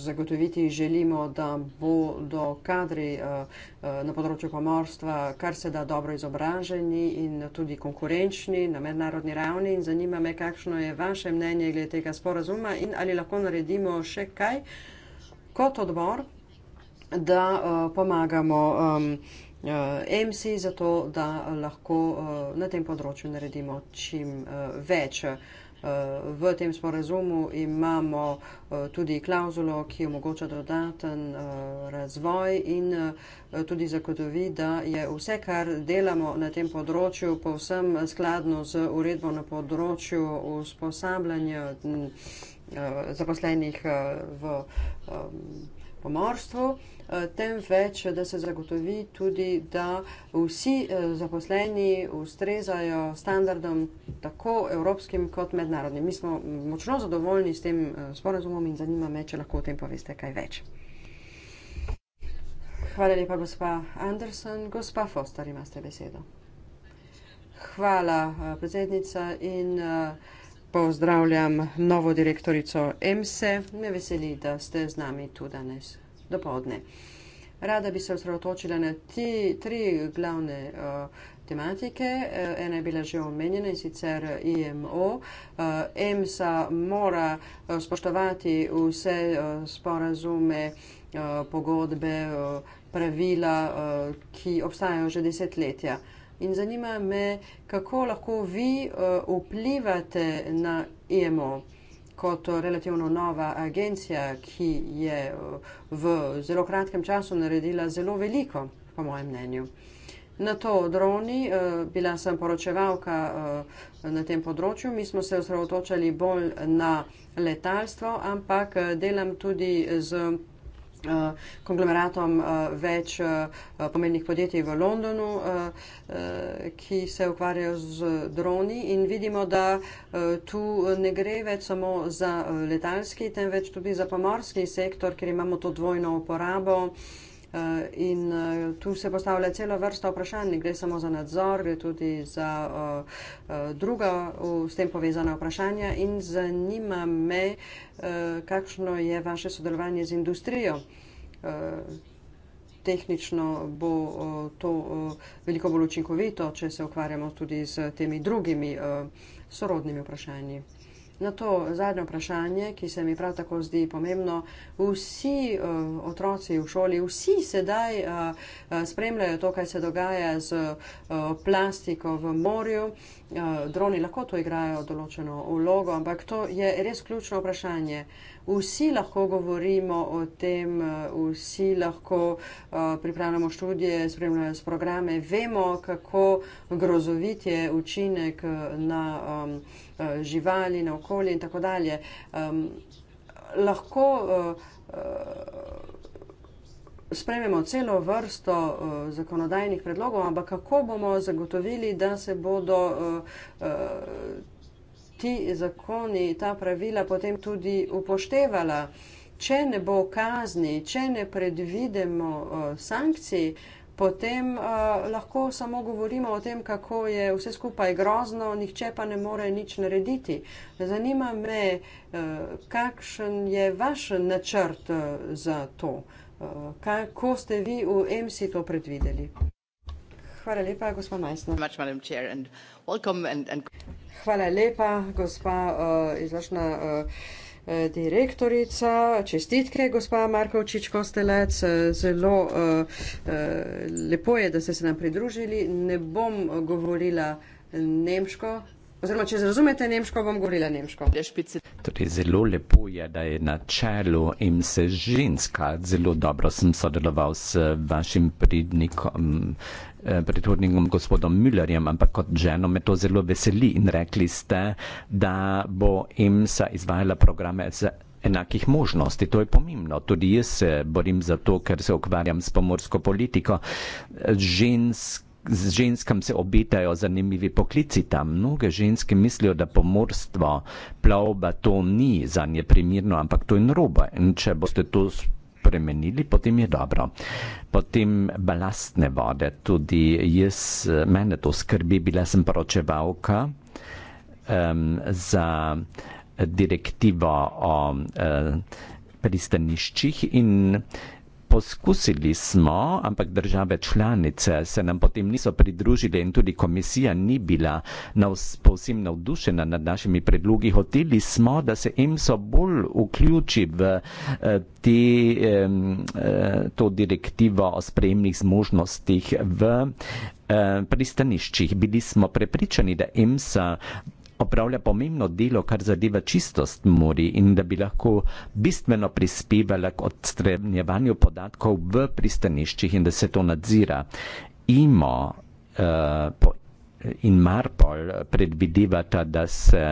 Zagotoviti želimo, da bodo kadri na področju pomorstva kar se da dobro izobraženi in tudi konkurenčni na mednarodni ravni. In zanima me, kakšno je vaše mnenje glede tega sporazuma in ali lahko naredimo še kaj kot odbor, da eh, pomagamo um, EMSI eh, za to, da lahko eh, na tem področju naredimo čim več. V tem sporazumu imamo tudi klauzulo, ki omogoča dodaten razvoj in tudi zakotovi, da je vse, kar delamo na tem področju, povsem skladno z uredbo na področju usposabljanja Eh, zaposlenih eh, v pomorstvu, eh, temveč, da se zagotovi tudi, da vsi zaposleni ustrezajo standardom tako evropskim kot mednarodnim. Mi smo močno zadovoljni s tem sporazumom in zanima me, če lahko o tem poveste kaj več. Hvala lepa, gospa Anderson. Gospa Foster, imate besedo. Hvala, predsednica in uh, pozdravljam novo direktorico EMSE. Me veseli, da ste z nami tu danes do povdne. Rada bi se osredotočila na ti tri glavne uh, tematike. Uh, ena je bila že omenjena in sicer IMO. Uh, eh, EMSA mora uh, spoštovati vse uh, sporazume, uh, pogodbe, uh, pravila, uh, ki obstajajo že desetletja. Uh, In zanima me, kako lahko vi uh, vplivate na IMO e kot relativno nova agencija, ki je eh, v zelo kratkem času naredila zelo veliko, po mojem mnenju. Na to droni, eh, bila sem poročevalka na tem področju, mi smo se osredotočali bolj na letalstvo, ampak delam tudi z uh, konglomeratom uh, več uh, pomembnih podjetij v Londonu, uh, uh, ki se ukvarjajo z droni in vidimo, da uh, tu ne gre več samo za letalski, temveč tudi za pomorski sektor, ker imamo to dvojno uporabo. Uh, Eh, in eh, tu se postavlja celo vrsta vprašanj, ne gre samo za nadzor, gre tudi za eh, druga s tem povezana vprašanja. In zanima me, kakšno je vaše sodelovanje z industrijo. Tehnično bo to veliko bolj učinkovito, če se ukvarjamo tudi z temi drugimi sorodnimi vprašanji. Na to zadnje vprašanje, ki se mi prav tako zdi pomembno, vsi uh, otroci v šoli, vsi sedaj uh, spremljajo to, kaj se dogaja z uh, plastiko v morju. Uh, droni lahko to igrajo določeno vlogo, ampak to je res ključno vprašanje vsi lahko govorimo o tem, vsi lahko eh, pripravljamo študije, spremljamo programe, vemo, kako grozovit je učinek na eh, živali, na okolje in tako dalje. Lahko eh, Sprememo celo vrsto uh, zakonodajnih predlogov, ampak kako bomo zagotovili, da se bodo uh, uh, ti zakoni, ta pravila potem tudi upoštevala. Če ne bo kazni, če ne predvidemo uh, sankcij, potem uh, lahko samo govorimo o tem, kako je vse skupaj grozno, nihče pa ne more nič narediti. Zanima me, uh, kakšen je vaš načrt uh, za to, uh, kako ste vi v MSI to predvideli. Hvala lepa, gospod Majsna. Hvala lepa, gospa uh, izvršna uh, direktorica. Čestitke, gospa Markovčič Kostelec. Zelo uh, uh, lepo je, da ste se nam pridružili. Ne bom govorila nemško. Oziroma, če razumete nemško, bom govorila nemško. Tudi torej, zelo lepo je, da je na čelu in se ženska. Zelo dobro sem sodeloval s vašim pridnikom. Um, Eh, predhodnikom gospodom Müllerjem, ampak kot ženo me to zelo veseli in rekli ste, da bo EMSA izvajala programe z enakih možnosti. To je pomembno. Tudi jaz se borim za to, ker se ukvarjam s pomorsko politiko. Žensk, z ženskam se obitajo zanimivi poklici tam. Mnoge ženske mislijo, da pomorstvo, plavba, to ni za nje primirno, ampak to je narobe. In če boste to spremenili, potem je dobro. Potem balastne vode, tudi jaz, mene to skrbi, bila sem poročevalka um, za direktivo o uh, pristaniščih in poskusili smo, ampak države članice se nam potem niso pridružile in tudi komisija ni bila navs, povsem navdušena nad našimi predlogi. Hoteli smo, da se EMSO bolj vključi v eh, te, eh, to direktivo o sprejemnih zmožnostih v eh, pristaniščih. Bili smo prepričani, da EMSO opravlja pomembno delo, kar zadeva čistost morja in da bi lahko bistveno prispevala k odstranjevanju podatkov v pristaniščih in da se to nadzira. IMO uh, in Marpol predvidevata, da se,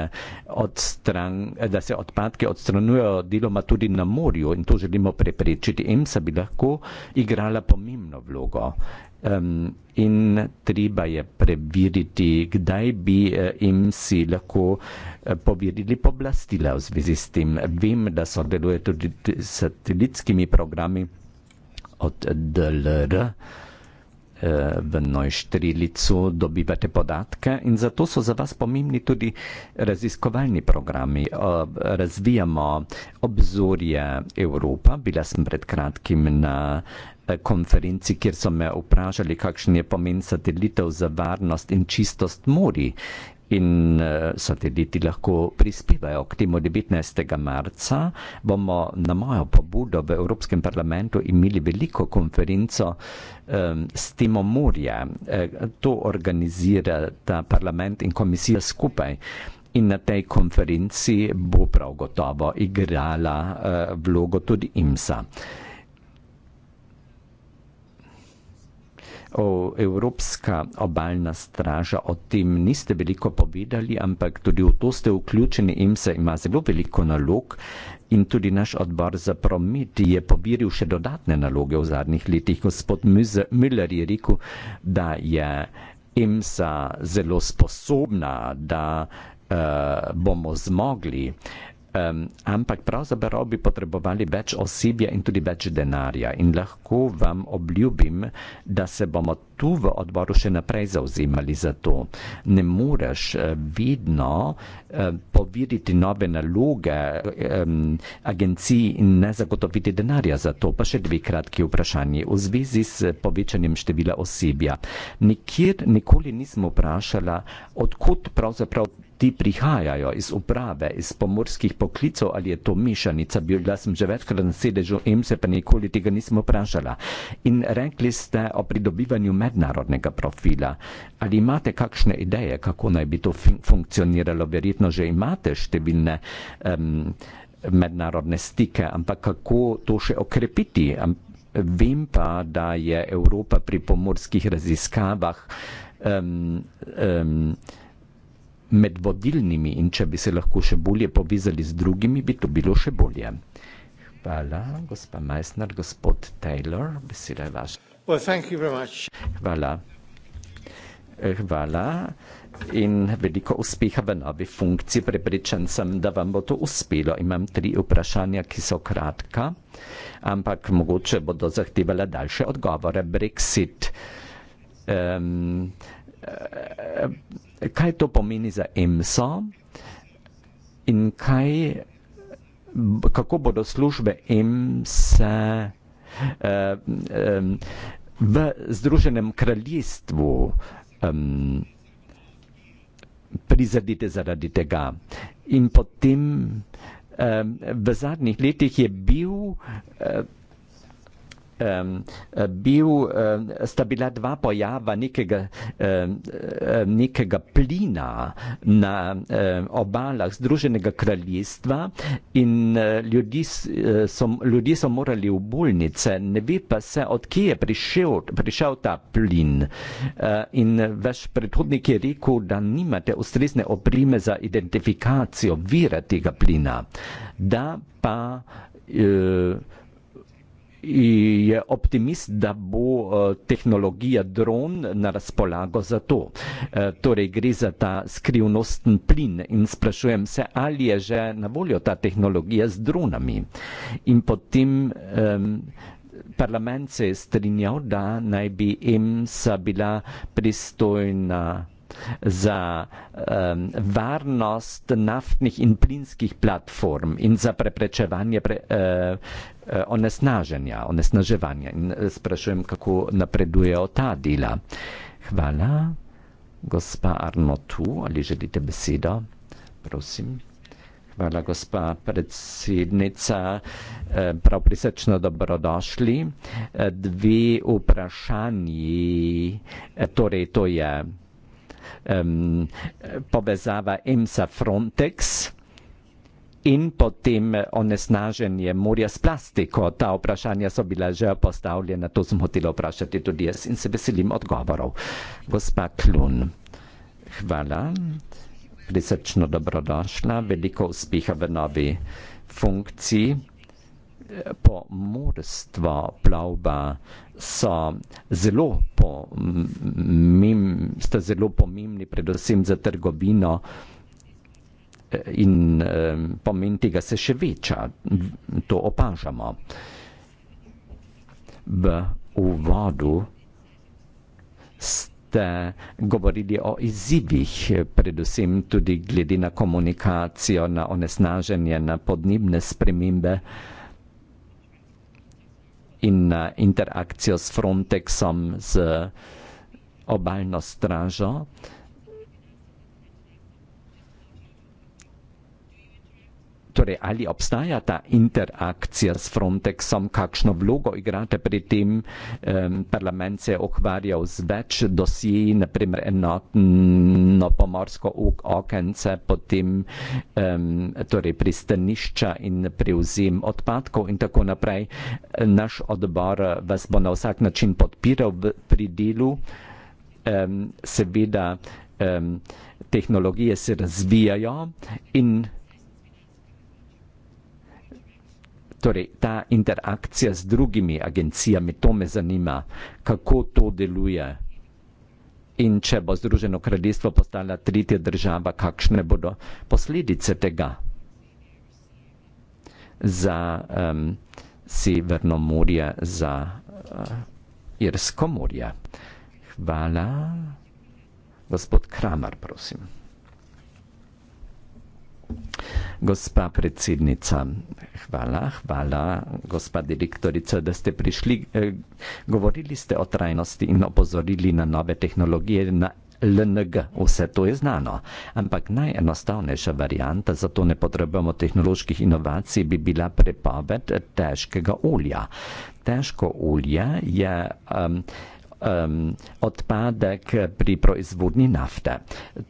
odstran, da se odpadke odstranjujejo deloma tudi na morju in to želimo preprečiti. EMSA bi lahko igrala pomembno vlogo. Uh, um, in treba je preveriti, kdaj bi eh, jim si lahko eh, poverili poblastila v zvezi s tem. Vem, da so deluje tudi satelitskimi programi od DLR eh, v Nojštrilicu dobivate podatke in zato so za vas pomembni tudi raziskovalni programi. Razvijamo obzorje Evropa, bila sem pred kratkim na konferenci, kjer so me vprašali, kakšen je pomen satelitov za varnost in čistost mori. In eh, sateliti lahko prispevajo k temu 19. marca. Bomo na mojo pobudo v Evropskem parlamentu imeli veliko konferenco um, s temo morja. E, to organizira ta parlament in komisija skupaj. In na tej konferenci bo prav gotovo igrala uh, vlogo tudi IMSA. Uh, O, Evropska obaljna straža, o tem niste veliko povedali, ampak tudi v to ste vključeni. IMSA ima zelo veliko nalog in tudi naš odbor za promet je pobiril še dodatne naloge v zadnjih letih. Gospod Müller je rekel, da je IMSA zelo sposobna, da uh, bomo zmogli um, ampak pravzaprav bi potrebovali več osebja in tudi več denarja. In lahko vam obljubim, da se bomo tu v odboru še naprej zauzemali za to. Ne moreš eh, vedno eh, poviriti nove naloge eh, agenciji in ne zagotoviti denarja za to. Pa še dve kratki vprašanje. V zvezi s povečanjem števila osebja. Nikjer nikoli nismo vprašala, odkud pravzaprav ti prihajajo iz uprave, iz pomorskih poklicov ali je to mešanica. Bila sem že večkrat na sedežu EMSE, pa nikoli tega nismo vprašala. In rekli ste o pridobivanju medijev, mednarodnega profila. Ali imate kakšne ideje, kako naj bi to funkcioniralo? Verjetno že imate številne um, mednarodne stike, ampak kako to še okrepiti? Vem pa, da je Evropa pri pomorskih raziskavah um, um, med vodilnimi in če bi se lahko še bolje povezali z drugimi, bi to bilo še bolje. Hvala, gospa Meissner, gospod Taylor, beseda je vaša. Well, thank you very much. Hvala. Eh, hvala in veliko uspeha v novi funkciji. Prepričan sem, da vam bo to uspelo. Imam tri vprašanja, ki so kratka, ampak mogoče bodo zahtevala daljše odgovore. Brexit. Um, kaj to pomeni za EMSO in kaj, kako bodo službe EMSA? Uh, eh, um, v Združenem kraljestvu um, prizadete zaradi tega. In potem um, v zadnjih letih je bil. Um, um, bil, um, sta bila dva pojava nekega, um, nekega plina na um, obalah Združenega kraljestva in e, ljudi e, so, ljudi so morali v bolnice, ne ve pa se, odkje je prišel, prišel ta plin. Uh, in vaš predhodnik je rekel, da nimate ustrezne oprime za identifikacijo vira tega plina, da pa uh, je optimist, da bo eh, tehnologija dron na razpolago za to. Eh, torej gre za ta skrivnosten plin in sprašujem se, ali je že na voljo ta tehnologija z dronami. In potem um, parlament se je strinjal, da naj bi EMSA bila pristojna za um, varnost naftnih in plinskih platform in za preprečevanje pre, uh, onesnaženja, onesnaževanja. In eh, sprašujem, kako napredujejo ta dela. Hvala, gospa Arno, tu ali želite besedo? Prosim. Hvala, gospa predsednica. Prav prisrčno dobrodošli. Dve vprašanji. Torej, to je um, povezava EMSA Frontex in potem onesnaženje morja s plastiko. Ta vprašanja so bila že postavljena, to sem hotela vprašati tudi jaz in se veselim odgovorov. Gospa Klun, hvala, prisrčno dobrodošla, veliko uspeha v novi funkciji po morstva plavba so zelo, pomim, sta zelo pomembni, predvsem za trgovino eh, in eh, pomen tega se še veča, to opažamo. V uvodu ste govorili o izzivih, predvsem tudi glede na komunikacijo, na onesnaženje, na podnebne spremembe in uh, interakcijo s Frontexom, z eh, obaljno stražo. Uh, torej ali obstaja ta interakcija s Frontexom, kakšno vlogo igrate pri tem, eh, parlament se je okvarjal z več dosijeji, naprimer enotno pomorsko okence, potem eh, torej pristanišča in prevzem odpadkov in tako naprej. Naš odbor vas bo na vsak način podpiral v, pri delu. Eh, seveda eh, tehnologije se razvijajo in Torej, ta interakcija z drugimi agencijami, to me zanima, kako to deluje. In če bo Združeno kraljestvo postala tretja država, kakšne bodo posledice tega za um, Severno morje, za uh, Irsko morje. Hvala. Gospod Kramar, prosim. Gospa predsednica, hvala, hvala, gospa direktorica, da ste prišli. Eh, govorili ste o trajnosti in opozorili na nove tehnologije, na LNG, vse to je znano. Ampak najenostavnejša varijanta, zato ne potrebujemo tehnoloških inovacij, bi bila prepoved težkega olja. Težko olje je. Um, um, odpadek pri proizvodni nafte.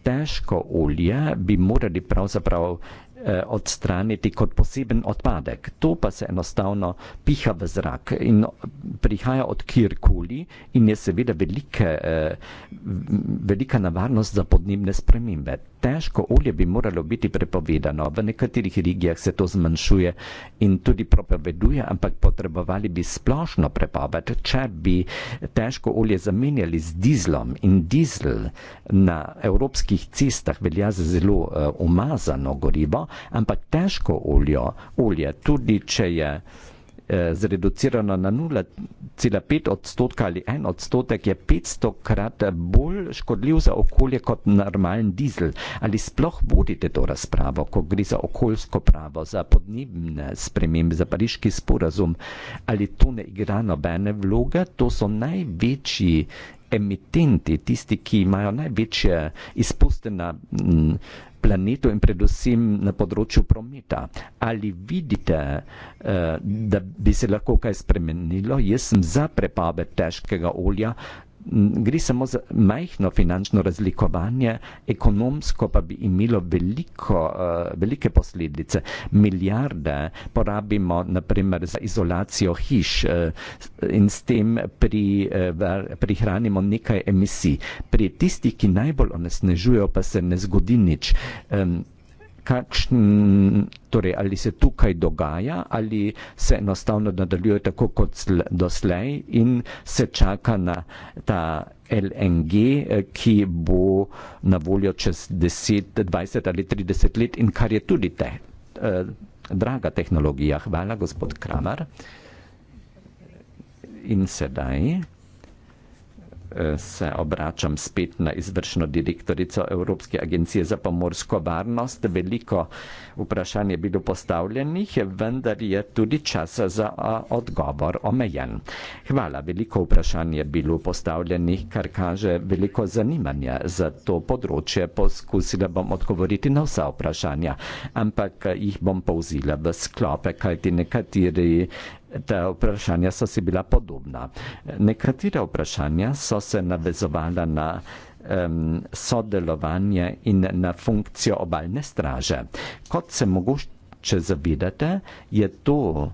Težko olje bi morali pravzaprav Eh, odstraniti kot poseben odpadek. To pa se enostavno piha v zrak in prihaja od kjerkoli in je seveda velike, eh, velika nevarnost za podnebne spremembe. Težko olje bi moralo biti prepovedano, v nekaterih regijah se to zmanjšuje in tudi prepoveduje, ampak potrebovali bi splošno prepoved, če bi težko olje zamenjali z dizlom in dizel na evropskih cestah velja za zelo eh, umazano gorivo, ampak težko olje, olje tudi če je eh, zreducirano na 0,5 odstotka ali 1 odstotek, je 500 krat bolj škodljiv za okolje kot normalen dizel. Ali sploh vodite to razpravo, ko gre za okoljsko pravo, za podnebne spremembe, za pariški sporazum, ali to ne igra nobene vloge, to so največji. Emitenti, tisti, ki imajo največje izpuste na m, mm, planetu in predvsem na področju prometa. Ali vidite, eh, da bi se lahko kaj spremenilo? Jaz sem za prepave težkega olja, Mm, gre samo za majhno finančno razlikovanje, ekonomsko pa bi imelo veliko, eh, velike posledice. Milijarde porabimo naprimer za izolacijo hiš eh, in s tem pri, eh, prihranimo nekaj emisij. Pri tistih, ki najbolj onesnežujo, pa se ne zgodi nič kakšen, torej ali se tukaj dogaja ali se enostavno nadaljuje tako kot doslej in se čaka na ta LNG, eh, ki bo na voljo čez 10, 20 ali 30 let in kar je tudi te, eh, draga tehnologija. Hvala, gospod Kramar. In sedaj se obračam spet na izvršno direktorico Evropske agencije za pomorsko varnost. Veliko vprašanj je bilo postavljenih, vendar je tudi čas za odgovor omejen. Hvala, veliko vprašanj je bilo postavljenih, kar kaže veliko zanimanja za to področje. Poskusila bom odgovoriti na vsa vprašanja, ampak jih bom povzila v sklope, kajti nekateri Ta vprašanja so si bila podobna. Nekatera vprašanja so se navezovala na um, sodelovanje in na funkcijo obaljne straže. Kot se mogoče zavidate, je to uh,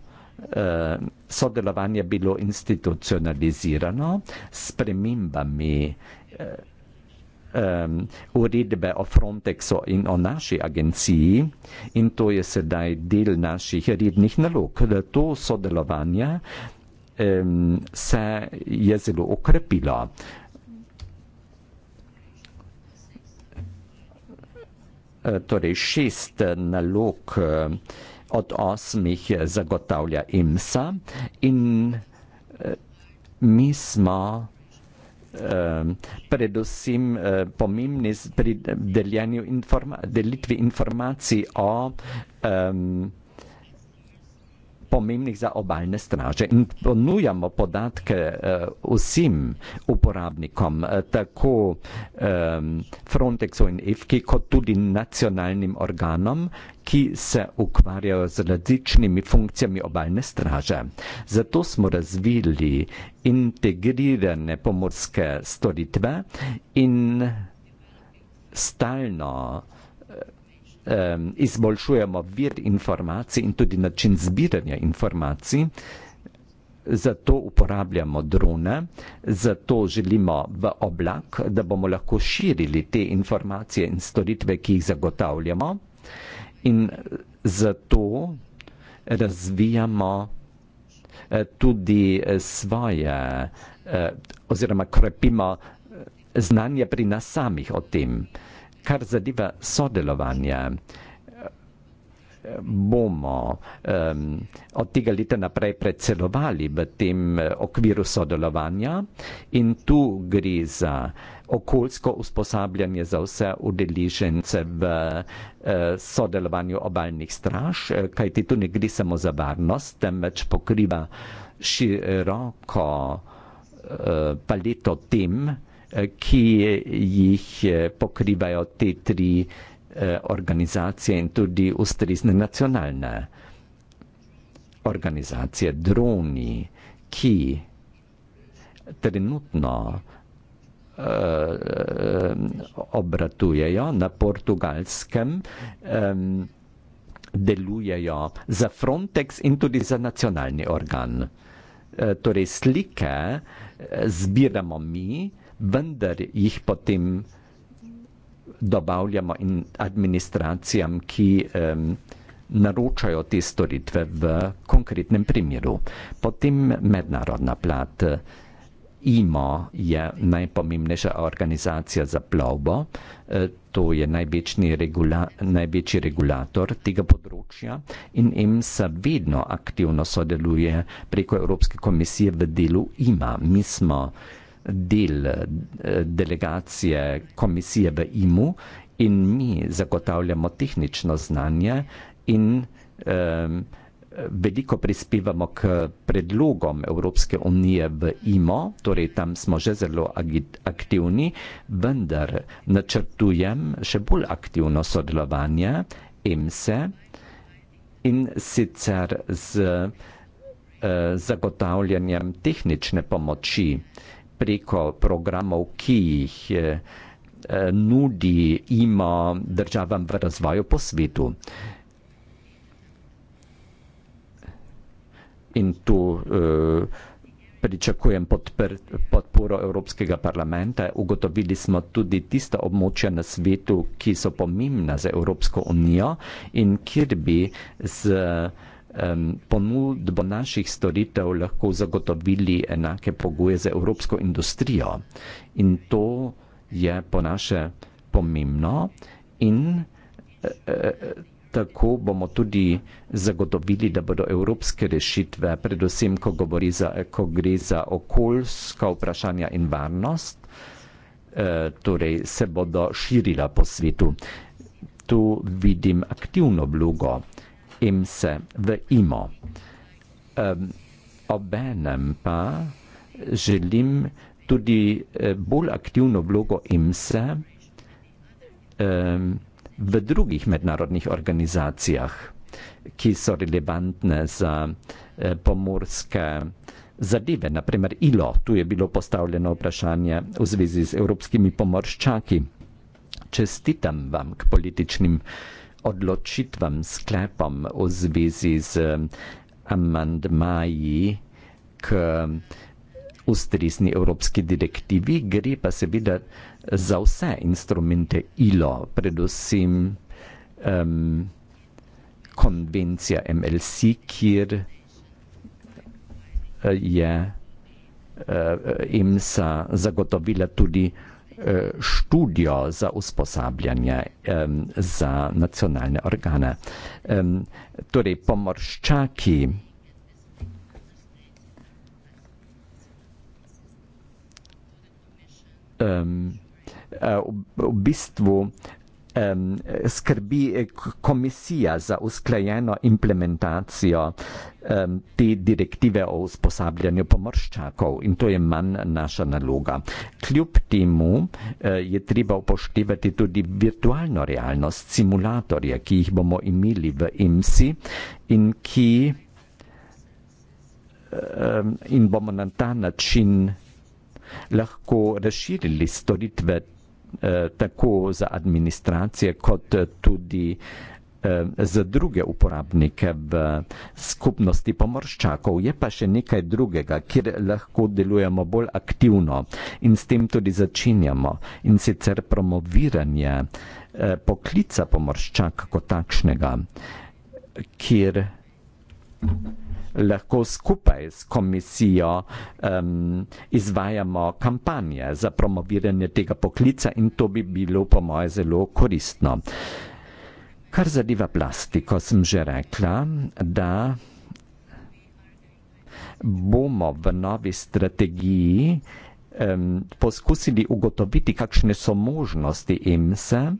sodelovanje bilo institucionalizirano s premembami. Uh, eh, um, uredbe o Frontexu in o naši agenciji in to je sedaj del naših rednih nalog. To sodelovanje um, se je zelo okrepilo. E, torej šest nalog e, od osmih zagotavlja IMSA in e, mi smo Ehm, predvsem eh, pomembni pri delitvi informacij o um, pomembnih za obaljne straže. In ponujamo podatke uh, vsem uporabnikom, uh, tako um, Frontexu in EFKI, kot tudi nacionalnim organom, ki se ukvarjajo z različnimi funkcijami obaljne straže. Zato smo razvili integrirane pomorske storitve in stalno izboljšujemo vir informacij in tudi način zbiranja informacij, zato uporabljamo drone, zato želimo v oblak, da bomo lahko širili te informacije in storitve, ki jih zagotavljamo in zato razvijamo eh, tudi eh, svoje eh, oziroma krepimo znanje pri nas samih o tem kar zadeva sodelovanje, bomo um, od tega leta naprej predcelovali v tem eh, okviru sodelovanja in tu gre za okoljsko usposabljanje za vse udeležence v uh, sodelovanju obaljnih straž, eh, kajti tu ne gre samo za varnost, temveč pokriva široko uh, paleto tem, uh, ki jih eh, pokrivajo te tri eh, organizacije in tudi ustrezne nacionalne organizacije, droni, ki trenutno eh, obratujejo na portugalskem, delujejo za Frontex in tudi za nacionalni organ. Torej slike zbiramo mi, vendar jih potem dobavljamo in administracijam, ki um, naročajo te storitve v konkretnem primeru. Potem mednarodna plat. IMO je najpomembnejša organizacija za plovbo, e, to je največji, regula, največji regulator tega področja in EMSA vedno aktivno sodeluje preko Evropske komisije v delu IMA. Mi smo uh, del eh, delegacije komisije v IMU in mi zagotavljamo tehnično znanje in veliko prispevamo k predlogom Evropske unije v IMO, torej tam smo že zelo aktivni, vendar načrtujem še bolj aktivno sodelovanje EMSE in sicer z eh, zagotavljanjem tehnične pomoči preko programov, ki jih eh, eh, nudi ima državam v razvoju po svetu. In tu eh, pričakujem podporo Evropskega parlamenta. Ugotovili smo tudi tista območja na svetu, ki so pomembna za Evropsko unijo in kjer bi z vsega um, ponudbo naših storitev lahko zagotovili enake pogoje za evropsko industrijo. In to je po naše pomembno in uh, Tako bomo tudi zagotovili, da bodo evropske rešitve, predvsem, ko, za, ko gre za okoljska vprašanja in varnost, e, torej se bodo širila po svetu. Tu vidim aktivno vlogo IMSE, v IMO. Obenem pa želim tudi eh, bolj aktivno vlogo IMSE v drugih mednarodnih organizacijah, ki so relevantne za eh, pomorske zadeve. Naprimer ILO, tu je bilo postavljeno vprašanje v zvezi z evropskimi pomorščaki. Čestitam vam k političnim vprašanjem odločitvam, sklepom v zvezi z eh, amandmaji k ustrezni evropski direktivi, gre pa seveda za vse instrumente ILO, predvsem um, konvencija MLC, kjer eh, je uh, EMSA zagotovila tudi E, študijo za usposabljanje um, za nacionalne organe. Um, torej, pomorščaki um, v, v bistvu um, skrbi eh, komisija za usklajeno implementacijo um, te direktive o usposabljanju pomorščakov in to je manj naša naloga. Kljub temu uh, je treba upoštevati tudi virtualno realnost, simulatorje, ki jih bomo imeli v IMSI in ki um, in bomo na ta način lahko razširili storitve Eh, tako za administracije, kot eh, tudi eh, za druge uporabnike v skupnosti pomorščakov. Je pa še nekaj drugega, kjer lahko delujemo bolj aktivno in s tem tudi začenjamo in sicer promoviranje poklica pomorščaka kot takšnega, kjer lahko skupaj s komisijo um, izvajamo kampanje za promoviranje tega poklica in to bi bilo po moje zelo koristno. Kar zadeva plastiko, sem že rekla, da bomo v novi strategiji um, poskusili ugotoviti, kakšne so možnosti IMSA,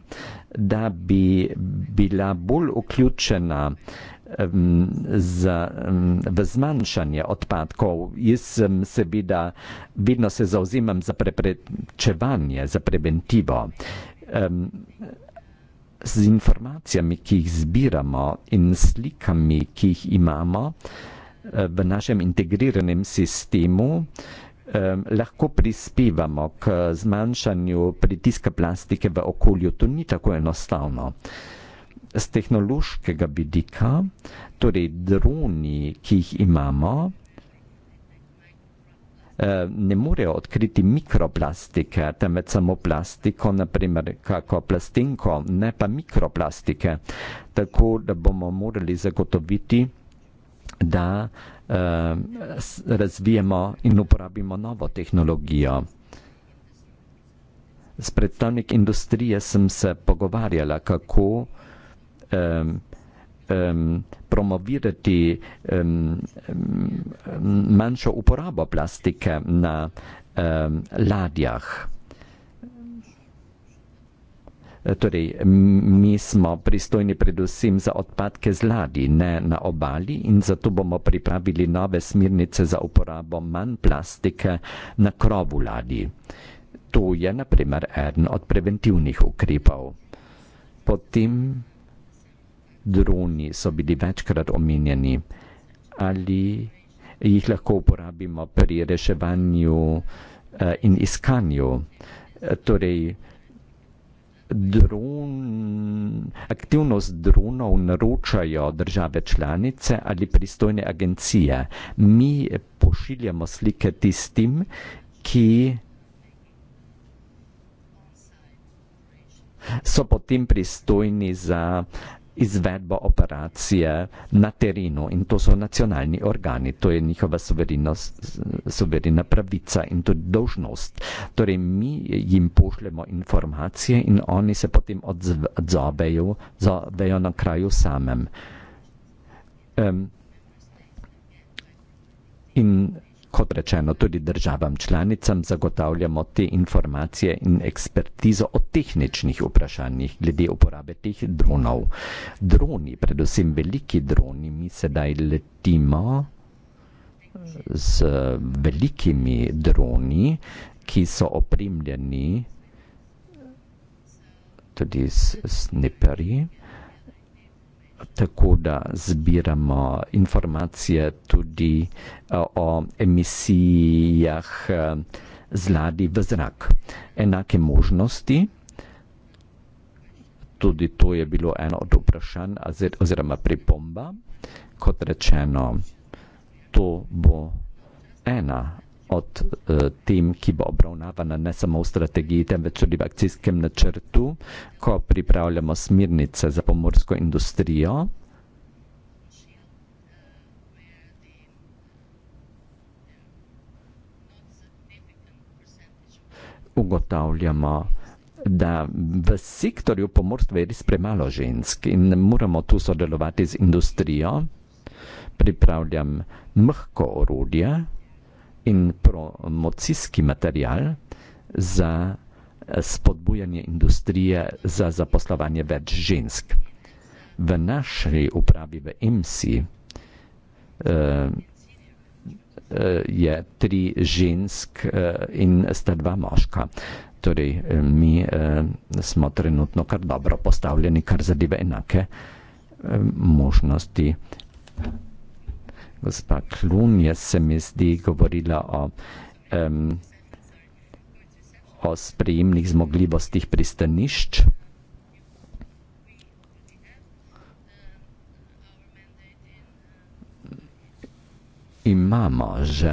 da bi bila bolj vključena um, z, um, v zmanjšanje odpadkov. Jaz um, seveda vedno se zauzimam za preprečevanje, za preventivo. Um, z informacijami, ki jih zbiramo in slikami, ki jih imamo eh, v našem integriranem sistemu, uh, Ehm, lahko prispevamo k zmanjšanju pritiska plastike v okolju. To ni tako enostavno. Z tehnološkega vidika, torej droni, ki jih imamo, ehm, ne morejo odkriti mikroplastike, temveč samo plastiko, naprimer kako plastinko, ne pa mikroplastike. Tako da bomo morali zagotoviti, da uh, eh, razvijemo in uporabimo novo tehnologijo. S predstavnik industrije sem se pogovarjala, kako um, um, promovirati um, manjšo uporabo plastike na um, ladjah. Torej, mi smo pristojni predvsem za odpadke z ladi, ne na obali in zato bomo pripravili nove smirnice za uporabo manj plastike na krovu ladi. To je naprimer eden od preventivnih ukrepov. Potem droni so bili večkrat omenjeni ali jih lahko uporabimo pri reševanju eh, in iskanju. Torej, dron, aktivnost dronov naročajo države članice ali pristojne agencije. Mi pošiljamo slike tistim, ki so potem pristojni za izvedbo operacije na terenu in to so nacionalni organi, to je njihova suverena pravica in tudi dožnost. Torej mi jim pošljemo informacije in oni se potem odzovejo, odzovejo na kraju samem. Um, in kot rečeno, tudi državam članicam zagotavljamo te informacije in ekspertizo o tehničnih vprašanjih glede uporabe teh dronov. Droni, predvsem veliki droni, mi sedaj letimo z velikimi droni, ki so opremljeni tudi s sniperji tako da zbiramo informacije tudi eh, o emisijah eh, zladi v zrak. Enake možnosti, tudi to je bilo eno od vprašanj oziroma pripomba, kot rečeno, to bo ena od eh, tim, ki bo obravnavana ne samo v strategiji, temveč tudi v akcijskem načrtu, ko pripravljamo smirnice za pomorsko industrijo. Ugotavljamo, da v sektorju pomorstva je res premalo žensk in moramo tu sodelovati z industrijo. Pripravljam mehko orodje in promocijski material za eh, spodbujanje industrije za zaposlovanje več žensk. V naši upravi, v EMSI, eh, eh, je tri žensk in sta dva moška. Torej, mi smo trenutno kar dobro postavljeni, kar zadeva enake možnosti gospa Klun je se mi zdi govorila o, um, o sprejemnih zmogljivostih pristanišč. Imamo že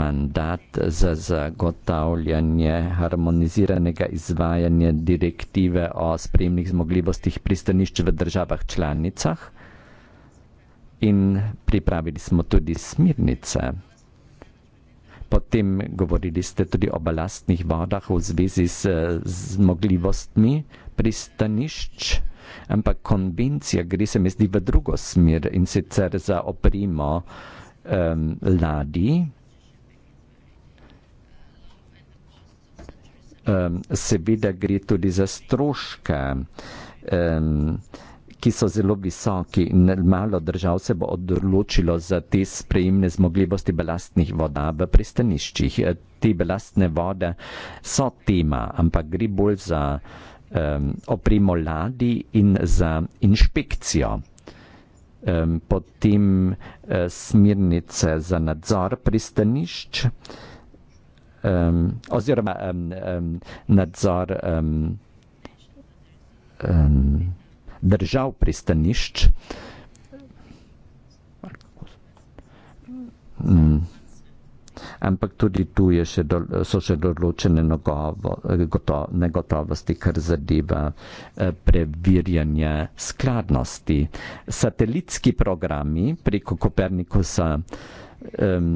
mandat za zagotavljanje harmoniziranega izvajanja direktive o sprejemnih zmogljivostih pristanišč v državah članicah in pripravili smo tudi smirnice. Potem govorili ste tudi o balastnih vodah v zvezi s zmogljivostmi pristanišč, ampak konvencija gre se mi zdi v drugo smer in sicer za oprimo um, ladi. Um, seveda gre tudi za stroške. Um, ki so zelo visoki in malo držav se bo odločilo za te sprejemne zmogljivosti balastnih voda v pristaniščih. Te balastne vode so tema, ampak gre bolj za um, opremo ladi in za inšpekcijo. Um, potem uh, smernice za nadzor pristanišč um, oziroma um, um, nadzor um, um, držav pristanišč. Mm. Ampak tudi tu še do, so še določene nogovo, goto, negotovosti, kar zadeva eh, preverjanje skladnosti. Satelitski programi preko Kopernikusa eh,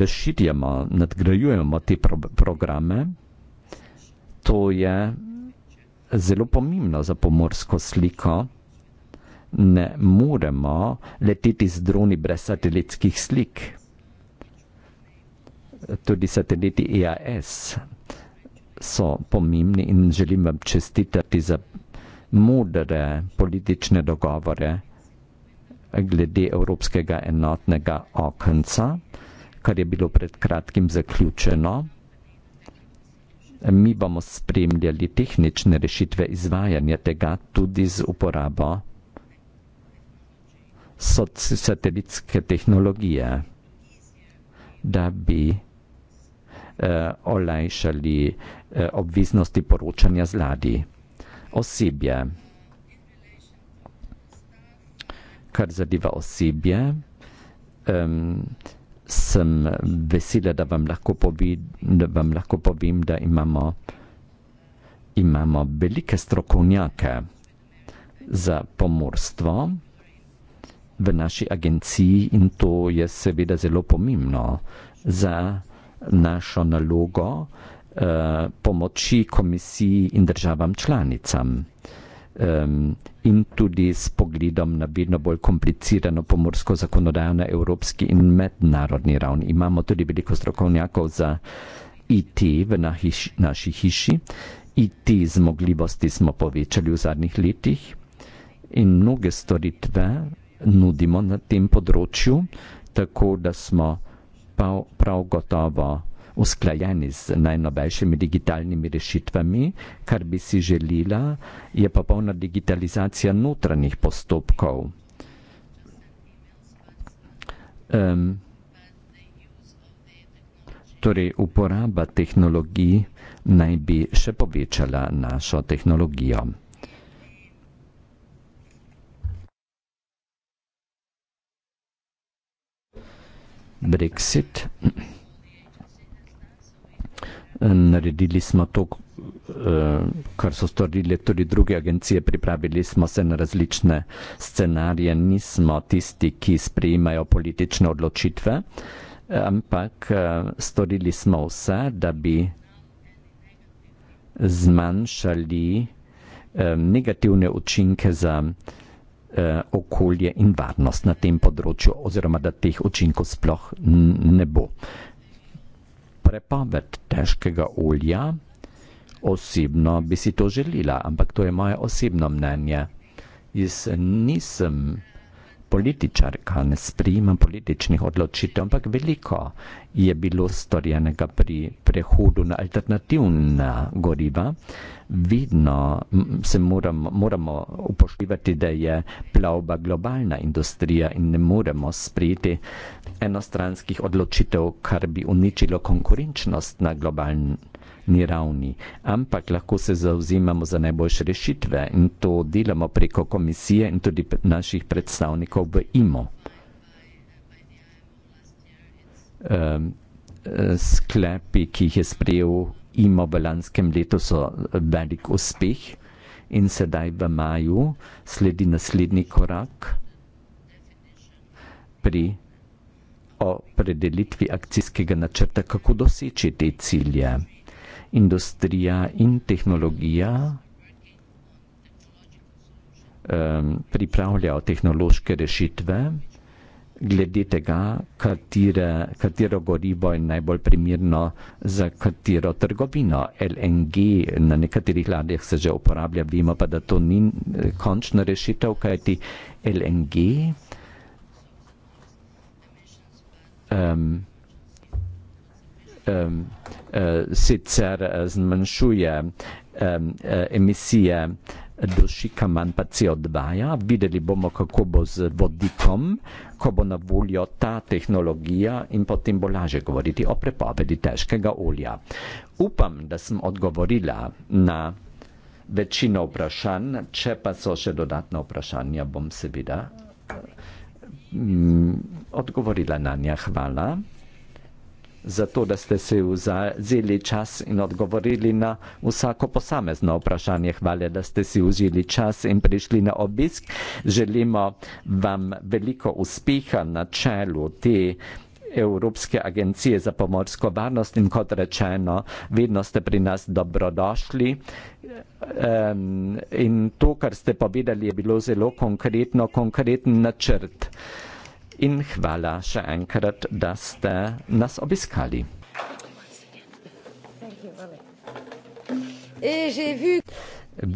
razširjamo, nadgrajujemo te pro, programe. To je zelo pomembno za pomorsko sliko. Ne moremo leteti z droni brez satelitskih slik. Tudi sateliti IAS e so pomembni in želim vam čestitati za modre politične dogovore glede Evropskega enotnega okenca, kar je bilo pred kratkim zaključeno mi bomo spremljali tehnične rešitve izvajanja tega tudi z uporabo satelitske tehnologije, da bi eh, olajšali eh, obveznosti poročanja z ladi. Osebje. Kar zadeva osebje, eh, sem vesela, da vam lahko, povi, da vam lahko povem, da imamo, imamo velike strokovnjake za pomorstvo v naši agenciji in to je seveda zelo pomembno za našo nalogo eh, pomoči komisiji in državam članicam. Eh, um, in tudi s pogledom na vedno bolj komplicirano pomorsko zakonodajo na evropski in mednarodni ravni. Imamo tudi veliko strokovnjakov za IT v naši hiši. IT zmogljivosti smo povečali v zadnjih letih in mnoge storitve nudimo na tem področju, tako da smo prav, prav gotovo usklajeni z najnovejšimi digitalnimi rešitvami, kar bi si želila, je popolna digitalizacija notranjih postopkov. Um, torej, uporaba tehnologij naj bi še povečala našo tehnologijo. Brexit naredili smo to, eh, kar so storili tudi druge agencije, pripravili smo se na različne scenarije, nismo tisti, ki sprejemajo politične odločitve, ampak eh, storili smo vse, da bi zmanjšali eh, negativne učinke za okolje in varnost na tem področju, oziroma da teh učinkov sploh ne bo prepoved težkega olja. Osebno bi si to želila, ampak to je moje osebno mnenje. Jaz nisem političarka, ne sprejemam političnih odločitev, ampak veliko je bilo storjenega pri prehodu na alternativna goriva. Vidno se moramo, moramo upoštevati, da je plavba globalna industrija in ne moremo sprejeti enostranskih odločitev, kar bi uničilo konkurenčnost na globalni skupni ravni, ampak lahko se zauzimamo za najboljše rešitve in to delamo preko komisije in tudi naših predstavnikov v IMO. Ehm, sklepi, ki jih je sprejel IMO v lanskem letu, so eh, velik uspeh in sedaj v maju sledi naslednji korak pri opredelitvi akcijskega načrta, kako doseči te cilje industrija in tehnologija um, pripravljajo tehnološke rešitve, glede tega, katere, katero gorivo je najbolj primirno za katero trgovino. LNG na nekaterih ladjah se že uporablja, vemo pa, da to ni eh, končna rešitev, kajti LNG. Um, um, uh, sicer eh, zmanjšuje um, uh, emisije dušika, manj pa CO2. -ja. Videli bomo, kako bo z vodikom, ko bo na voljo ta tehnologija in potem bo lažje govoriti o prepovedi težkega olja. Upam, da sem odgovorila na večino vprašanj, če pa so še dodatna vprašanja, bom seveda. Mm, odgovorila na nja, hvala zato da ste si vzeli čas in odgovorili na vsako posamezno vprašanje. Hvala, da ste si vzeli čas in prišli na obisk. Želimo vam veliko uspeha na čelu te Evropske agencije za pomorsko varnost in kot rečeno, vedno ste pri nas dobrodošli. Um, in to, kar ste povedali, je bilo zelo konkretno, konkreten načrt in hvala še enkrat, da ste nas obiskali.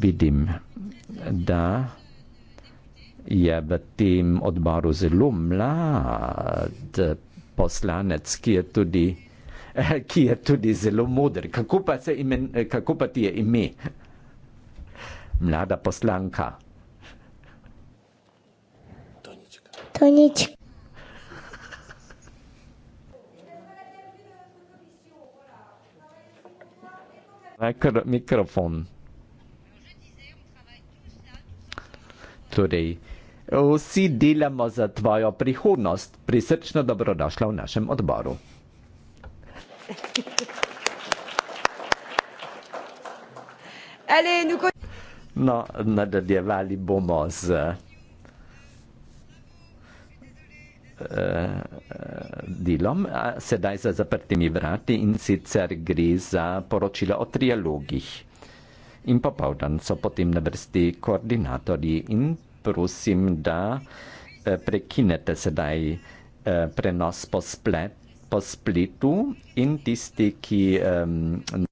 Vidim, da je v tem odboru zelo mlad poslanec, ki je tudi, ki je tudi zelo moder. Kako pa, imen, kako pa ti je ime? Mlada poslanka. Tonička. Tonička. Micro microfon. Torej, vsi delamo za tvojo prihodnost. Prisrčno dobrodošla v našem odboru. No, nadaljevali bomo z uh, delom, sedaj za zaprtimi vrati in sicer gre za poročilo o trialogih. In popovdan so potem na vrsti koordinatorji in prosim, da uh, prekinete sedaj uh, prenos po splet. Po spletu in tisti, ki um,